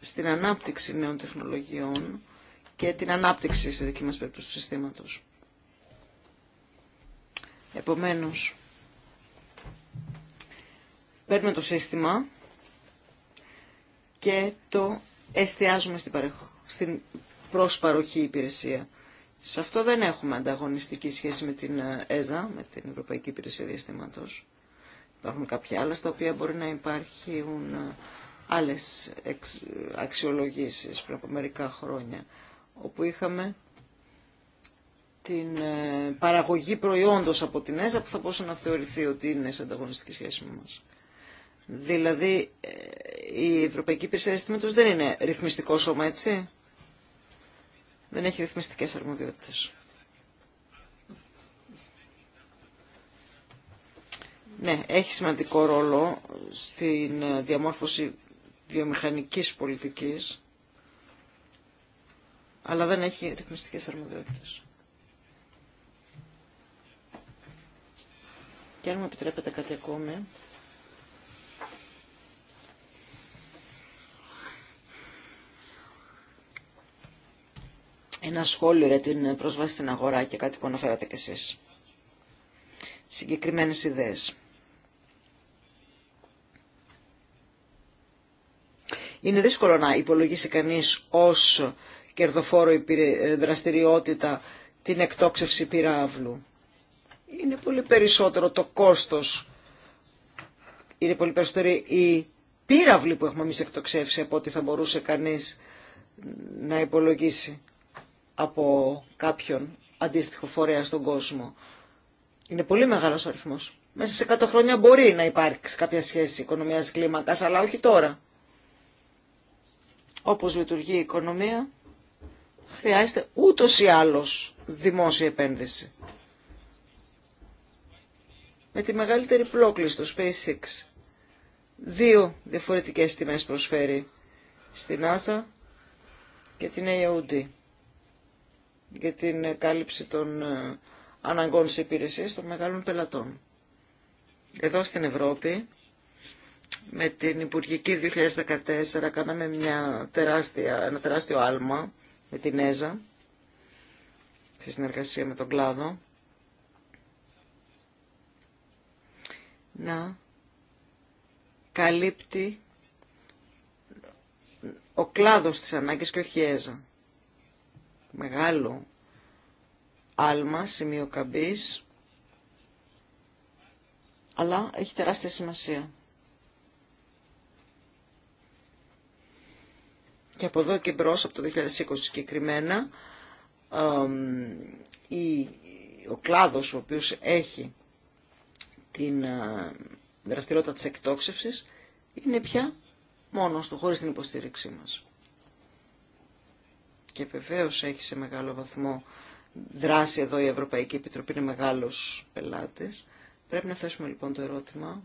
στην ανάπτυξη νέων τεχνολογιών και την ανάπτυξη, σε δική μας περίπτωση, του συστήματος. Επομένως, παίρνουμε το σύστημα και το εστιάζουμε στην, παρεχ... στην προσπαροχή υπηρεσία. Σε αυτό δεν έχουμε ανταγωνιστική σχέση με την ε, ΕΖΑ, με την Ευρωπαϊκή Υπηρεσία Διαστήματος. Υπάρχουν κάποια άλλα στα οποία μπορεί να υπάρχουν ε, άλλες αξιολογήσεις πριν από μερικά χρόνια, όπου είχαμε την ε, παραγωγή προϊόντος από την ΕΖΑ που θα μπορούσε να θεωρηθεί ότι είναι σε ανταγωνιστική σχέση με εμάς. Δηλαδή ε, η Ευρωπαϊκή Υπηρεσία Συστήματος δεν είναι ρυθμιστικό σώμα, έτσι. Δεν έχει ρυθμιστικές αρμοδιότητες. Ναι, έχει σημαντικό ρόλο στην ε, διαμόρφωση βιομηχανικής πολιτικής, αλλά δεν έχει ρυθμιστικές αρμοδιότητες. Και αν μου επιτρέπετε κάτι ακόμη, ένα σχόλιο για την πρόσβαση στην αγορά και κάτι που αναφέρατε κι εσείς. Συγκεκριμένες ιδέες. Είναι δύσκολο να υπολογίσει κανείς ως κερδοφόρο ε, δραστηριότητα την εκτόξευση πυράβλου. Είναι πολύ περισσότερο το κόστος, είναι πολύ περισσότερη η πύραυλη που έχουμε εμείς εκτοξεύσει από ό,τι θα μπορούσε κανείς να υπολογίσει από κάποιον αντίστοιχο φορέα στον κόσμο. Είναι πολύ μεγάλος αριθμός. Μέσα σε 100 χρόνια μπορεί να υπάρξει κάποια σχέση οικονομία κλίμακας, αλλά όχι τώρα. Όπως λειτουργεί η οικονομία, χρειάζεται ούτω ή άλλω δημόσια επένδυση. Με τη μεγαλύτερη πρόκληση στο SpaceX. Δύο διαφορετικές τιμές προσφέρει στην NASA και την AOD για την κάλυψη των ε, αναγκών σε υπηρεσίες των μεγάλων πελατών. Εδώ στην Ευρώπη, με την Υπουργική 2014, κάναμε μια τεράστια, ένα τεράστιο άλμα με την ΕΖΑ, στη συνεργασία με τον κλάδο. Να καλύπτει ο κλάδος της ανάγκης και όχι η ΕΖΑ μεγάλο άλμα, σημείο καμπής, αλλά έχει τεράστια σημασία. Και από εδώ και μπρος, από το 2020 συγκεκριμένα, ο κλάδος ο οποίος έχει την δραστηριότητα της εκτόξευσης είναι πια μόνος του, χωρίς την υποστήριξή μας και βεβαίως έχει σε μεγάλο βαθμό δράση εδώ η Ευρωπαϊκή Επιτροπή, είναι μεγάλος πελάτης. Πρέπει να θέσουμε λοιπόν το ερώτημα.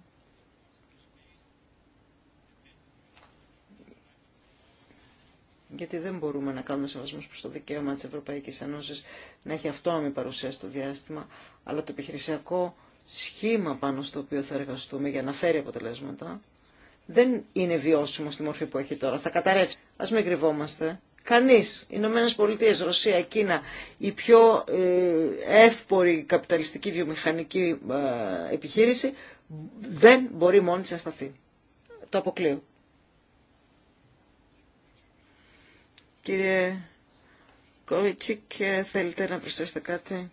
Γιατί δεν μπορούμε να κάνουμε σεβασμού προ το δικαίωμα τη Ευρωπαϊκή Ένωση να έχει αυτόνομη παρουσία στο διάστημα, αλλά το επιχειρησιακό σχήμα πάνω στο οποίο θα εργαστούμε για να φέρει αποτελέσματα δεν είναι βιώσιμο στη μορφή που έχει τώρα. Θα καταρρεύσει. Α μην κρυβόμαστε. Κανείς, Ηνωμένε Πολιτείε, Ρωσία, Κίνα, η πιο ε, εύπορη καπιταλιστική βιομηχανική ε, επιχείρηση δεν μπορεί μόνη της να σταθεί. Το αποκλείω. Κύριε Κόβιτσικ, ε, θέλετε να προσθέσετε κάτι.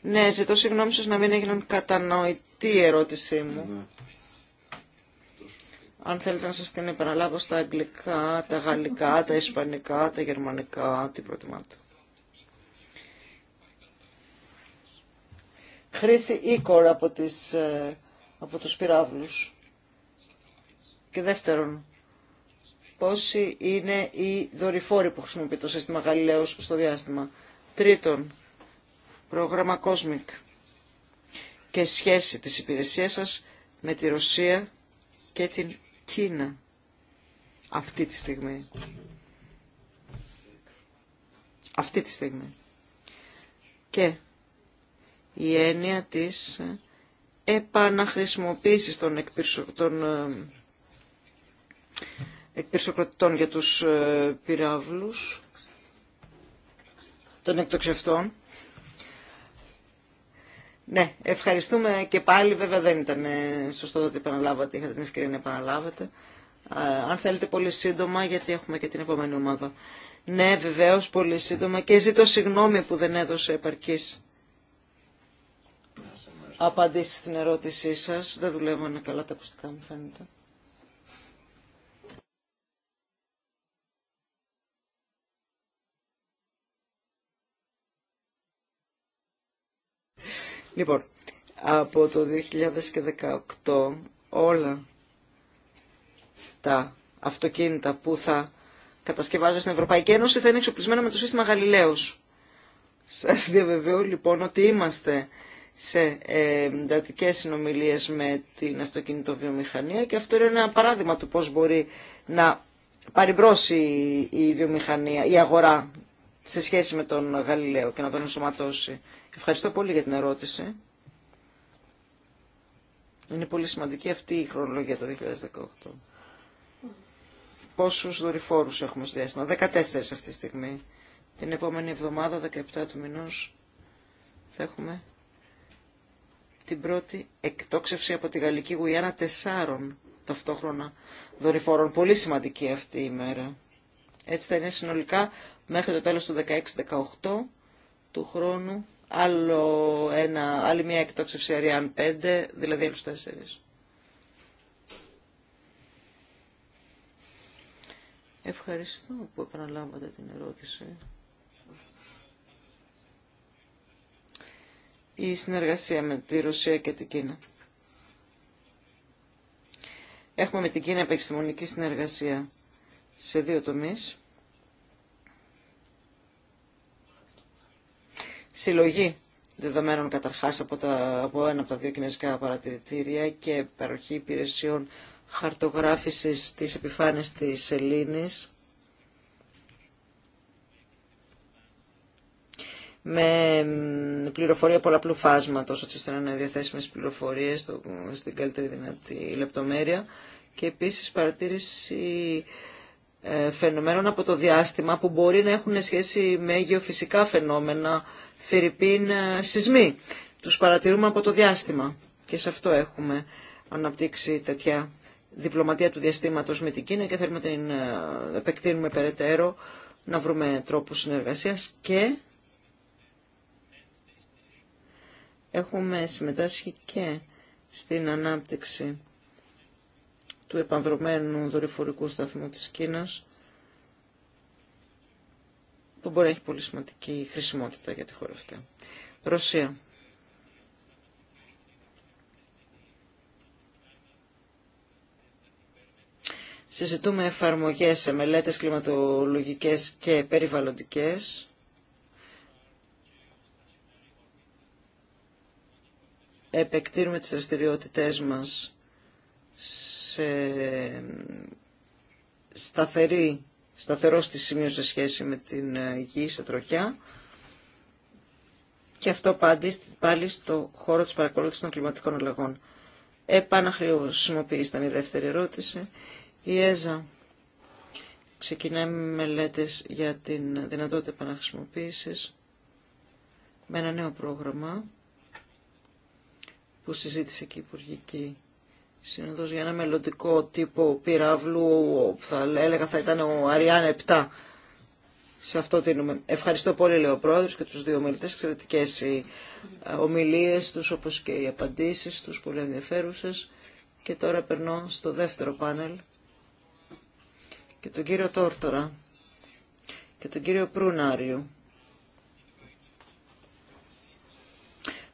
Ναι, ζητώ συγγνώμη σας να μην έγιναν κατανοητή η ερώτησή μου. Ναι. Αν θέλετε να σας την επαναλάβω στα αγγλικά, τα γαλλικά, τα ισπανικά, τα γερμανικά, τι προτιμάτε. Χρήση οίκορ από, τις, ε, από τους πυράβλους. Και δεύτερον, πόσοι είναι οι δορυφόροι που χρησιμοποιεί το σύστημα Γαλιλαίος στο διάστημα. Τρίτον, πρόγραμμα COSMIC και σχέση της υπηρεσίας σας με τη Ρωσία και την Κίνα αυτή τη στιγμή. Αυτή τη στιγμή. Και η έννοια της επαναχρησιμοποίησης των, εκπυρσο... των ε, για τους ε, πυράβλους, των εκτοξευτών, ναι, ευχαριστούμε και πάλι. Βέβαια δεν ήταν ε, σωστό ότι επαναλάβατε, είχατε την ευκαιρία να επαναλάβετε. Αν θέλετε πολύ σύντομα, γιατί έχουμε και την επόμενη ομάδα. Ναι, βεβαίω, πολύ σύντομα και ζητώ συγγνώμη που δεν έδωσε επαρκή απαντήσει στην ερώτησή σα. Δεν δουλεύουν καλά τα ακουστικά μου, φαίνεται. Λοιπόν, από το 2018 όλα τα αυτοκίνητα που θα κατασκευάζονται στην Ευρωπαϊκή Ένωση θα είναι εξοπλισμένα με το σύστημα Γαλιλαίος. Σας διαβεβαιώ λοιπόν ότι είμαστε σε ε, εντατικέ συνομιλίες με την αυτοκινητοβιομηχανία και αυτό είναι ένα παράδειγμα του πώς μπορεί να παρημπρώσει η βιομηχανία, η αγορά σε σχέση με τον Γαλιλαίο και να τον ενσωματώσει. Ευχαριστώ πολύ για την ερώτηση. Είναι πολύ σημαντική αυτή η χρονολογία το 2018. Πόσους δορυφόρους έχουμε στο διάστημα. 14 αυτή τη στιγμή. Την επόμενη εβδομάδα, 17 του μηνός, θα έχουμε την πρώτη εκτόξευση από τη Γαλλική Γουιάννα τεσσάρων ταυτόχρονα δορυφόρων. Πολύ σημαντική αυτή η μέρα. Έτσι θα είναι συνολικά μέχρι το τέλος του 16-18 του χρόνου άλλο ένα, άλλη μια εκτόξευση αριάν 5, δηλαδή άλλους 4. Ευχαριστώ που επαναλάβατε την ερώτηση. Η συνεργασία με τη Ρωσία και την Κίνα. Έχουμε με την Κίνα επιστημονική συνεργασία σε δύο τομείς. συλλογή δεδομένων καταρχάς από, τα, από ένα από τα δύο κινέζικα παρατηρητήρια και παροχή υπηρεσιών χαρτογράφησης της επιφάνειας της σελήνης με πληροφορία πολλαπλού φάσματος, ώστε να είναι διαθέσιμες πληροφορίες στην καλύτερη δυνατή λεπτομέρεια και επίσης παρατήρηση ε, φαινομένων από το διάστημα που μπορεί να έχουν σχέση με γεωφυσικά φαινόμενα, θερυπίν ε, σεισμοί. Τους παρατηρούμε από το διάστημα και σε αυτό έχουμε αναπτύξει τέτοια διπλωματία του διαστήματος με την Κίνα και θέλουμε να την ε, επεκτείνουμε περαιτέρω, να βρούμε τρόπους συνεργασίας και έχουμε συμμετάσχει και στην ανάπτυξη του επανδρομένου δορυφορικού σταθμού της Κίνας που μπορεί να έχει πολύ σημαντική χρησιμότητα για τη χώρα αυτή. Ρωσία. Συζητούμε εφαρμογές σε μελέτες κλιματολογικές και περιβαλλοντικές. Επεκτείνουμε τις δραστηριότητε μας σε σταθερή, σταθερό στη σημείο σε σχέση με την υγιή ε, σε τροχιά και αυτό πάλι, πάλι στο χώρο της παρακολούθησης των κλιματικών αλλαγών. Επαναχρησιμοποιήσαμε η δεύτερη ερώτηση. Η ΕΖΑ ξεκινάει με μελέτες για την δυνατότητα επαναχρησιμοποίησης με ένα νέο πρόγραμμα που συζήτησε και η Υπουργική Συνήθω για ένα μελλοντικό τύπο πυράβλου θα έλεγα θα ήταν ο Αριάν 7. Σε αυτό τίνουμε. Ευχαριστώ πολύ, λέει ο πρόεδρο και τους δύο ομιλητέ, εξαιρετικέ οι ε, ομιλίε τους, όπω και οι απαντήσει, τους, πολύ ενδιαφέρουσε. Και τώρα περνώ στο δεύτερο πάνελ και τον κύριο Τόρτορα και τον κύριο Προύναριο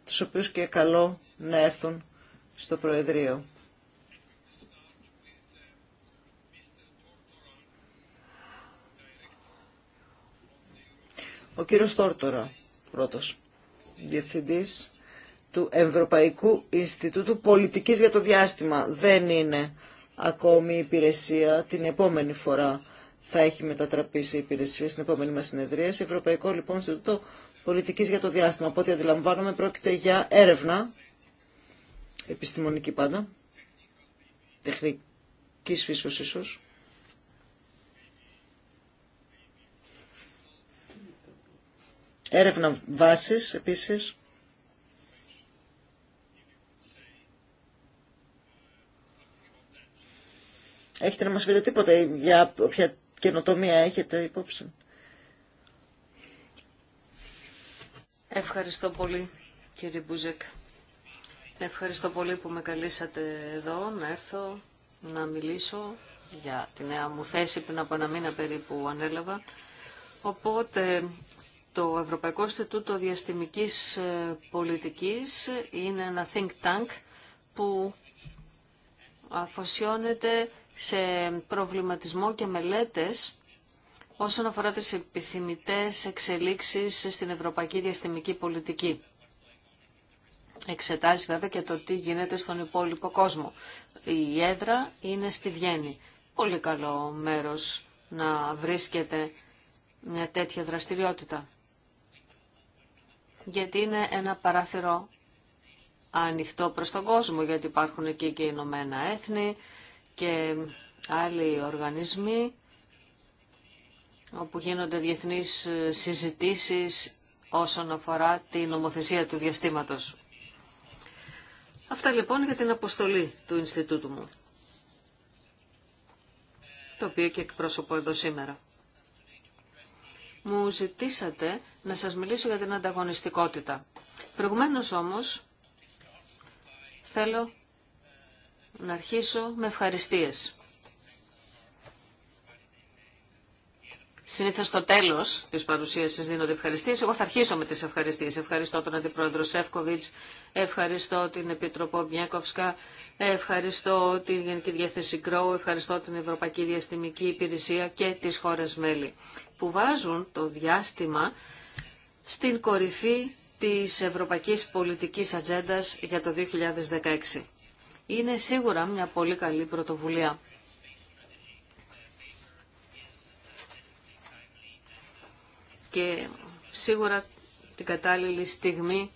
τους οποίου και καλό να έρθουν στο Προεδρείο. Ο κύριος Τόρτορα, πρώτος, διευθυντής του Ευρωπαϊκού Ινστιτούτου Πολιτικής για το Διάστημα. Δεν είναι ακόμη η υπηρεσία. Την επόμενη φορά θα έχει μετατραπεί σε υπηρεσία στην επόμενη μας συνεδρία. Σε Ευρωπαϊκό λοιπόν Ινστιτούτο Πολιτικής για το Διάστημα. Από ό,τι αντιλαμβάνομαι πρόκειται για έρευνα, επιστημονική πάντα, τεχνική φύσεως ίσως, Έρευνα βάσης επίσης. Έχετε να μας πείτε τίποτα για όποια καινοτομία έχετε υπόψη. Ευχαριστώ πολύ κύριε Μπουζεκ. Ευχαριστώ πολύ που με καλήσατε εδώ να έρθω να μιλήσω για τη νέα μου θέση πριν από ένα μήνα περίπου ανέλαβα. Οπότε το Ευρωπαϊκό Ινστιτούτο Διαστημικής ε, Πολιτικής είναι ένα think tank που αφοσιώνεται σε προβληματισμό και μελέτες όσον αφορά τις επιθυμητές εξελίξεις στην Ευρωπαϊκή Διαστημική Πολιτική. Εξετάζει βέβαια και το τι γίνεται στον υπόλοιπο κόσμο. Η έδρα είναι στη Βιέννη. Πολύ καλό μέρος να βρίσκεται μια τέτοια δραστηριότητα γιατί είναι ένα παράθυρο ανοιχτό προς τον κόσμο, γιατί υπάρχουν εκεί και οι Ηνωμένα Έθνη και άλλοι οργανισμοί όπου γίνονται διεθνείς συζητήσεις όσον αφορά την νομοθεσία του διαστήματος. Αυτά λοιπόν για την αποστολή του Ινστιτούτου μου, το οποίο και εκπρόσωπο εδώ σήμερα μου ζητήσατε να σας μιλήσω για την ανταγωνιστικότητα. Προηγουμένως όμως θέλω να αρχίσω με ευχαριστίες. Συνήθω στο τέλος της παρουσίασης δίνονται ευχαριστίε. Εγώ θα αρχίσω με τι ευχαριστίες. Ευχαριστώ τον Αντιπρόεδρο Σεύκοβιτ. ευχαριστώ την Επιτροπό Μπιέκοφσκα, ευχαριστώ την Γενική Διεύθυνση Κρόου, ευχαριστώ την Ευρωπαϊκή Διαστημική Υπηρεσία και τι χώρε μέλη που βάζουν το διάστημα στην κορυφή τη Ευρωπαϊκή πολιτική Ατζέντα για το 2016. Είναι σίγουρα μια πολύ καλή πρωτοβουλία και σίγουρα την κατάλληλη στιγμή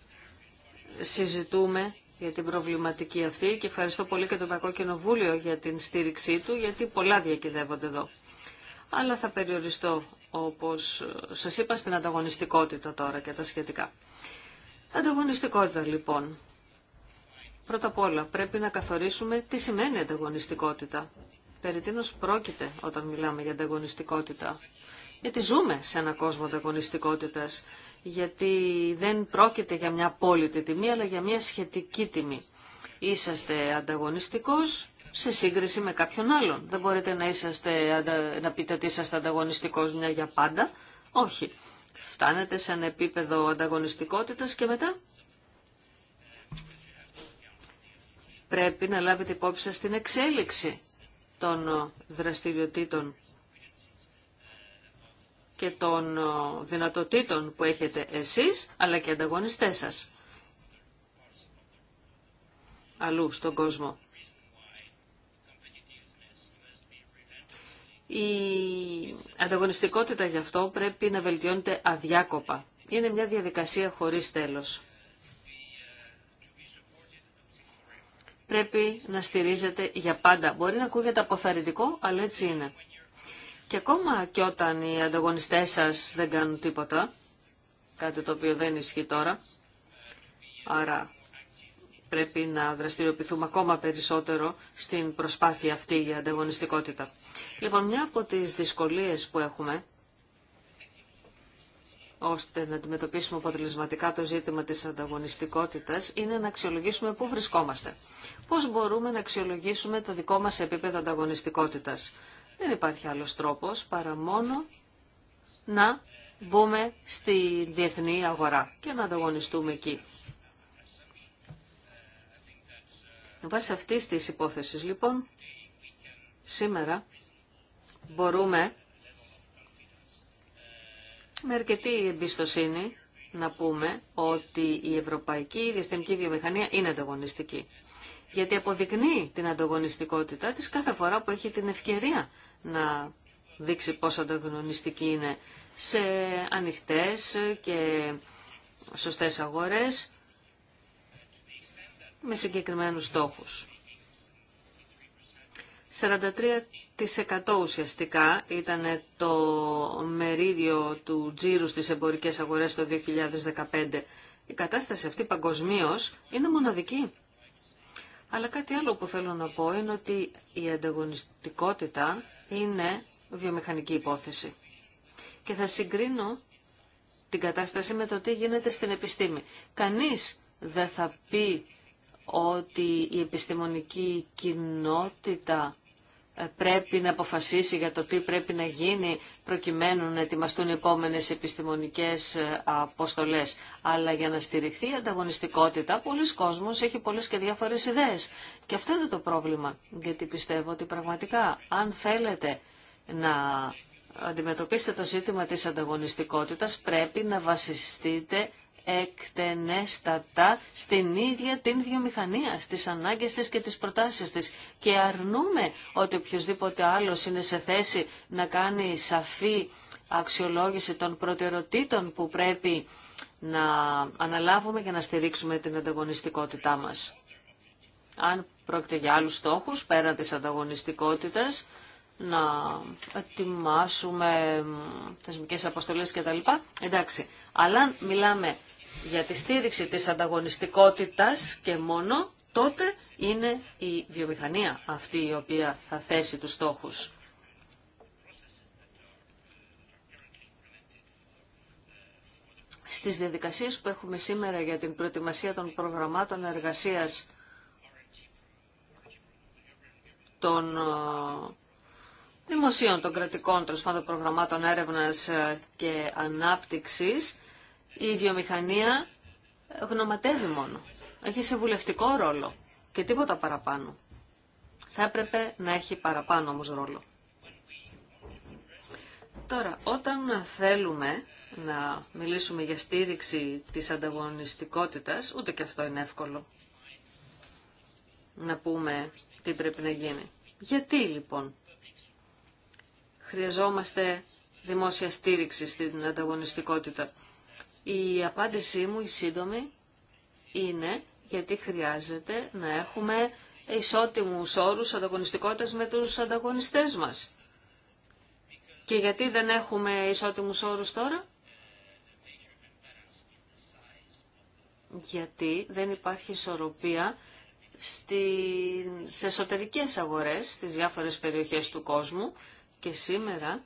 συζητούμε για την προβληματική αυτή και ευχαριστώ πολύ και το Πακό Κοινοβούλιο για την στήριξή του γιατί πολλά διακυδεύονται εδώ. Αλλά θα περιοριστώ όπως σας είπα στην ανταγωνιστικότητα τώρα και τα σχετικά. Ανταγωνιστικότητα λοιπόν. Πρώτα απ' όλα πρέπει να καθορίσουμε τι σημαίνει ανταγωνιστικότητα. Περί πρόκειται όταν μιλάμε για ανταγωνιστικότητα. Γιατί ζούμε σε ένα κόσμο ανταγωνιστικότητας, γιατί δεν πρόκειται για μια απόλυτη τιμή, αλλά για μια σχετική τιμή. Είσαστε ανταγωνιστικός σε σύγκριση με κάποιον άλλον. Δεν μπορείτε να, είσαστε, να πείτε ότι είσαστε ανταγωνιστικός μια για πάντα. Όχι. Φτάνετε σε ένα επίπεδο ανταγωνιστικότητας και μετά πρέπει να λάβετε υπόψη σας την εξέλιξη των δραστηριοτήτων και των ε, δυνατοτήτων που έχετε εσείς, αλλά και ανταγωνιστές σας. Αλλού στον κόσμο. Η ανταγωνιστικότητα γι' αυτό πρέπει να βελτιώνεται αδιάκοπα. Είναι μια διαδικασία χωρίς τέλος. Πρέπει να στηρίζεται για πάντα. Μπορεί να ακούγεται αποθαρρυντικό, αλλά έτσι είναι. Και ακόμα και όταν οι ανταγωνιστές σας δεν κάνουν τίποτα, κάτι το οποίο δεν ισχύει τώρα, άρα πρέπει να δραστηριοποιηθούμε ακόμα περισσότερο στην προσπάθεια αυτή για ανταγωνιστικότητα. Λοιπόν, μια από τις δυσκολίες που έχουμε, ώστε να αντιμετωπίσουμε αποτελεσματικά το ζήτημα της ανταγωνιστικότητας, είναι να αξιολογήσουμε πού βρισκόμαστε. Πώς μπορούμε να αξιολογήσουμε το δικό μας επίπεδο ανταγωνιστικότητας. Δεν υπάρχει άλλος τρόπος παρά μόνο να μπούμε στη διεθνή αγορά και να ανταγωνιστούμε εκεί. Βάσει αυτής της υπόθεσης λοιπόν, σήμερα μπορούμε με αρκετή εμπιστοσύνη να πούμε ότι η ευρωπαϊκή διαστημική βιομηχανία είναι ανταγωνιστική. Γιατί αποδεικνύει την ανταγωνιστικότητά της κάθε φορά που έχει την ευκαιρία να δείξει πόσο ανταγωνιστική είναι σε ανοιχτές και σωστές αγορές με συγκεκριμένους στόχους. 43% ουσιαστικά ήταν το μερίδιο του τζίρου στις εμπορικές αγορές το 2015. Η κατάσταση αυτή παγκοσμίω είναι μοναδική. Αλλά κάτι άλλο που θέλω να πω είναι ότι η ανταγωνιστικότητα είναι βιομηχανική υπόθεση. Και θα συγκρίνω την κατάσταση με το τι γίνεται στην επιστήμη. Κανείς δεν θα πει ότι η επιστημονική κοινότητα πρέπει να αποφασίσει για το τι πρέπει να γίνει προκειμένου να ετοιμαστούν οι επόμενες επιστημονικές ε, αποστολές. Αλλά για να στηριχθεί η ανταγωνιστικότητα, πολλοί κόσμος έχει πολλές και διάφορες ιδέες. Και αυτό είναι το πρόβλημα, γιατί πιστεύω ότι πραγματικά αν θέλετε να αντιμετωπίσετε το ζήτημα της ανταγωνιστικότητας, πρέπει να βασιστείτε εκτενέστατα στην ίδια την βιομηχανία, στις ανάγκες της και τις προτάσεις της. Και αρνούμε ότι οποιοδήποτε άλλος είναι σε θέση να κάνει σαφή αξιολόγηση των προτεραιοτήτων που πρέπει να αναλάβουμε για να στηρίξουμε την ανταγωνιστικότητά μας. Αν πρόκειται για άλλους στόχους, πέρα της ανταγωνιστικότητας, να ετοιμάσουμε θεσμικές αποστολές κτλ. Εντάξει, αλλά μιλάμε για τη στήριξη της ανταγωνιστικότητας και μόνο, τότε είναι η βιομηχανία αυτή η οποία θα θέσει τους στόχους. Στις διαδικασίες που έχουμε σήμερα για την προετοιμασία των προγραμμάτων εργασίας των ε, δημοσίων, των κρατικών, των προγραμμάτων έρευνας ε, και ανάπτυξης, η βιομηχανία γνωματεύει μόνο. Έχει συμβουλευτικό ρόλο και τίποτα παραπάνω. Θα έπρεπε να έχει παραπάνω όμως ρόλο. Τώρα, όταν θέλουμε να μιλήσουμε για στήριξη της ανταγωνιστικότητας, ούτε και αυτό είναι εύκολο να πούμε τι πρέπει να γίνει. Γιατί λοιπόν χρειαζόμαστε δημόσια στήριξη στην ανταγωνιστικότητα. Η απάντησή μου, η σύντομη, είναι γιατί χρειάζεται να έχουμε ισότιμους όρους ανταγωνιστικότητας με τους ανταγωνιστές μας. Και γιατί δεν έχουμε ισότιμους όρους τώρα? Γιατί δεν υπάρχει ισορροπία στις εσωτερικές αγορές, στις διάφορες περιοχές του κόσμου και σήμερα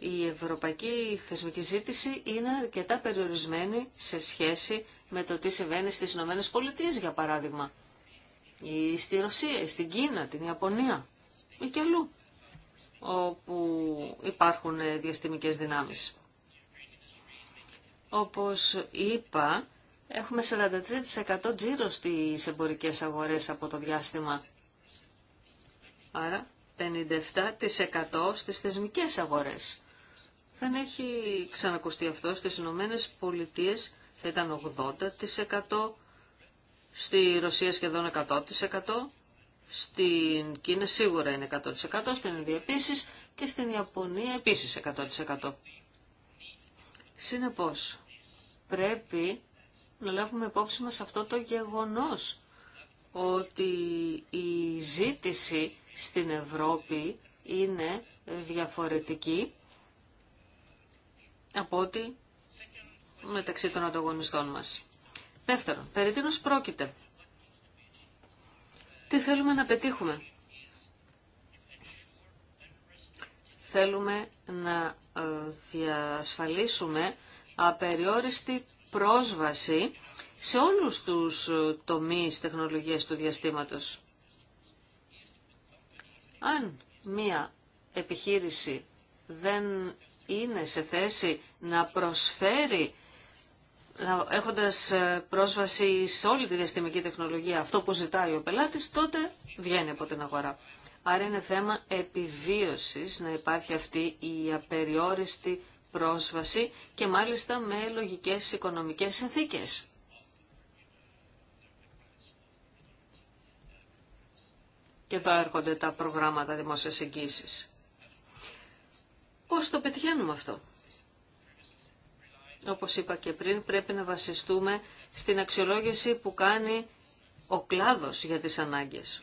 η ευρωπαϊκή θεσμική ζήτηση είναι αρκετά περιορισμένη σε σχέση με το τι συμβαίνει στις Ηνωμένες Πολιτείες, για παράδειγμα. Ή στη Ρωσία, ή στην Κίνα, την Ιαπωνία ή και αλλού, όπου υπάρχουν διαστημικές δυνάμεις. Όπως είπα, έχουμε 43% τζίρο στις εμπορικές αγορές από το διάστημα. Άρα 57% στις θεσμικές αγορές. Δεν έχει ξανακουστεί αυτό. Στις Ηνωμένε Πολιτείε θα ήταν 80%, στη Ρωσία σχεδόν 100%, στην Κίνα σίγουρα είναι 100%, στην Ινδία επίσης και στην Ιαπωνία επίσης 100%. Συνεπώς, πρέπει να λάβουμε υπόψη μας αυτό το γεγονός ότι η ζήτηση στην Ευρώπη είναι διαφορετική από ό,τι μεταξύ των ανταγωνιστών μας. Δεύτερον, περί τίνος πρόκειται. Τι θέλουμε να πετύχουμε. Θέλουμε να ε, διασφαλίσουμε απεριόριστη πρόσβαση σε όλους τους ε, τομείς τεχνολογίας του διαστήματος. Αν μία επιχείρηση δεν είναι σε θέση να προσφέρει έχοντας ε, πρόσβαση σε όλη τη διαστημική τεχνολογία αυτό που ζητάει ο πελάτης, τότε βγαίνει από την αγορά. Άρα είναι θέμα επιβίωσης να υπάρχει αυτή η απεριόριστη πρόσβαση και μάλιστα με λογικές οικονομικές συνθήκες. Και εδώ έρχονται τα προγράμματα δημόσιας εγγύησης. Πώς το πετυχαίνουμε αυτό. Όπως είπα και πριν, πρέπει να βασιστούμε στην αξιολόγηση που κάνει ο κλάδος για τις ανάγκες.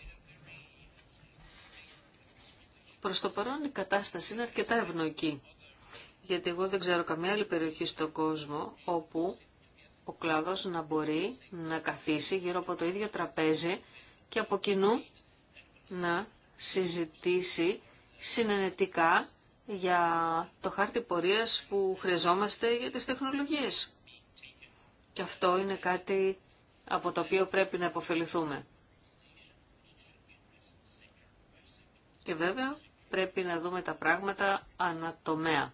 Προς το παρόν η κατάσταση είναι αρκετά ευνοϊκή, γιατί εγώ δεν ξέρω καμία άλλη περιοχή στον κόσμο όπου ο κλάδος να μπορεί να καθίσει γύρω από το ίδιο τραπέζι και από κοινού να συζητήσει συνενετικά για το χάρτη πορείας που χρειαζόμαστε για τις τεχνολογίες. Και αυτό είναι κάτι από το οποίο πρέπει να αποφεληθούμε. Και βέβαια πρέπει να δούμε τα πράγματα ανατομέα.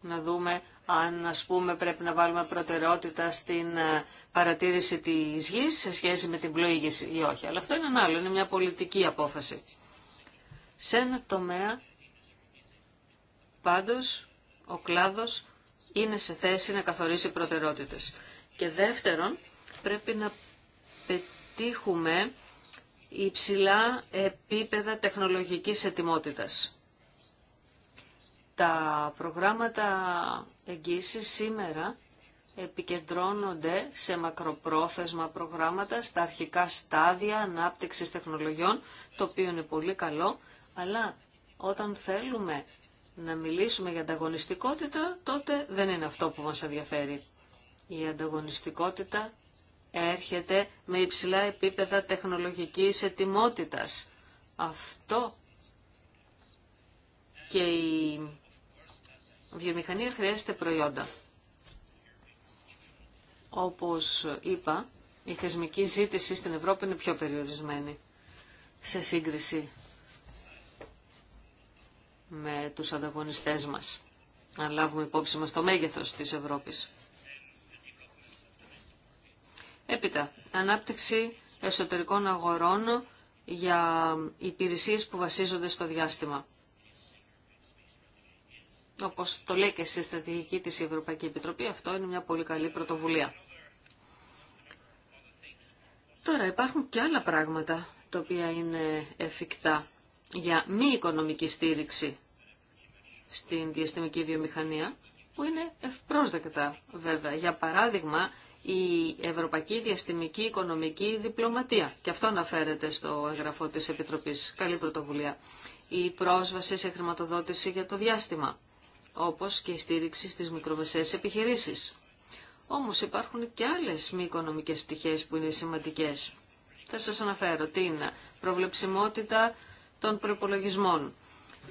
Να δούμε αν ας πούμε πρέπει να βάλουμε προτεραιότητα στην ε, παρατήρηση της γης σε σχέση με την πλοήγηση ή όχι. Αλλά αυτό είναι ένα άλλο, είναι μια πολιτική απόφαση σε ένα τομέα πάντως ο κλάδος είναι σε θέση να καθορίσει προτεραιότητες. Και δεύτερον, πρέπει να πετύχουμε υψηλά επίπεδα τεχνολογικής ετοιμότητας. Τα προγράμματα εγγύησης σήμερα επικεντρώνονται σε μακροπρόθεσμα προγράμματα στα αρχικά στάδια ανάπτυξης τεχνολογιών, το οποίο είναι πολύ καλό αλλά όταν θέλουμε να μιλήσουμε για ανταγωνιστικότητα, τότε δεν είναι αυτό που μας ενδιαφέρει. Η ανταγωνιστικότητα έρχεται με υψηλά επίπεδα τεχνολογικής ετοιμότητας. Αυτό και η βιομηχανία χρειάζεται προϊόντα. Όπως είπα, η θεσμική ζήτηση στην Ευρώπη είναι πιο περιορισμένη σε σύγκριση με τους ανταγωνιστές μας, αν λάβουμε υπόψη μας το μέγεθος της Ευρώπης. Έπειτα, ανάπτυξη εσωτερικών αγορών για υπηρεσίες που βασίζονται στο διάστημα. Όπως το λέει και στη στρατηγική της Ευρωπαϊκή Επιτροπή, αυτό είναι μια πολύ καλή πρωτοβουλία. Τώρα υπάρχουν και άλλα πράγματα τα οποία είναι εφικτά για μη οικονομική στήριξη στην διαστημική βιομηχανία, που είναι ευπρόσδεκτα βέβαια. Για παράδειγμα, η Ευρωπαϊκή Διαστημική Οικονομική Διπλωματία. Και αυτό αναφέρεται στο εγγραφό της Επιτροπής. Καλή πρωτοβουλία. Η πρόσβαση σε χρηματοδότηση για το διάστημα, όπως και η στήριξη στις μικρομεσαίες επιχειρήσεις. Όμως υπάρχουν και άλλες μη οικονομικές που είναι σημαντικές. Θα σα αναφέρω την προβλεψιμότητα των προπολογισμών,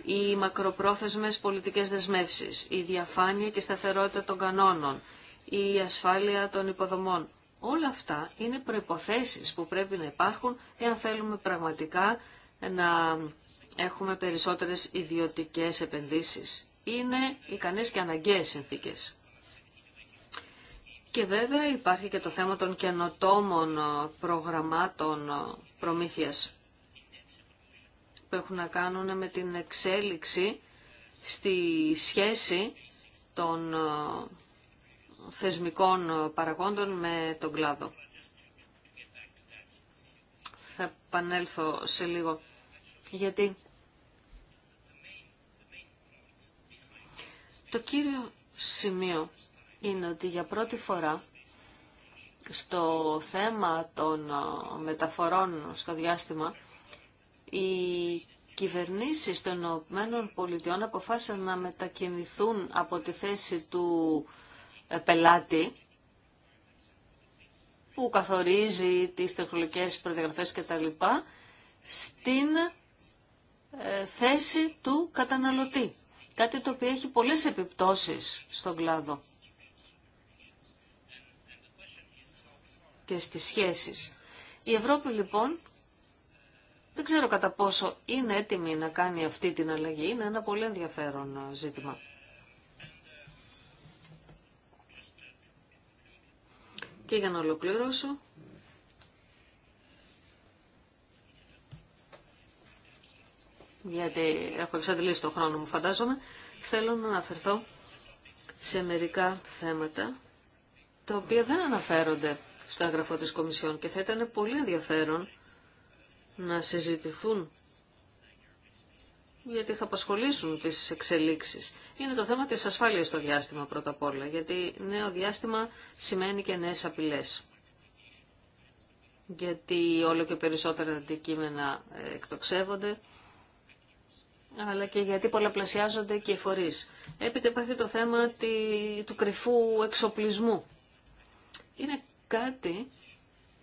οι μακροπρόθεσμες πολιτικές δεσμεύσεις, η διαφάνεια και σταθερότητα των κανόνων, η ασφάλεια των υποδομών. Όλα αυτά είναι προϋποθέσεις που πρέπει να υπάρχουν εάν θέλουμε πραγματικά να έχουμε περισσότερες ιδιωτικές επενδύσεις. Είναι ικανές και αναγκαίες συνθήκες. Και βέβαια υπάρχει και το θέμα των καινοτόμων προγραμμάτων προμήθειας έχουν να κάνουν με την εξέλιξη στη σχέση των ε, θεσμικών παραγόντων με τον κλάδο. Θα επανέλθω σε λίγο. Γιατί το κύριο σημείο είναι ότι για πρώτη φορά στο θέμα των ε, μεταφορών στο διάστημα οι κυβερνήσεις των Ηνωμένων Πολιτειών αποφάσισαν να μετακινηθούν από τη θέση του ε, πελάτη που καθορίζει τις τεχνολογικές προδιαγραφές κτλ. στην ε, θέση του καταναλωτή. Κάτι το οποίο έχει πολλές επιπτώσεις στον κλάδο και στις σχέσεις. Η Ευρώπη λοιπόν δεν ξέρω κατά πόσο είναι έτοιμη να κάνει αυτή την αλλαγή. Είναι ένα πολύ ενδιαφέρον ζήτημα. Και για να ολοκληρώσω, γιατί έχω εξαντλήσει το χρόνο μου φαντάζομαι, θέλω να αναφερθώ σε μερικά θέματα τα οποία δεν αναφέρονται στο έγγραφο της Κομισιόν και θα ήταν πολύ ενδιαφέρον να συζητηθούν γιατί θα απασχολήσουν τις εξελίξεις. Είναι το θέμα της ασφάλειας στο διάστημα πρώτα απ' όλα, γιατί νέο διάστημα σημαίνει και νέες απειλές. Γιατί όλο και περισσότερα αντικείμενα ε, εκτοξεύονται, αλλά και γιατί πολλαπλασιάζονται και οι φορείς. Έπειτα υπάρχει το θέμα του κρυφού εξοπλισμού. Είναι κάτι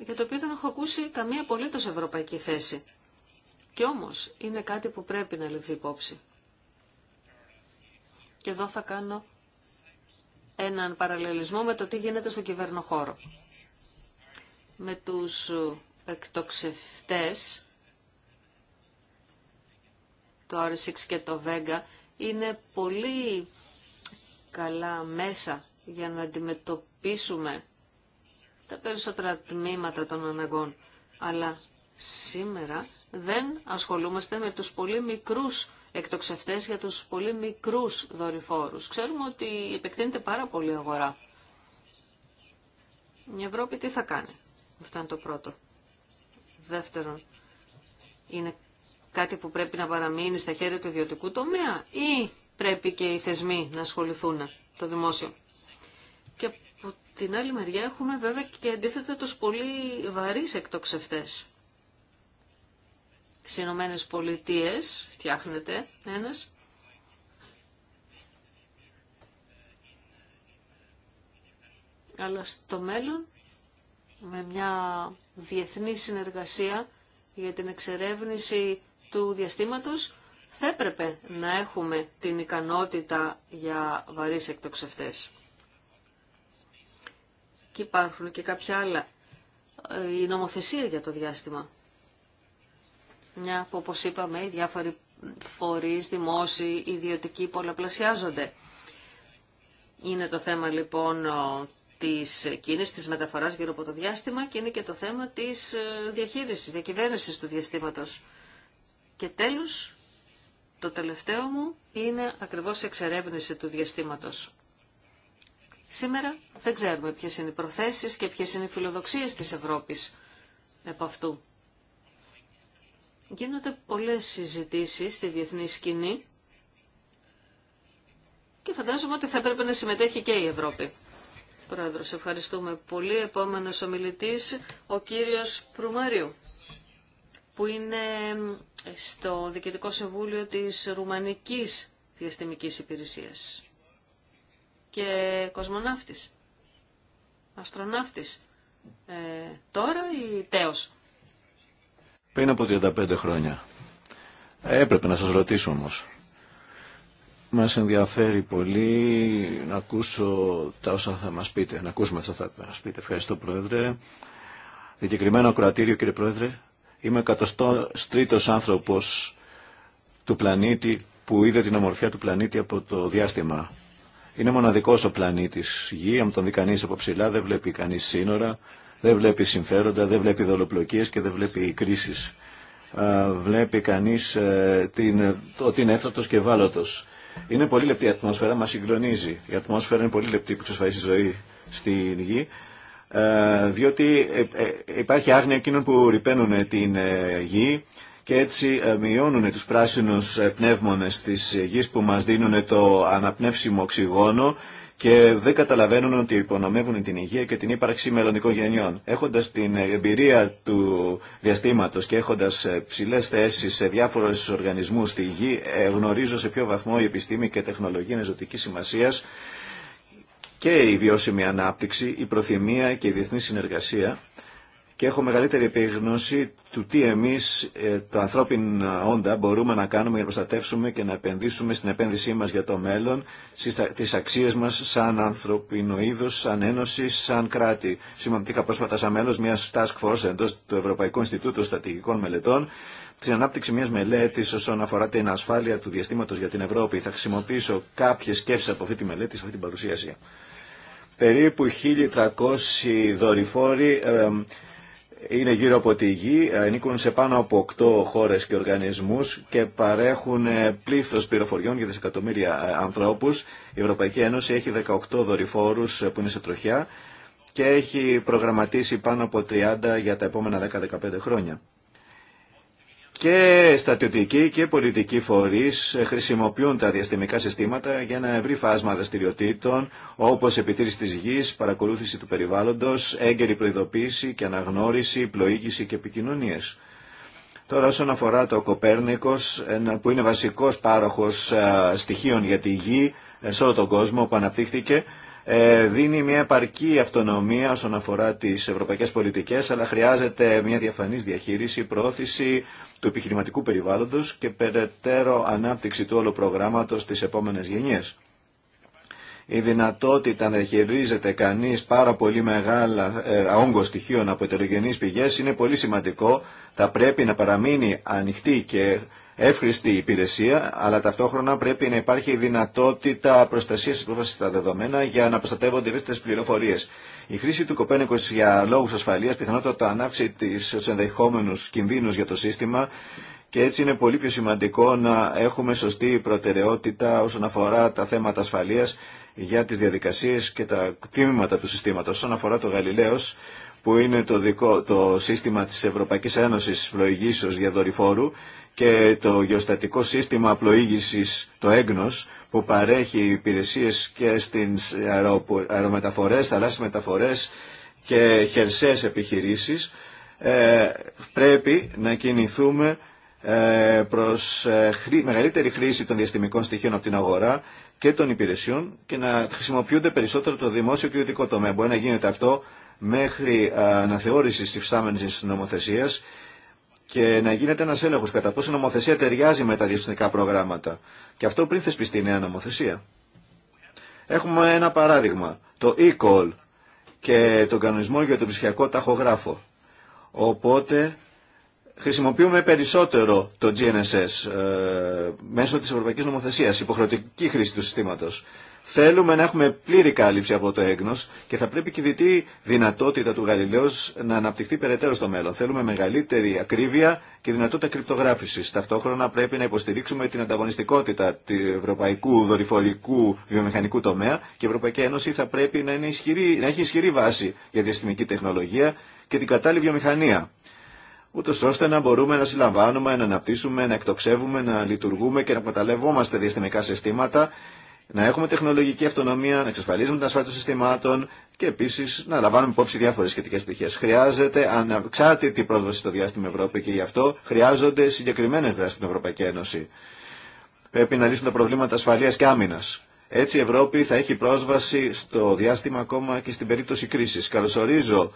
για το οποίο δεν έχω ακούσει καμία απολύτω ευρωπαϊκή θέση. Και όμως είναι κάτι που πρέπει να λυθεί υπόψη. Και εδώ θα κάνω έναν παραλληλισμό με το τι γίνεται στο κυβερνοχώρο. Με τους ε, εκτοξευτές, το r και το Vega, είναι πολύ καλά μέσα για να αντιμετωπίσουμε τα περισσότερα τμήματα των αναγκών. Αλλά σήμερα δεν ασχολούμαστε με τους πολύ μικρούς εκτοξευτές για τους πολύ μικρούς δορυφόρους. Ξέρουμε ότι επεκτείνεται πάρα πολύ αγορά. Η Ευρώπη τι θα κάνει. Αυτό είναι το πρώτο. Δεύτερον, είναι κάτι που πρέπει να παραμείνει στα χέρια του ιδιωτικού τομέα ή πρέπει και οι θεσμοί να ασχοληθούν το δημόσιο. Και την άλλη μεριά έχουμε βέβαια και αντίθετα τους πολύ βαρύς εκτοξευτές. Στι Ηνωμένε Πολιτείε φτιάχνεται ένας. Αλλά στο μέλλον, με μια διεθνή συνεργασία για την εξερεύνηση του διαστήματος, θα έπρεπε να έχουμε την ικανότητα για βαρύς εκτοξευτές και υπάρχουν και κάποια άλλα. Ε, η νομοθεσία για το διάστημα. Μια που όπως είπαμε οι διάφοροι φορείς, δημόσιοι, ιδιωτικοί πολλαπλασιάζονται. Είναι το θέμα λοιπόν της κίνησης, της μεταφοράς γύρω από το διάστημα και είναι και το θέμα της ε, διαχείρισης, διακυβέρνησης του διαστήματος. Και τέλος, το τελευταίο μου είναι ακριβώς η εξερεύνηση του διαστήματος. Σήμερα δεν ξέρουμε ποιες είναι οι προθέσεις και ποιες είναι οι φιλοδοξίες της Ευρώπης από αυτού. Γίνονται πολλές συζητήσεις στη διεθνή σκηνή και φαντάζομαι ότι θα έπρεπε να συμμετέχει και η Ευρώπη. Πρόεδρος, ευχαριστούμε πολύ. Επόμενος ομιλητής, ο κύριος Προυμαρίου, που είναι στο Διοικητικό Συμβούλιο της Ρουμανικής Διαστημικής Υπηρεσίας και κοσμοναύτης, αστροναύτης, ε, τώρα ή τέος. Πριν από 35 χρόνια. Ε, έπρεπε να σας ρωτήσω όμως. Μας ενδιαφέρει πολύ να ακούσω τα όσα θα μας πείτε, να ακούσουμε αυτά θα μας πείτε. Ευχαριστώ Πρόεδρε. Διεκεκριμένο κρατήριο κύριε Πρόεδρε. Είμαι κατοστός άνθρωπος του πλανήτη που είδε την ομορφιά του πλανήτη από το διάστημα. Είναι μοναδικό ο πλανήτης Γη, αν τον δει κανεί από ψηλά δεν βλέπει κανεί σύνορα, δεν βλέπει συμφέροντα, δεν βλέπει δολοπλοκίε και δεν βλέπει κρίσεις. Βλέπει κανείς ε, ότι είναι έθρωτο και ευάλωτο. Είναι πολύ λεπτή η ατμόσφαιρα, μα συγκλονίζει. Η ατμόσφαιρα είναι πολύ λεπτή που εξασφαλίζει τη ζωή στην Γη ε, διότι ε, υπάρχει άγνοια εκείνων που ρηπαίνουν την γη, και έτσι ε, μειώνουν τους πράσινους ε, πνεύμονες της γης που μας δίνουν το αναπνεύσιμο οξυγόνο και δεν καταλαβαίνουν ότι υπονομεύουν την υγεία και την ύπαρξη μελλοντικών γενιών. Έχοντας την εμπειρία του διαστήματος και έχοντας ε, ψηλέ θέσεις σε διάφορου οργανισμούς στη γη, γνωρίζω σε ποιο βαθμό η επιστήμη και η τεχνολογία είναι ζωτική σημασία και η βιώσιμη ανάπτυξη, η προθυμία και η διεθνή συνεργασία και έχω μεγαλύτερη επίγνωση του τι εμείς ε, το ανθρώπινα όντα μπορούμε να κάνουμε για να προστατεύσουμε και να επενδύσουμε στην επένδυσή μας για το μέλλον, τις αξίες μας σαν ανθρωπινό είδος, σαν ένωση, σαν κράτη. Σημαντικά πρόσφατα σαν μέλος μιας task force εντός του Ευρωπαϊκού Ινστιτούτου Στατηγικών Μελετών στην ανάπτυξη μιας μελέτης όσον αφορά την ασφάλεια του διαστήματος για την Ευρώπη. Θα χρησιμοποιήσω κάποιες σκέψεις από αυτή τη μελέτη, σε αυτή την παρουσίαση. Περίπου 1.300 δορυφόροι είναι γύρω από τη γη, ε, ανήκουν σε πάνω από 8 χώρες και οργανισμούς και παρέχουν ε, πλήθος πληροφοριών για δισεκατομμύρια ε, ανθρώπους. Η Ευρωπαϊκή Ένωση έχει 18 δορυφόρους που είναι σε τροχιά και έχει προγραμματίσει πάνω από 30 για τα επόμενα 10-15 χρόνια και στατιωτικοί και πολιτικοί φορείς χρησιμοποιούν τα διαστημικά συστήματα για ένα ευρύ φάσμα δραστηριοτήτων όπως επιτήρηση της γης, παρακολούθηση του περιβάλλοντος, έγκαιρη προειδοποίηση και αναγνώριση, πλοήγηση και επικοινωνίες. Τώρα όσον αφορά το Κοπέρνικος που είναι βασικός πάροχος στοιχείων για τη γη ε, σε όλο τον κόσμο που αναπτύχθηκε ε, δίνει μια επαρκή αυτονομία όσον αφορά τις ευρωπαϊκές πολιτικές αλλά χρειάζεται μια διαφανή διαχείριση, πρόθεση, του επιχειρηματικού περιβάλλοντος και περαιτέρω ανάπτυξη του όλου προγράμματος στις επόμενες γενιές. Η δυνατότητα να χειρίζεται κανείς πάρα πολύ μεγάλα ε, όγκο στοιχείων από ετερογενείς πηγές είναι πολύ σημαντικό. Θα πρέπει να παραμείνει ανοιχτή και εύχρηστη υπηρεσία, αλλά ταυτόχρονα πρέπει να υπάρχει δυνατότητα προστασία τη πρόσβαση στα δεδομένα για να προστατεύονται ευαίσθητε πληροφορίε. Η χρήση του Κοπένικο για λόγου ασφαλεία πιθανότατα ανάψει του ενδεχόμενου κινδύνου για το σύστημα και έτσι είναι πολύ πιο σημαντικό να έχουμε σωστή προτεραιότητα όσον αφορά τα θέματα ασφαλεία για τι διαδικασίε και τα τμήματα του συστήματο. Όσον αφορά το Γαλιλαίο, που είναι το, δικό, το σύστημα της Ευρωπαϊκής Ένωσης Προηγήσεως για δορυφόρου, και το γεωστατικό σύστημα απλοήγησης το έγνος, που παρέχει υπηρεσίες και στις αερομεταφορές, θαλάσσιες μεταφορές και χερσαίες επιχειρήσεις, ε, πρέπει να κινηθούμε ε, προς ε, μεγαλύτερη χρήση των διαστημικών στοιχείων από την αγορά και των υπηρεσιών και να χρησιμοποιούνται περισσότερο το δημόσιο και ιδιωτικό τομέα. Μπορεί να γίνεται αυτό μέχρι αναθεώρηση τη φυσάμενη νομοθεσία και να γίνεται ένα έλεγχο κατά πόσο η νομοθεσία ταιριάζει με τα διευθυντικά προγράμματα. Και αυτό πριν θεσπιστεί η νέα νομοθεσία. Έχουμε ένα παράδειγμα, το e-call και τον κανονισμό για τον ψηφιακό ταχογράφο. Οπότε χρησιμοποιούμε περισσότερο το GNSS ε, μέσω της Ευρωπαϊκής Νομοθεσίας, υποχρεωτική χρήση του συστήματος. Θέλουμε να έχουμε πλήρη κάλυψη από το έγκνο και θα πρέπει και η δυτή δυνατότητα του Γαλιλαίου να αναπτυχθεί περαιτέρω στο μέλλον. Θέλουμε μεγαλύτερη ακρίβεια και δυνατότητα κρυπτογράφηση. Ταυτόχρονα πρέπει να υποστηρίξουμε την ανταγωνιστικότητα του ευρωπαϊκού δορυφορικού βιομηχανικού τομέα και η Ευρωπαϊκή Ένωση θα πρέπει να, είναι ισχυρή, να έχει ισχυρή βάση για διαστημική τεχνολογία και την κατάλληλη βιομηχανία ούτω ώστε να μπορούμε να συλλαμβάνουμε, να αναπτύσσουμε, να εκτοξεύουμε, να λειτουργούμε και να εκμεταλλευόμαστε διαστημικά συστήματα να έχουμε τεχνολογική αυτονομία, να εξασφαλίζουμε την ασφάλεια των συστημάτων και επίση να λαμβάνουμε υπόψη διάφορε σχετικέ πτυχέ. Χρειάζεται ανεξάρτητη πρόσβαση στο διάστημα Ευρώπη και γι' αυτό χρειάζονται συγκεκριμένε δράσει στην Ευρωπαϊκή Ένωση. Πρέπει να λύσουν τα προβλήματα ασφαλεία και άμυνα. Έτσι η Ευρώπη θα έχει πρόσβαση στο διάστημα ακόμα και στην περίπτωση κρίση. Καλωσορίζω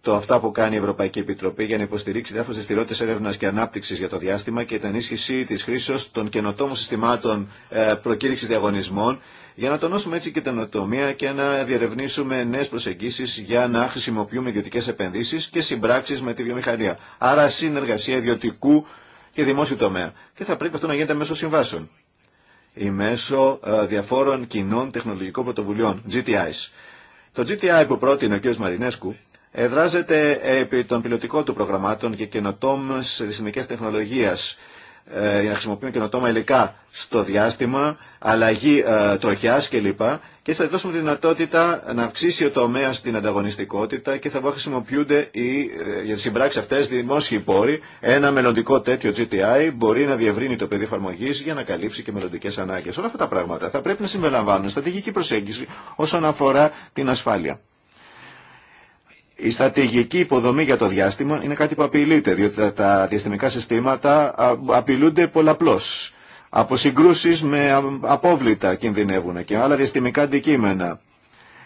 το αυτά που κάνει η Ευρωπαϊκή Επιτροπή για να υποστηρίξει διάφορε δραστηριότητε έρευνα και ανάπτυξη για το διάστημα και την ενίσχυση τη χρήση των καινοτόμων συστημάτων ε, προκήρυξη διαγωνισμών για να τονώσουμε έτσι και την οτομία και να διερευνήσουμε νέε προσεγγίσει για να χρησιμοποιούμε ιδιωτικέ επενδύσει και συμπράξει με τη βιομηχανία. Άρα συνεργασία ιδιωτικού και δημόσιου τομέα. Και θα πρέπει αυτό να γίνεται μέσω συμβάσεων ή μέσω ε, διαφόρων κοινών τεχνολογικών πρωτοβουλειών, GTIs. Το GTI που πρότεινε ο κ. Μαρινέσκου Εδράζεται επί των πιλωτικών του προγραμμάτων και καινοτόμων δυσμικές τεχνολογίας ε, για να χρησιμοποιούμε καινοτόμα υλικά στο διάστημα, αλλαγή ε, τροχιά κλπ. Και θα δώσουμε τη δυνατότητα να αυξήσει ο τομέα την ανταγωνιστικότητα και θα χρησιμοποιούνται οι, ε, για τι συμπράξει αυτέ δημόσιοι πόροι. Ένα μελλοντικό τέτοιο GTI μπορεί να διευρύνει το πεδίο εφαρμογή για να καλύψει και μελλοντικέ ανάγκε. Όλα αυτά τα πράγματα θα πρέπει να συμπεριλαμβάνουν στρατηγική προσέγγιση όσον αφορά την ασφάλεια. Η στρατηγική υποδομή για το διάστημα είναι κάτι που απειλείται, διότι τα διαστημικά συστήματα απειλούνται πολλαπλώς. Από συγκρούσεις με απόβλητα κινδυνεύουν και άλλα διαστημικά αντικείμενα.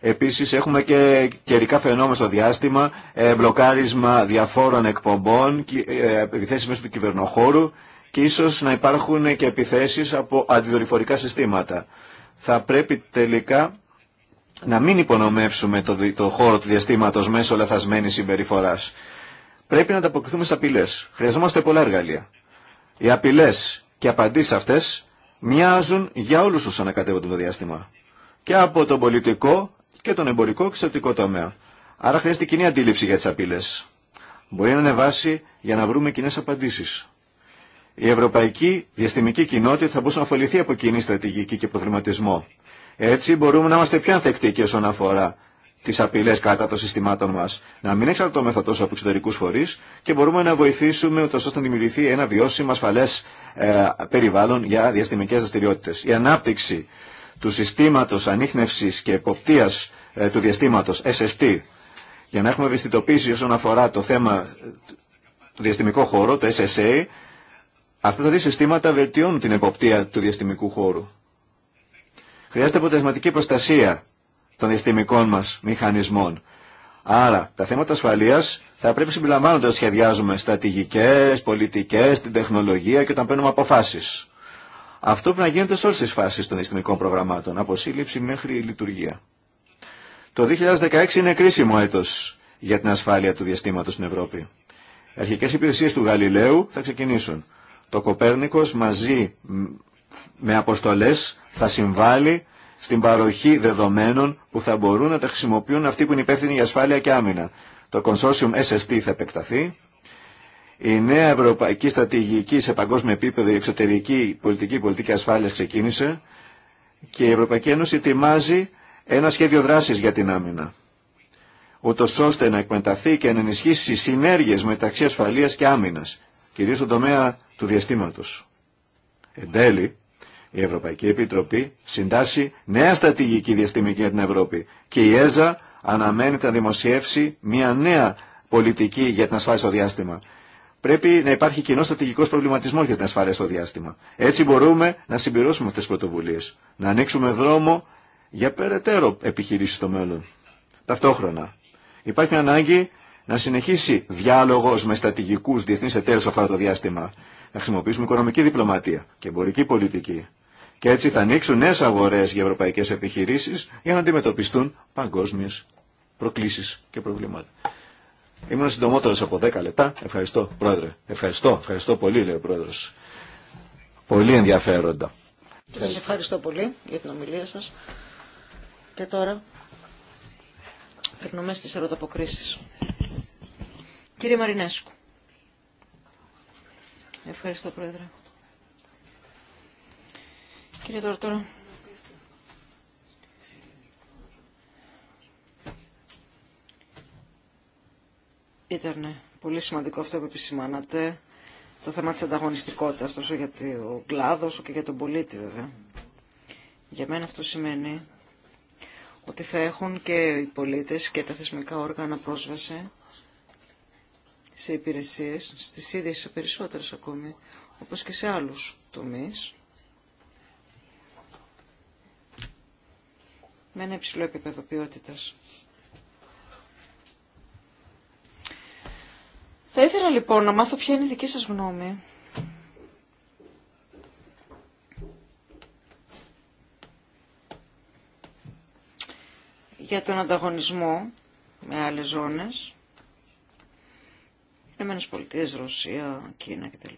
Επίσης έχουμε και καιρικά φαινόμενα στο διάστημα, ε, μπλοκάρισμα διαφόρων εκπομπών, ε, επιθέσεις μέσα του κυβερνοχώρου και ίσως να υπάρχουν και επιθέσεις από αντιδορυφορικά συστήματα. Θα πρέπει τελικά να μην υπονομεύσουμε το, το χώρο του διαστήματος μέσω λαθασμένης συμπεριφοράς. Πρέπει να ανταποκριθούμε στι απειλές. Χρειαζόμαστε πολλά εργαλεία. Οι απειλές και απαντήσεις αυτές μοιάζουν για όλους όσους ανακατεύονται το διάστημα. Και από τον πολιτικό και τον εμπορικό και εξωτικό τομέα. Άρα χρειάζεται κοινή αντίληψη για τις απειλές. Μπορεί να είναι βάση για να βρούμε κοινέ απαντήσεις. Η ευρωπαϊκή διαστημική κοινότητα θα μπορούσε να αφοληθεί από κοινή στρατηγική και προβληματισμό. Έτσι μπορούμε να είμαστε πιο και όσον αφορά τι απειλέ κατά των συστημάτων μα. Να μην εξαρτώμεθα τόσο από εξωτερικού φορεί και μπορούμε να βοηθήσουμε ούτω ώστε να δημιουργηθεί ένα βιώσιμο ασφαλέ ε, περιβάλλον για διαστημικέ δραστηριότητε. Η ανάπτυξη του συστήματο ανείχνευση και εποπτεία ε, του διαστήματο SST για να έχουμε ευαισθητοποίηση όσον αφορά το θέμα του διαστημικού χώρου, το SSA, αυτά τα δύο συστήματα βελτιώνουν την εποπτεία του διαστημικού χώρου. Χρειάζεται αποτελεσματική προστασία των δυστημικών μας μηχανισμών. Άρα, τα θέματα ασφαλείας θα πρέπει συμπεριλαμβάνονται όταν σχεδιάζουμε στρατηγικές, πολιτικές, την τεχνολογία και όταν παίρνουμε αποφάσεις. Αυτό πρέπει να γίνεται σε όλες τις φάσεις των δυστημικών προγραμμάτων, από σύλληψη μέχρι λειτουργία. Το 2016 είναι κρίσιμο έτος για την ασφάλεια του διαστήματος στην Ευρώπη. Οι αρχικές υπηρεσίες του Γαλιλαίου θα ξεκινήσουν. Το Κοπέρνικος μαζί με αποστολές θα συμβάλλει στην παροχή δεδομένων που θα μπορούν να τα χρησιμοποιούν αυτοί που είναι υπεύθυνοι για ασφάλεια και άμυνα. Το consortium SST θα επεκταθεί. Η νέα ευρωπαϊκή στρατηγική σε παγκόσμιο επίπεδο, η εξωτερική πολιτική, πολιτική ασφάλεια ξεκίνησε και η Ευρωπαϊκή Ένωση ετοιμάζει ένα σχέδιο δράσης για την άμυνα ούτω ώστε να εκμεταθεί και να ενισχύσει συνέργειες μεταξύ ασφαλείας και άμυνας, κυρίως στον τομέα του διαστήματος. Εν τέλει, η Ευρωπαϊκή Επιτροπή συντάσσει νέα στρατηγική διαστημική για την Ευρώπη και η ΕΖΑ αναμένει να δημοσιεύσει μια νέα πολιτική για την ασφάλεια στο διάστημα. Πρέπει να υπάρχει κοινό στρατηγικό προβληματισμό για την ασφάλεια στο διάστημα. Έτσι μπορούμε να συμπληρώσουμε αυτέ τι πρωτοβουλίε, να ανοίξουμε δρόμο για περαιτέρω επιχειρήσει στο μέλλον. Ταυτόχρονα, υπάρχει μια ανάγκη να συνεχίσει διάλογο με στρατηγικού διεθνεί εταίρου αφορά το διάστημα. Να χρησιμοποιήσουμε οικονομική διπλωματία και εμπορική πολιτική και έτσι θα ανοίξουν νέες αγορές για ευρωπαϊκές επιχειρήσεις για να αντιμετωπιστούν παγκόσμιες προκλήσεις και προβλήματα. Ήμουν συντομότερος από 10 λεπτά. Ευχαριστώ, Πρόεδρε. Ευχαριστώ, ευχαριστώ πολύ, λέει ο πρόεδρος. Πολύ ενδιαφέροντα. Και σας ευχαριστώ πολύ για την ομιλία σας. Και τώρα περνούμε στις ερωταποκρίσεις. Κύριε Μαρινέσκου. Ευχαριστώ, Πρόεδρε. Κύριε Τόρτορο. Ήταν πολύ σημαντικό αυτό που επισημάνατε, το θέμα της ανταγωνιστικότητας, τόσο για τον κλάδο όσο και για τον πολίτη βέβαια. Για μένα αυτό σημαίνει ότι θα έχουν και οι πολίτες και τα θεσμικά όργανα πρόσβαση σε υπηρεσίες, στις ίδιες σε περισσότερες ακόμη, όπως και σε άλλους τομείς. με ένα υψηλό επίπεδο ποιότητα. Θα ήθελα λοιπόν να μάθω ποια είναι η δική σας γνώμη. για τον ανταγωνισμό με άλλες ζώνες, Ηνωμένες Πολιτείες, Ρωσία, Κίνα κτλ.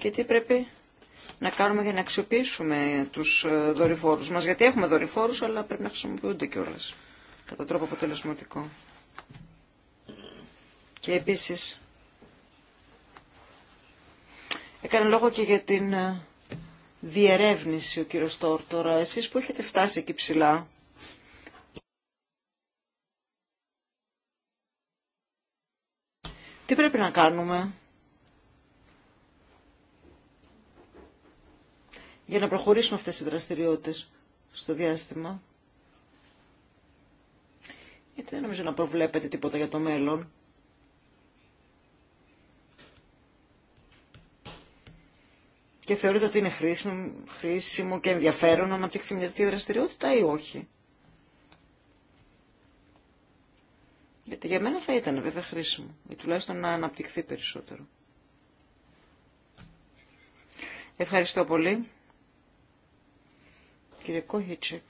και τι πρέπει να κάνουμε για να αξιοποιήσουμε τους ε, δορυφόρους μας. Γιατί έχουμε δορυφόρους, αλλά πρέπει να χρησιμοποιούνται κιόλα κατά τρόπο αποτελεσματικό. Και επίσης, έκανε λόγο και για την ε, διερεύνηση ο κύριος Τόρτορα. Εσείς που έχετε φτάσει εκεί ψηλά, τι πρέπει να κάνουμε για να προχωρήσουν αυτές οι δραστηριότητες στο διάστημα. Γιατί δεν νομίζω να προβλέπετε τίποτα για το μέλλον. Και θεωρείτε ότι είναι χρήσιμο, χρήσιμο και ενδιαφέρον να αναπτυχθεί μια τέτοια δραστηριότητα ή όχι. Γιατί για μένα θα ήταν βέβαια χρήσιμο ή τουλάχιστον να αναπτυχθεί περισσότερο. Ευχαριστώ πολύ κύριε Κόχιτσεκ.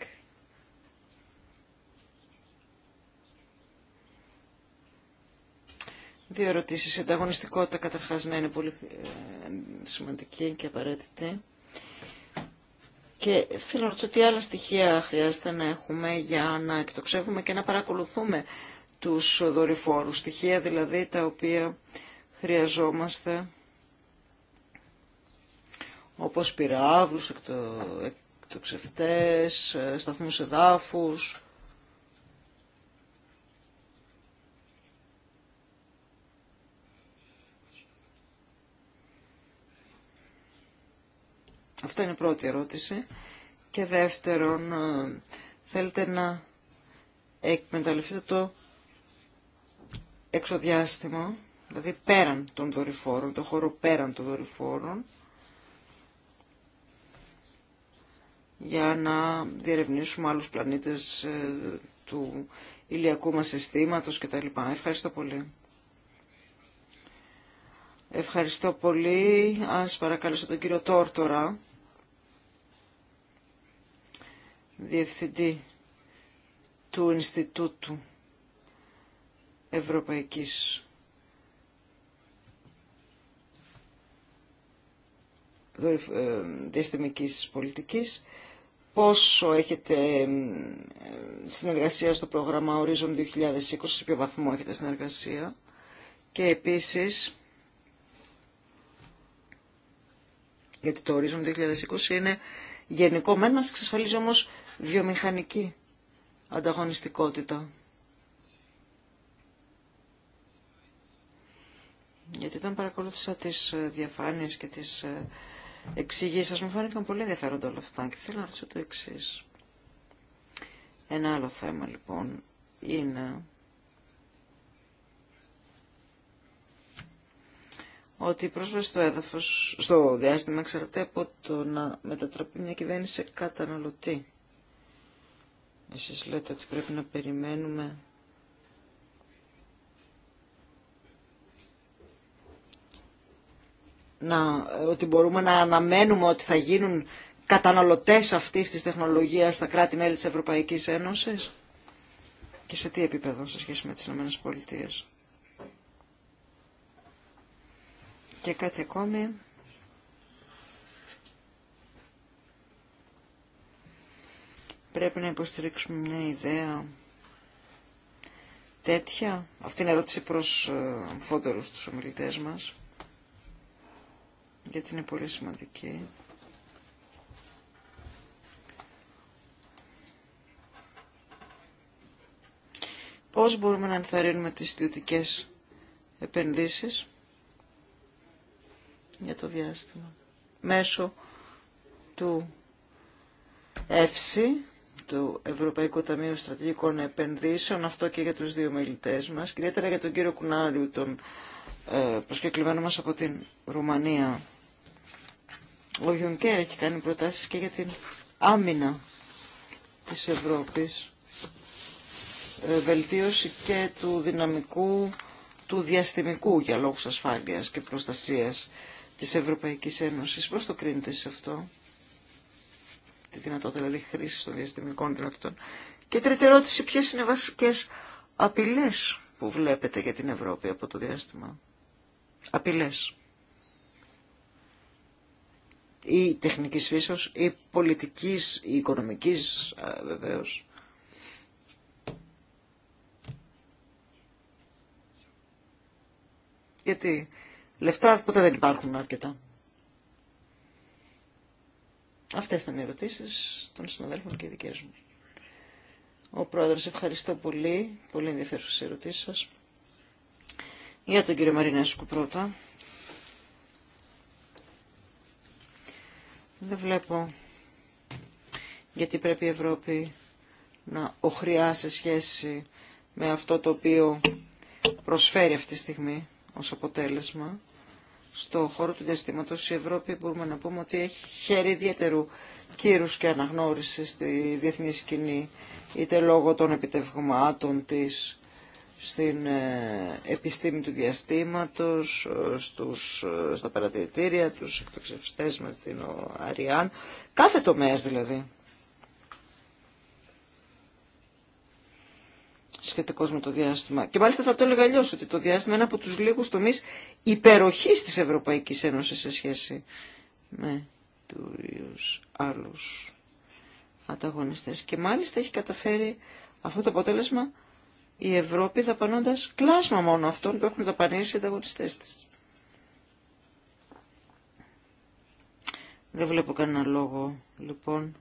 Δύο ερωτήσεις. Η ανταγωνιστικότητα καταρχάς να είναι πολύ ε, σημαντική και απαραίτητη. Και θέλω να ρωτήσω τι άλλα στοιχεία χρειάζεται να έχουμε για να εκτοξεύουμε και να παρακολουθούμε τους δορυφόρους. Στοιχεία δηλαδή τα οποία χρειαζόμαστε όπως πυράβλους, εκτοξευτές, ε, σταθμούς εδάφους. Αυτό είναι η πρώτη ερώτηση. Και δεύτερον, ε, θέλετε να εκμεταλλευτείτε το εξοδιάστημα, δηλαδή πέραν των δορυφόρων, το χώρο πέραν των δορυφόρων, για να διερευνήσουμε άλλους πλανήτες ε, του ηλιακού μας συστήματος κτλ. Ευχαριστώ πολύ. Ευχαριστώ πολύ. Ας παρακαλέσω τον κύριο Τόρτορα, Διευθυντή του Ινστιτούτου Ευρωπαϊκής ε, Διαστημικής Πολιτικής πόσο έχετε συνεργασία στο πρόγραμμα Horizon 2020, σε ποιο βαθμό έχετε συνεργασία και επίσης γιατί το Horizon 2020 είναι γενικό μένα, μας εξασφαλίζει όμως βιομηχανική ανταγωνιστικότητα. Γιατί όταν παρακολούθησα τις ε, διαφάνειες και τις ε, σα Μου φάνηκαν πολύ ενδιαφέροντα όλα αυτά και θέλω να ρωτήσω το εξή. Ένα άλλο θέμα λοιπόν είναι ότι η πρόσβαση στο έδαφος, στο διάστημα εξαρτάται από το να μετατραπεί μια κυβέρνηση σε καταναλωτή. Εσείς λέτε ότι πρέπει να περιμένουμε να, ότι μπορούμε να αναμένουμε ότι θα γίνουν καταναλωτές αυτής της τεχνολογίας στα κράτη-μέλη της Ευρωπαϊκής Ένωσης και σε τι επίπεδο σε σχέση με τις ΗΠΑ. Και κάτι ακόμη. Πρέπει να υποστηρίξουμε μια ιδέα τέτοια. Αυτή είναι ερώτηση προς ε, φόντερους τους ομιλητές μας γιατί είναι πολύ σημαντική. Πώς μπορούμε να ενθαρρύνουμε τις ιδιωτικέ επενδύσεις για το διάστημα μέσω του ΕΦΣΥ, του Ευρωπαϊκού Ταμείου Στρατηγικών Επενδύσεων, αυτό και για τους δύο μιλητές μας, και ιδιαίτερα για τον κύριο Κουνάριου, τον ε, προσκεκλημένο μας από την Ρουμανία. Ο Γιονκέρ έχει κάνει προτάσεις και για την άμυνα της Ευρώπης, ε, βελτίωση και του δυναμικού, του διαστημικού για λόγους ασφάλειας και προστασίας της Ευρωπαϊκής Ένωσης. Πώς το κρίνετε σε αυτό, τη δυνατότητα δηλαδή χρήση των διαστημικών δυνατοτήτων. Και τρίτη ερώτηση, ποιες είναι οι βασικές απειλές που βλέπετε για την Ευρώπη από το διάστημα απειλές. Ή τεχνικής φύσεως, ή πολιτικής, ή οικονομικής βεβαίως. Γιατί λεφτά ποτέ δεν υπάρχουν αρκετά. Αυτές ήταν οι ερωτήσεις των συναδέλφων και οι δικές μου. Ο πρόεδρος, ευχαριστώ πολύ. Πολύ ενδιαφέρουσες ερωτήσεις σας. Για τον κύριο Μαρινέσκου πρώτα. Δεν βλέπω γιατί πρέπει η Ευρώπη να οχριά σε σχέση με αυτό το οποίο προσφέρει αυτή τη στιγμή ως αποτέλεσμα. Στο χώρο του διαστήματος η Ευρώπη μπορούμε να πούμε ότι έχει χέρι ιδιαίτερου κύρους και αναγνώριση στη διεθνή σκηνή είτε λόγω των επιτευγμάτων της, στην ε, επιστήμη του διαστήματος, ε, στους, ε, στα παρατηρητήρια, τους εκτοξευστές με την Αριάν, κάθε τομέας δηλαδή. Σχετικό με το διάστημα. Και μάλιστα θα το έλεγα αλλιώ ότι το διάστημα είναι από τους λίγους τομεί υπεροχή της Ευρωπαϊκή Ένωση σε σχέση με του άλλου ανταγωνιστέ. Και μάλιστα έχει καταφέρει αυτό το αποτέλεσμα η Ευρώπη δαπανώντας κλάσμα μόνο αυτών που έχουν δαπανήσει οι ανταγωνιστές της. Δεν βλέπω κανένα λόγο, λοιπόν,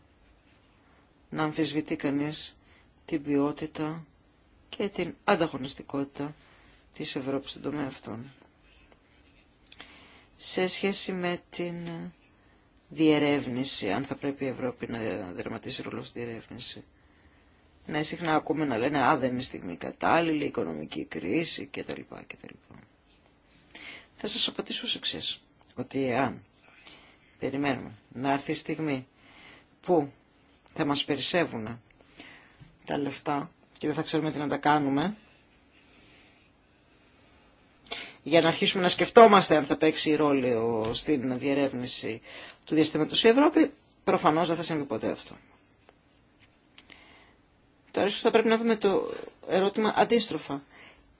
να αμφισβητεί κανείς την ποιότητα και την ανταγωνιστικότητα της Ευρώπης στον τομέα αυτών. Σε σχέση με την διερεύνηση, αν θα πρέπει η Ευρώπη να δραματίσει ρόλο στη διερεύνηση. Ναι, συχνά ακούμε να λένε «Α, δεν είναι στιγμή κατάλληλη, οικονομική κρίση» κτλ. κτλ. Θα σας απαντήσω ως εξής, ότι αν περιμένουμε να έρθει η στιγμή που θα μας περισσεύουν τα λεφτά και δεν θα ξέρουμε τι να τα κάνουμε, για να αρχίσουμε να σκεφτόμαστε αν θα παίξει ρόλο στην διερεύνηση του διαστήματος η Ευρώπη, προφανώς δεν θα συμβεί ποτέ αυτό. Τώρα ίσως θα πρέπει να δούμε το ερώτημα αντίστροφα.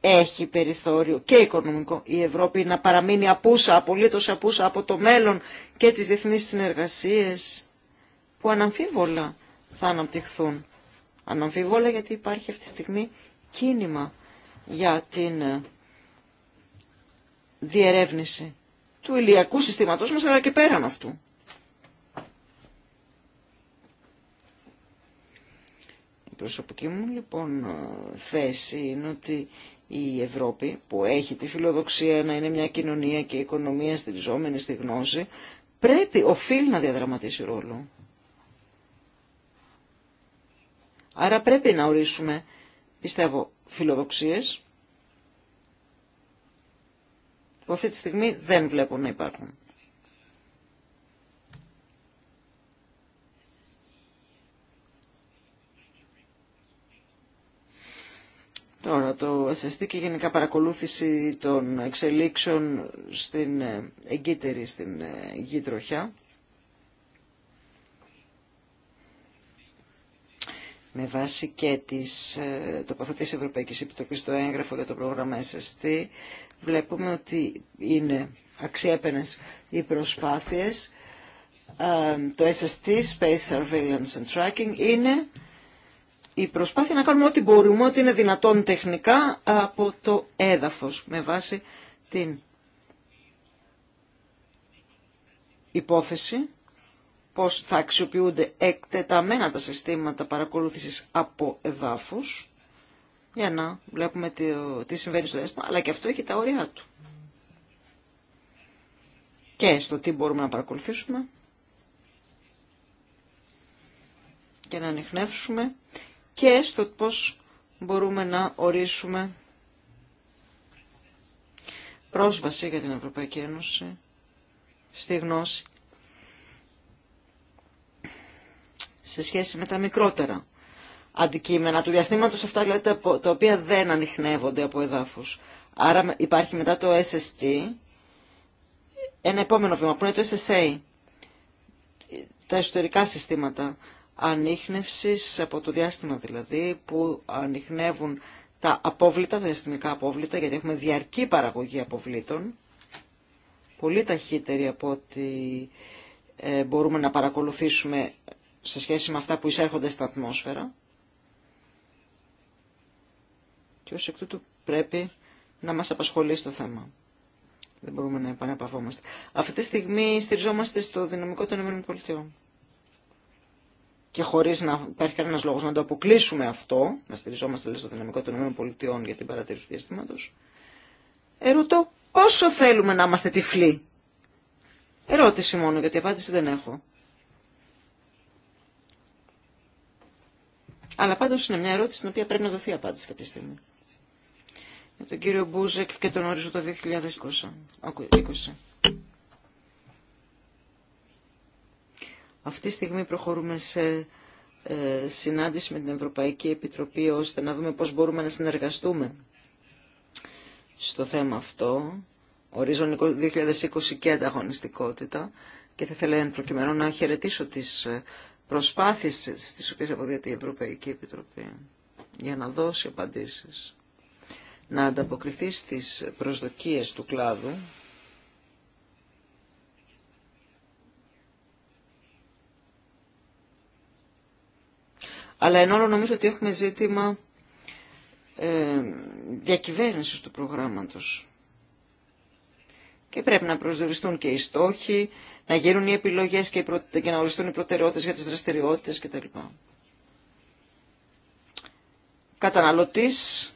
Έχει περιθώριο και οικονομικό η Ευρώπη να παραμείνει απούσα, απολύτως απούσα από το μέλλον και τις διεθνείς συνεργασίες που αναμφίβολα θα αναπτυχθούν. Αναμφίβολα γιατί υπάρχει αυτή τη στιγμή κίνημα για την ε, διερεύνηση του ηλιακού συστήματός μας αλλά και πέραν αυτού. προσωπική μου λοιπόν ε, θέση είναι ότι η Ευρώπη που έχει τη φιλοδοξία να είναι μια κοινωνία και οικονομία στηριζόμενη στη γνώση πρέπει, οφείλει να διαδραματίσει ρόλο. Άρα πρέπει να ορίσουμε, πιστεύω, φιλοδοξίες που αυτή τη στιγμή δεν βλέπω να υπάρχουν. Τώρα, το SST και γενικά παρακολούθηση των εξελίξεων στην ε, εγκύτερη, στην ε, γη τροχιά. με βάση και τις ε, τοποθετήσεις Ευρωπαϊκής Επιτροπής στο έγγραφο για το πρόγραμμα SST, βλέπουμε ότι είναι αξιέπαινες οι προσπάθειες. το SST, Space Surveillance and Tracking, είναι η προσπάθεια να κάνουμε ό,τι μπορούμε, ό,τι είναι δυνατόν τεχνικά από το έδαφος με βάση την υπόθεση πώς θα αξιοποιούνται εκτεταμένα τα συστήματα παρακολούθησης από εδάφους για να βλέπουμε τι συμβαίνει στο έστωμα, αλλά και αυτό έχει τα όρια του. Και στο τι μπορούμε να παρακολουθήσουμε και να ανοιχνεύσουμε και στο πώς μπορούμε να ορίσουμε πρόσβαση για την Ευρωπαϊκή Ένωση στη γνώση σε σχέση με τα μικρότερα αντικείμενα του διαστήματος αυτά δηλαδή, τα οποία δεν ανοιχνεύονται από εδάφους. Άρα υπάρχει μετά το SST ένα επόμενο βήμα που είναι το SSA τα εσωτερικά συστήματα ανείχνευσης από το διάστημα δηλαδή που ανοιχνεύουν τα απόβλητα, τα διαστημικά απόβλητα, γιατί έχουμε διαρκή παραγωγή αποβλήτων, πολύ ταχύτερη από ότι ε, μπορούμε να παρακολουθήσουμε σε σχέση με αυτά που εισέρχονται στην ατμόσφαιρα. Και ως εκ τούτου πρέπει να μας απασχολεί το θέμα. Δεν μπορούμε να επαναπαυόμαστε. Αυτή τη στιγμή στηριζόμαστε στο δυναμικό των ΗΠΑ και χωρί να υπάρχει κανένα λόγο να το αποκλείσουμε αυτό, να στηριζόμαστε δηλαδή στο δυναμικό των ΗΠΑ για την παρατήρηση του διαστήματο, ερωτώ πόσο θέλουμε να είμαστε τυφλοί. Ερώτηση μόνο, γιατί απάντηση δεν έχω. Αλλά πάντω είναι μια ερώτηση στην οποία πρέπει να δοθεί απάντηση κάποια στιγμή. Για τον κύριο Μπούζεκ και τον ορίζω το 2020. Αυτή τη στιγμή προχωρούμε σε ε, συνάντηση με την Ευρωπαϊκή Επιτροπή ώστε να δούμε πώς μπορούμε να συνεργαστούμε στο θέμα αυτό, ορίζον 2020 και ανταγωνιστικότητα και θα ήθελα εν προκειμένου να χαιρετήσω τις ε, προσπάθειες στις οποίες αποδιέται η Ευρωπαϊκή Επιτροπή για να δώσει απαντήσεις, να ανταποκριθεί στις προσδοκίες του κλάδου Αλλά εν νομίζω ότι έχουμε ζήτημα ε, διακυβέρνησης του προγράμματος. Και πρέπει να προσδιοριστούν και οι στόχοι, να γίνουν οι επιλογές και, και να οριστούν οι προτεραιότητες για τις δραστηριότητες κτλ. Καταναλωτής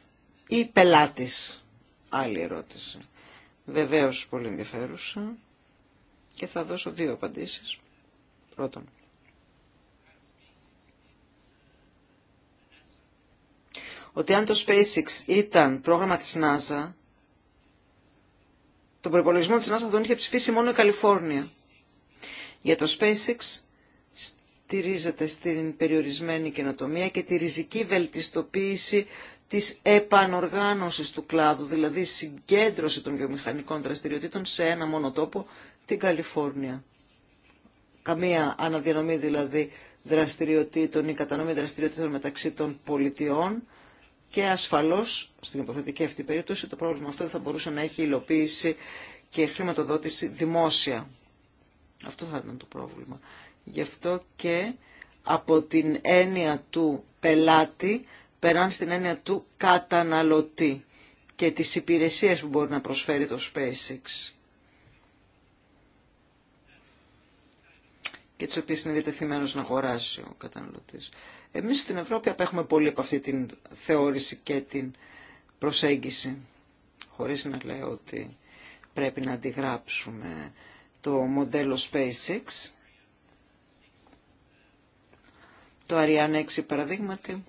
ή πελάτης. Άλλη ερώτηση. Βεβαίως πολύ ενδιαφέρουσα και θα δώσω δύο απαντήσεις. Πρώτον, ότι αν το SpaceX ήταν πρόγραμμα της NASA, τον προπολογισμό της NASA θα τον είχε ψηφίσει μόνο η Καλιφόρνια. Για το SpaceX στηρίζεται στην περιορισμένη καινοτομία και τη ριζική βελτιστοποίηση της επανοργάνωσης του κλάδου, δηλαδή συγκέντρωση των βιομηχανικών δραστηριοτήτων σε ένα μόνο τόπο, την Καλιφόρνια. Καμία αναδιανομή δηλαδή δραστηριοτήτων ή κατανομή δραστηριοτήτων μεταξύ των πολιτιών, και ασφαλώς στην υποθετική αυτή περίπτωση το πρόβλημα αυτό δεν θα μπορούσε να έχει υλοποίηση και χρηματοδότηση δημόσια. Αυτό θα ήταν το πρόβλημα. Γι' αυτό και από την έννοια του πελάτη περάν στην έννοια του καταναλωτή και τις υπηρεσίες που μπορεί να προσφέρει το SpaceX. Και τις οποίες είναι διατεθειμένος να αγοράσει ο καταναλωτής. Εμείς στην Ευρώπη απέχουμε πολύ από αυτή την θεώρηση και την προσέγγιση, χωρίς να λέω ότι πρέπει να αντιγράψουμε το μοντέλο SpaceX, το Ariane 6 παραδείγματι.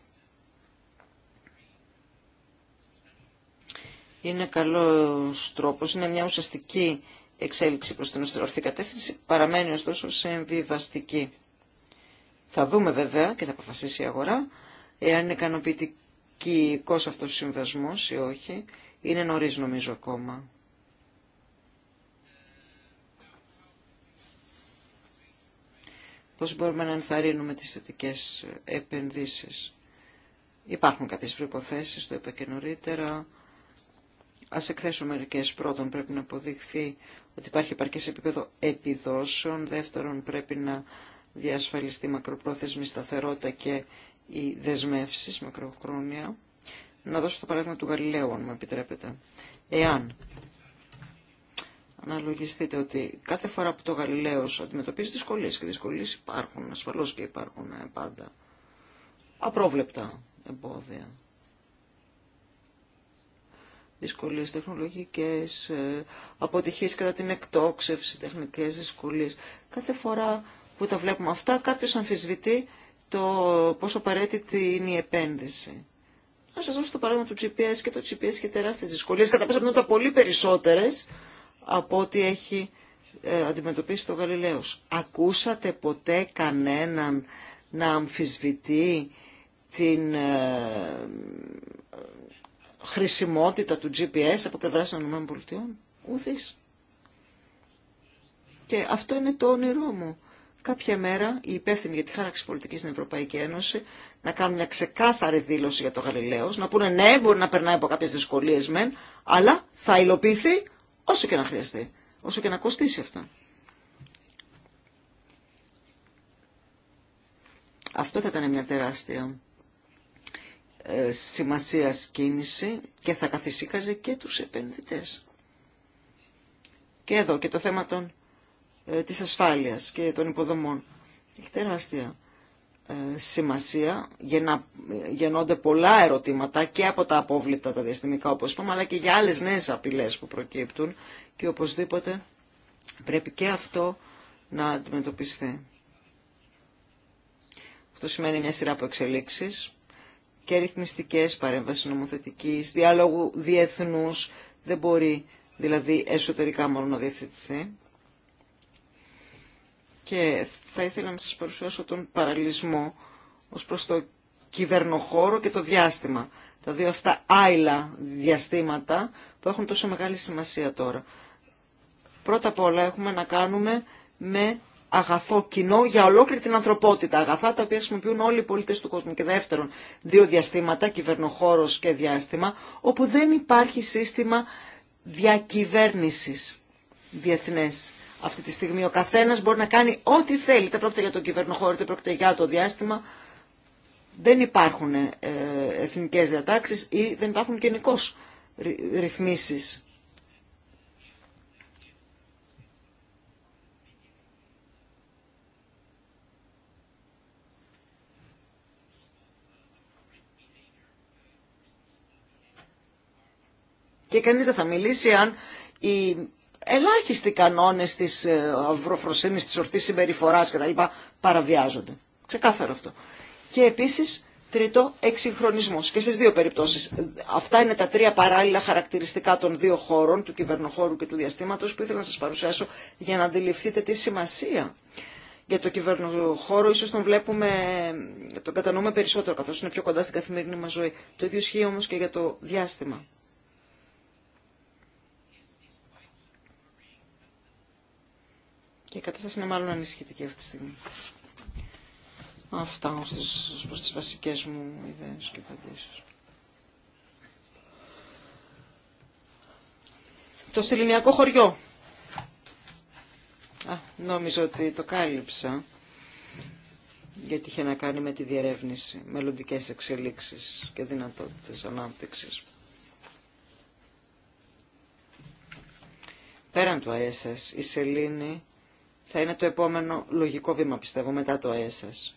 Είναι καλός τρόπος, είναι μια ουσιαστική εξέλιξη προς την ορθή κατεύθυνση, παραμένει ωστόσο σε εμβιβαστική. Θα δούμε βέβαια και θα αποφασίσει η αγορά εάν είναι ικανοποιητικός αυτός ο συμβασμός ή όχι. Είναι νωρίς νομίζω ακόμα. Πώς μπορούμε να ενθαρρύνουμε τις θετικές επενδύσεις. Υπάρχουν κάποιες προϋποθέσεις, το είπα και νωρίτερα. Ας εκθέσω μερικές. Πρώτον, πρέπει να αποδειχθεί ότι υπάρχει επαρκές επίπεδο επιδόσεων. Δεύτερον, πρέπει να διασφαλιστεί μακροπρόθεσμη σταθερότητα και οι δεσμεύσει μακροχρόνια. Να δώσω το παράδειγμα του Γαλιλαίου, αν μου επιτρέπετε. Εάν αναλογιστείτε ότι κάθε φορά που το Γαλιλαίο αντιμετωπίζει δυσκολίε και δυσκολίε υπάρχουν, ασφαλώς και υπάρχουν ε, πάντα, απρόβλεπτα εμπόδια, δυσκολίες τεχνολογικές, ε, αποτυχίες κατά την εκτόξευση, τεχνικές δυσκολίες. Κάθε φορά που τα βλέπουμε αυτά, κάποιος αμφισβητεί το πόσο απαραίτητη είναι η επένδυση. Να σας δώσω το παράδειγμα του GPS και το GPS και τεράστιες δυσκολίες, κατά πάσα πιθανότητα πολύ περισσότερες από ό,τι έχει ε, αντιμετωπίσει το Γαλιλαίος. Ακούσατε ποτέ κανέναν να αμφισβητεί την ε, χρησιμότητα του GPS από πλευρά των ΗΠΑ. Ούθεις. Και αυτό είναι το όνειρό μου κάποια μέρα οι υπεύθυνοι για τη χάραξη πολιτική στην Ευρωπαϊκή Ένωση να κάνουν μια ξεκάθαρη δήλωση για το Γαλιλαίο, να πούνε ναι, μπορεί να περνάει από κάποιε δυσκολίε μεν, αλλά θα υλοποιηθεί όσο και να χρειαστεί, όσο και να κοστίσει αυτό. Αυτό θα ήταν μια τεράστια ε, σημασία κίνηση και θα καθησίκαζε και τους επενδυτές. Και εδώ και το θέμα των ε, της ασφάλειας και των υποδομών. Έχει τεράστια ε, σημασία για να γεννώνται πολλά ερωτήματα και από τα απόβλητα τα διαστημικά όπως είπαμε αλλά και για άλλες νέες απειλές που προκύπτουν και οπωσδήποτε πρέπει και αυτό να αντιμετωπιστεί. Αυτό σημαίνει μια σειρά από εξελίξεις και ρυθμιστικές παρέμβασεις νομοθετικής, διάλογου διεθνούς, δεν μπορεί δηλαδή εσωτερικά μόνο να διευθυνθεί και θα ήθελα να σας παρουσιάσω τον παραλυσμό ως προς το κυβερνοχώρο και το διάστημα. Τα δύο αυτά άειλα διαστήματα που έχουν τόσο μεγάλη σημασία τώρα. Πρώτα απ' όλα έχουμε να κάνουμε με αγαθό κοινό για ολόκληρη την ανθρωπότητα. Αγαθά τα οποία χρησιμοποιούν όλοι οι πολίτες του κόσμου. Και δεύτερον, δύο διαστήματα, κυβερνοχώρος και διάστημα, όπου δεν υπάρχει σύστημα διακυβέρνησης διεθνές. Αυτή τη στιγμή ο καθένας μπορεί να κάνει ό,τι θέλει, Δεν πρόκειται για τον κυβερνοχώρο, δεν πρόκειται για το διάστημα. Δεν υπάρχουν ε, εθνικές διατάξεις ή δεν υπάρχουν γενικώ ρυθμίσεις. Και κανείς δεν θα μιλήσει αν η ελάχιστοι κανόνες της ε, αυροφροσύνης, της ορθής συμπεριφοράς κτλ. παραβιάζονται. Ξεκάθαρο αυτό. Και επίσης τρίτο εξυγχρονισμός. Και στις δύο περιπτώσεις. Αυτά είναι τα τρία παράλληλα χαρακτηριστικά των δύο χώρων, του κυβερνοχώρου και του διαστήματος, που ήθελα να σας παρουσιάσω για να αντιληφθείτε τη σημασία. Για το κυβερνοχώρο ίσως τον βλέπουμε, τον κατανοούμε περισσότερο καθώς είναι πιο κοντά στην καθημερινή μας ζωή. Το ίδιο ισχύει όμως και για το διάστημα. Και η κατάσταση είναι μάλλον ανησυχητική αυτή τη στιγμή. Αυτά ως προς τις βασικές μου ιδέες και απαντήσεις. Το σεληνιακό χωριό. Α, νόμιζα ότι το κάλυψα, γιατί είχε να κάνει με τη διερεύνηση, μελλοντικές εξελίξεις και δυνατότητες ανάπτυξης. Πέραν του ΑΕΣΕΣ, η σελήνη θα είναι το επόμενο λογικό βήμα, πιστεύω, μετά το ΑΕΣΑΣ.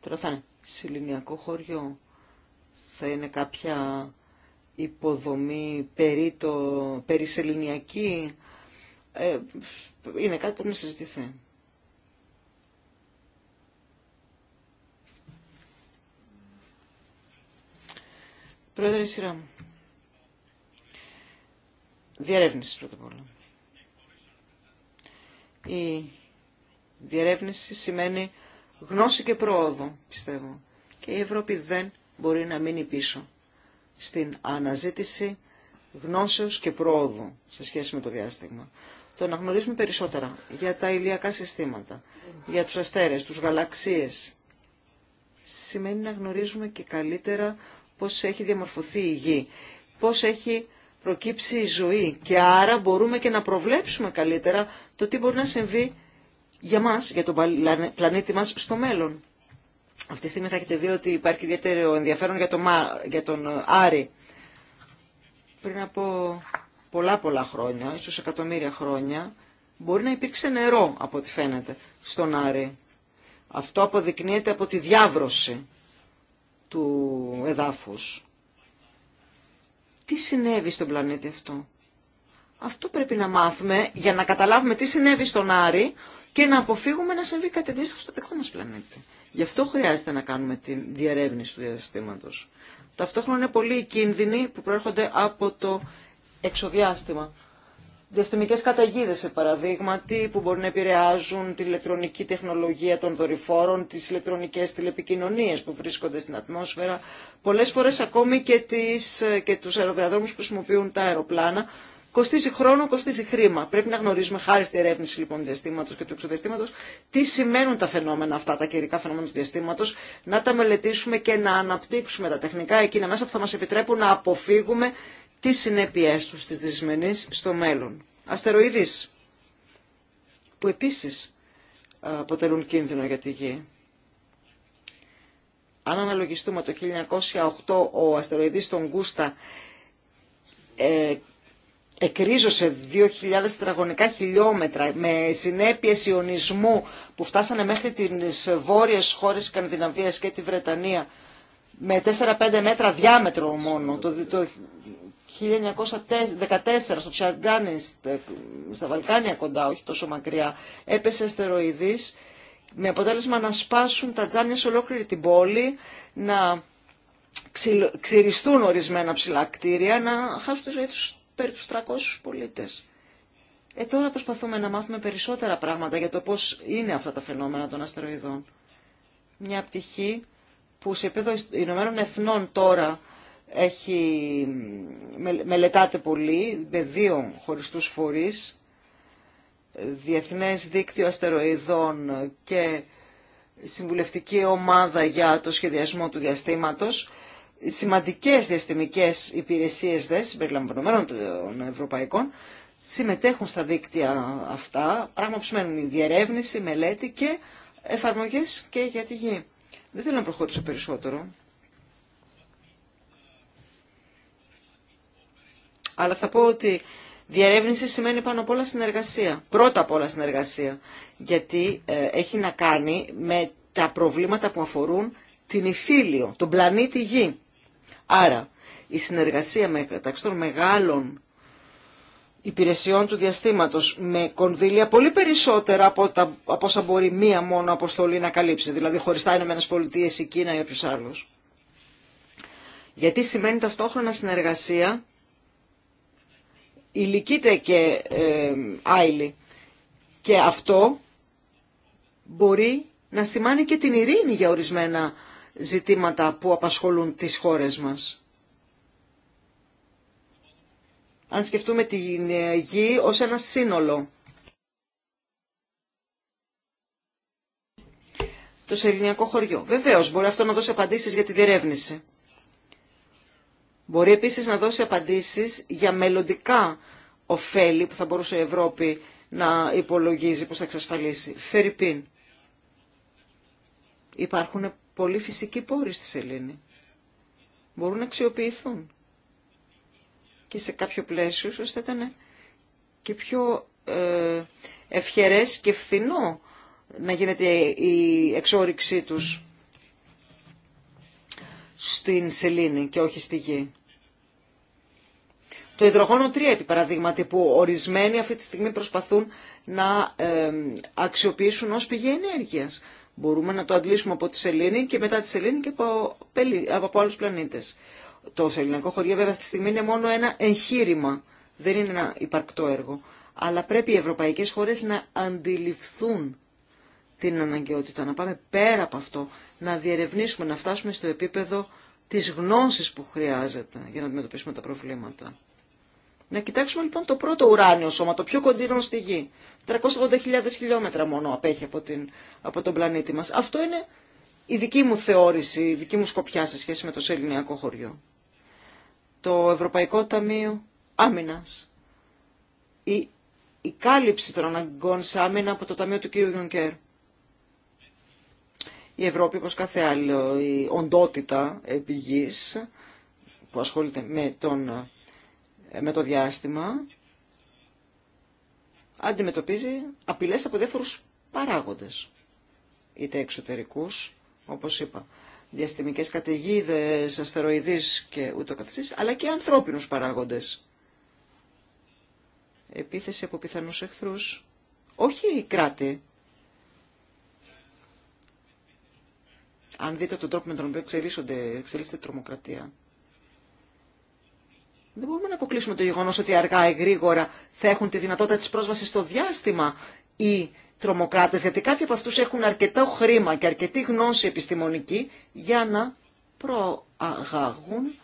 Τώρα θα είναι σιλινιακό χωριό, θα είναι κάποια υποδομή περί, το, περί Ε, είναι κάτι που πρέπει να συζητηθεί. Πρόεδρε, η σειρά μου. Διαρεύνηση πρώτα απ' όλα. Η διερεύνηση σημαίνει γνώση και πρόοδο, πιστεύω. Και η Ευρώπη δεν μπορεί να μείνει πίσω στην αναζήτηση γνώσεως και πρόοδου σε σχέση με το διάστημα. Το να γνωρίζουμε περισσότερα για τα ηλιακά συστήματα, για τους αστέρες, τους γαλαξίες, σημαίνει να γνωρίζουμε και καλύτερα πώς έχει διαμορφωθεί η γη, πώς έχει προκύψει η ζωή και άρα μπορούμε και να προβλέψουμε καλύτερα το τι μπορεί να συμβεί για μας, για τον πλανήτη μας στο μέλλον. Αυτή τη στιγμή θα έχετε δει ότι υπάρχει ιδιαίτερο ενδιαφέρον για τον, για ε, Άρη. Πριν από πολλά πολλά χρόνια, ίσως εκατομμύρια χρόνια, μπορεί να υπήρξε νερό από ό,τι φαίνεται στον Άρη. Αυτό αποδεικνύεται από τη διάβρωση του εδάφους τι συνέβη στον πλανήτη αυτό. Αυτό πρέπει να μάθουμε για να καταλάβουμε τι συνέβη στον Άρη και να αποφύγουμε να συμβεί κάτι αντίστοιχο στο δικό μας πλανήτη. Γι' αυτό χρειάζεται να κάνουμε τη διερεύνηση του διαστήματος. Ταυτόχρονα είναι πολλοί οι κίνδυνοι που προέρχονται από το εξοδιάστημα διαστημικές καταγίδες, σε παραδείγματι, που μπορεί να επηρεάζουν την ηλεκτρονική τεχνολογία των δορυφόρων, τις ηλεκτρονικές τηλεπικοινωνίες που βρίσκονται στην ατμόσφαιρα, πολλές φορές ακόμη και, τις, και τους αεροδιαδρόμους που χρησιμοποιούν τα αεροπλάνα, Κοστίζει χρόνο, κοστίζει χρήμα. Πρέπει να γνωρίζουμε χάρη στη ερεύνηση λοιπόν του διαστήματο και του εξωδιαστήματο τι σημαίνουν τα φαινόμενα αυτά, τα καιρικά φαινόμενα του διαστήματο, να τα μελετήσουμε και να αναπτύξουμε τα τεχνικά εκείνα μέσα που θα μα επιτρέπουν να αποφύγουμε τι συνέπειές του στις δυσμενείς στο μέλλον. Αστεροειδείς που επίσης αποτελούν κίνδυνο για τη Γη. Αν αναλογιστούμε το 1908 ο αστεροειδής των Γκούστα ε, εκρίζωσε 2.000 τετραγωνικά χιλιόμετρα με συνέπειες ιονισμού που φτάσανε μέχρι τις βόρειες χώρες Σκανδιναβίας και τη Βρετανία με 4-5 μέτρα διάμετρο μόνο. Το, το 1914 στο Τσαργκάνιστ, στα Βαλκάνια κοντά, όχι τόσο μακριά, έπεσε αστεροειδής με αποτέλεσμα να σπάσουν τα τζάνια σε ολόκληρη την πόλη, να ξυριστούν ορισμένα ψηλά κτίρια, να χάσουν τη ζωή τους περίπου τους 300 πολίτες. Ε, τώρα προσπαθούμε να μάθουμε περισσότερα πράγματα για το πώς είναι αυτά τα φαινόμενα των αστεροειδών. Μια πτυχή που σε επίπεδο Ηνωμένων Εθνών τώρα έχει, μελετάται πολύ με δύο χωριστούς φορείς, Διεθνές Δίκτυο Αστεροειδών και Συμβουλευτική Ομάδα για το Σχεδιασμό του Διαστήματος. Σημαντικές διαστημικές υπηρεσίες δε, συμπεριλαμβανομένων των ευρωπαϊκών, συμμετέχουν στα δίκτυα αυτά, πράγμα που σημαίνει διερεύνηση, μελέτη και εφαρμογές και για τη γη. Δεν θέλω να προχωρήσω περισσότερο. Αλλά θα πω ότι διαρεύνηση σημαίνει πάνω απ' όλα συνεργασία. Πρώτα απ' όλα συνεργασία. Γιατί ε, έχει να κάνει με τα προβλήματα που αφορούν την υφήλιο, τον πλανήτη Γη. Άρα, η συνεργασία μεταξύ των μεγάλων υπηρεσιών του διαστήματος με κονδύλια πολύ περισσότερα από, τα, όσα μπορεί μία μόνο αποστολή να καλύψει, δηλαδή χωριστά οι ΗΠΑ, η Κίνα ή όποιος άλλος. Γιατί σημαίνει ταυτόχρονα συνεργασία ηλικείται και ε, Και αυτό μπορεί να σημάνει και την ειρήνη για ορισμένα ζητήματα που απασχολούν τις χώρες μας. Αν σκεφτούμε την γη ως ένα σύνολο. Το σεληνιακό χωριό. Βεβαίως μπορεί αυτό να δώσει απαντήσεις για τη διερεύνηση. Μπορεί επίσης να δώσει απαντήσεις για μελλοντικά ωφέλη που θα μπορούσε η Ευρώπη να υπολογίζει πώς θα εξασφαλίσει. Φερρυπίν. Υπάρχουν πολλοί φυσικοί πόροι στη σελήνη. Μπορούν να αξιοποιηθούν. Και σε κάποιο πλαίσιο ίσως θα ήταν και πιο ε, ευχερές και φθηνό να γίνεται η εξόριξή τους στην σελήνη και όχι στη γη. Το υδρογόνο 3 επί παραδείγματι που ορισμένοι αυτή τη στιγμή προσπαθούν να αξιοποιήσουν ως πηγή ενέργειας. Μπορούμε να το αντλήσουμε από τη σελήνη και μετά τη σελήνη και από, από άλλους πλανήτες. Το ελληνικό χωριό βέβαια αυτή τη στιγμή είναι μόνο ένα εγχείρημα, δεν είναι ένα υπαρκτό έργο. Αλλά πρέπει οι ευρωπαϊκές χώρες να αντιληφθούν την αναγκαιότητα, να πάμε πέρα από αυτό, να διερευνήσουμε, να φτάσουμε στο επίπεδο της γνώσης που χρειάζεται για να αντιμετωπίσουμε τα προβλήματα. Να κοιτάξουμε λοιπόν το πρώτο ουράνιο σώμα, το πιο κοντινό στη Γη. 380.000 χιλιόμετρα μόνο απέχει από, την, από τον πλανήτη μας. Αυτό είναι η δική μου θεώρηση, η δική μου σκοπιά σε σχέση με το σεληνιακό χωριό. Το Ευρωπαϊκό Ταμείο Άμυνας. Η, η κάλυψη των αναγκών σε άμυνα από το Ταμείο του κ η Ευρώπη, όπως κάθε άλλο, η οντότητα επιγής που ασχολείται με, τον, με το διάστημα, αντιμετωπίζει απειλές από διάφορους παράγοντες, είτε εξωτερικούς, όπως είπα, διαστημικές καταιγίδε, αστεροειδείς και ούτω καθεξής, αλλά και ανθρώπινους παράγοντες. Επίθεση από πιθανούς εχθρούς, όχι η κράτη αν δείτε τον τρόπο με τον οποίο εξελίσσεται η τρομοκρατία, δεν μπορούμε να αποκλείσουμε το γεγονό ότι αργά ή γρήγορα θα έχουν τη δυνατότητα τη πρόσβαση στο διάστημα οι τρομοκράτε, γιατί κάποιοι από αυτού έχουν αρκετό χρήμα και αρκετή γνώση επιστημονική για να προαγάγουν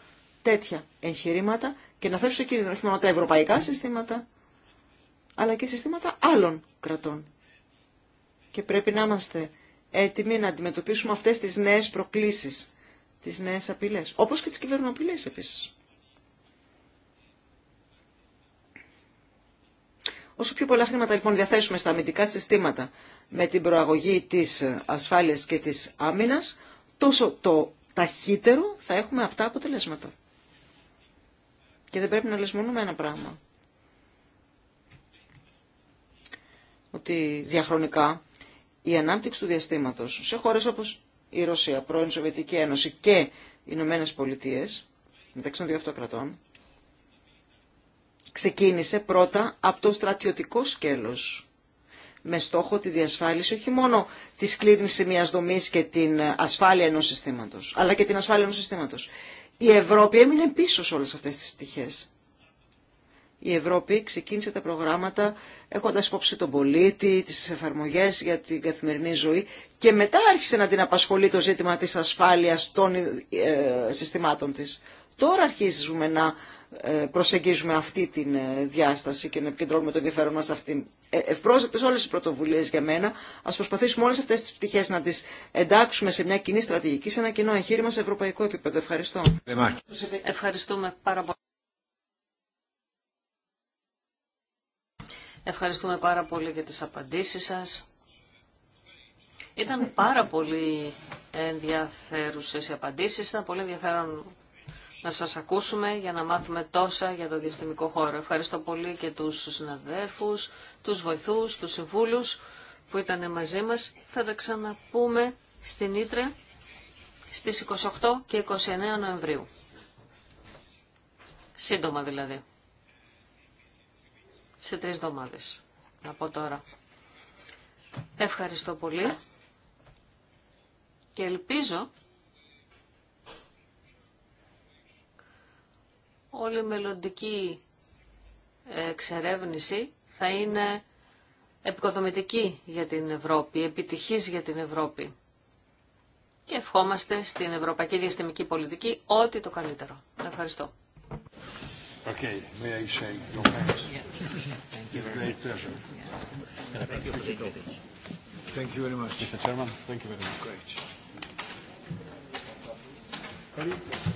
τέτοια εγχειρήματα και να φέρουν σε κίνδυνο όχι μόνο τα ευρωπαϊκά συστήματα, αλλά και συστήματα άλλων κρατών. Και πρέπει να είμαστε έτοιμοι να αντιμετωπίσουμε αυτές τις νέες προκλήσεις, τις νέες απειλές, όπως και τις κυβερνοαπειλές επίσης. Όσο πιο πολλά χρήματα λοιπόν διαθέσουμε στα αμυντικά συστήματα με την προαγωγή της ασφάλειας και της άμυνας, τόσο το ταχύτερο θα έχουμε αυτά αποτελέσματα. Και δεν πρέπει να λεσμονούμε ένα πράγμα. Ότι διαχρονικά η ανάπτυξη του διαστήματος σε χώρες όπως η Ρωσία, πρώην Σοβιετική Ένωση και οι Ηνωμένε Πολιτείε, μεταξύ των δύο αυτοκρατών, ξεκίνησε πρώτα από το στρατιωτικό σκέλος με στόχο τη διασφάλιση όχι μόνο τη κλίνηση μιας δομής και την ασφάλεια ενό συστήματος, αλλά και την ασφάλεια ενό συστήματος. Η Ευρώπη έμεινε πίσω σε όλες αυτές τις πτυχέ η Ευρώπη ξεκίνησε τα προγράμματα έχοντας υπόψη τον πολίτη, τις εφαρμογές για την καθημερινή ζωή και μετά άρχισε να την απασχολεί το ζήτημα της ασφάλειας των ε, συστημάτων της. Τώρα αρχίζουμε να ε, προσεγγίζουμε αυτή τη ε, διάσταση και να επικεντρώνουμε το ενδιαφέρον μας σε αυτήν. Ευπρόσδεκτε όλε οι πρωτοβουλίε για μένα. Α προσπαθήσουμε όλε αυτέ τι πτυχέ να τι εντάξουμε σε μια κοινή στρατηγική, σε ένα κοινό εγχείρημα σε ευρωπαϊκό επίπεδο. Ευχαριστώ. Ευχαριστούμε πάρα Ευχαριστούμε πάρα πολύ για τις απαντήσεις σας. Ήταν πάρα πολύ ενδιαφέρουσες οι απαντήσεις. Ήταν πολύ ενδιαφέρον να σας ακούσουμε για να μάθουμε τόσα για το διαστημικό χώρο. Ευχαριστώ πολύ και τους συναδέρφους, τους βοηθούς, τους συμβούλους που ήταν μαζί μας. Θα τα ξαναπούμε στην Ήτρε στις 28 και 29 Νοεμβρίου. Σύντομα δηλαδή σε τρεις εβδομάδες από τώρα. Ευχαριστώ πολύ και ελπίζω όλη η μελλοντική εξερεύνηση θα είναι επικοδομητική για την Ευρώπη, επιτυχής για την Ευρώπη. Και ευχόμαστε στην Ευρωπαϊκή Διαστημική Πολιτική ό,τι το καλύτερο. Ευχαριστώ. Okay, may I say, your thanks. Yes. Thank you. It's a great pleasure. Thank you for Thank you very much. Mr. Chairman, thank you very much. Great.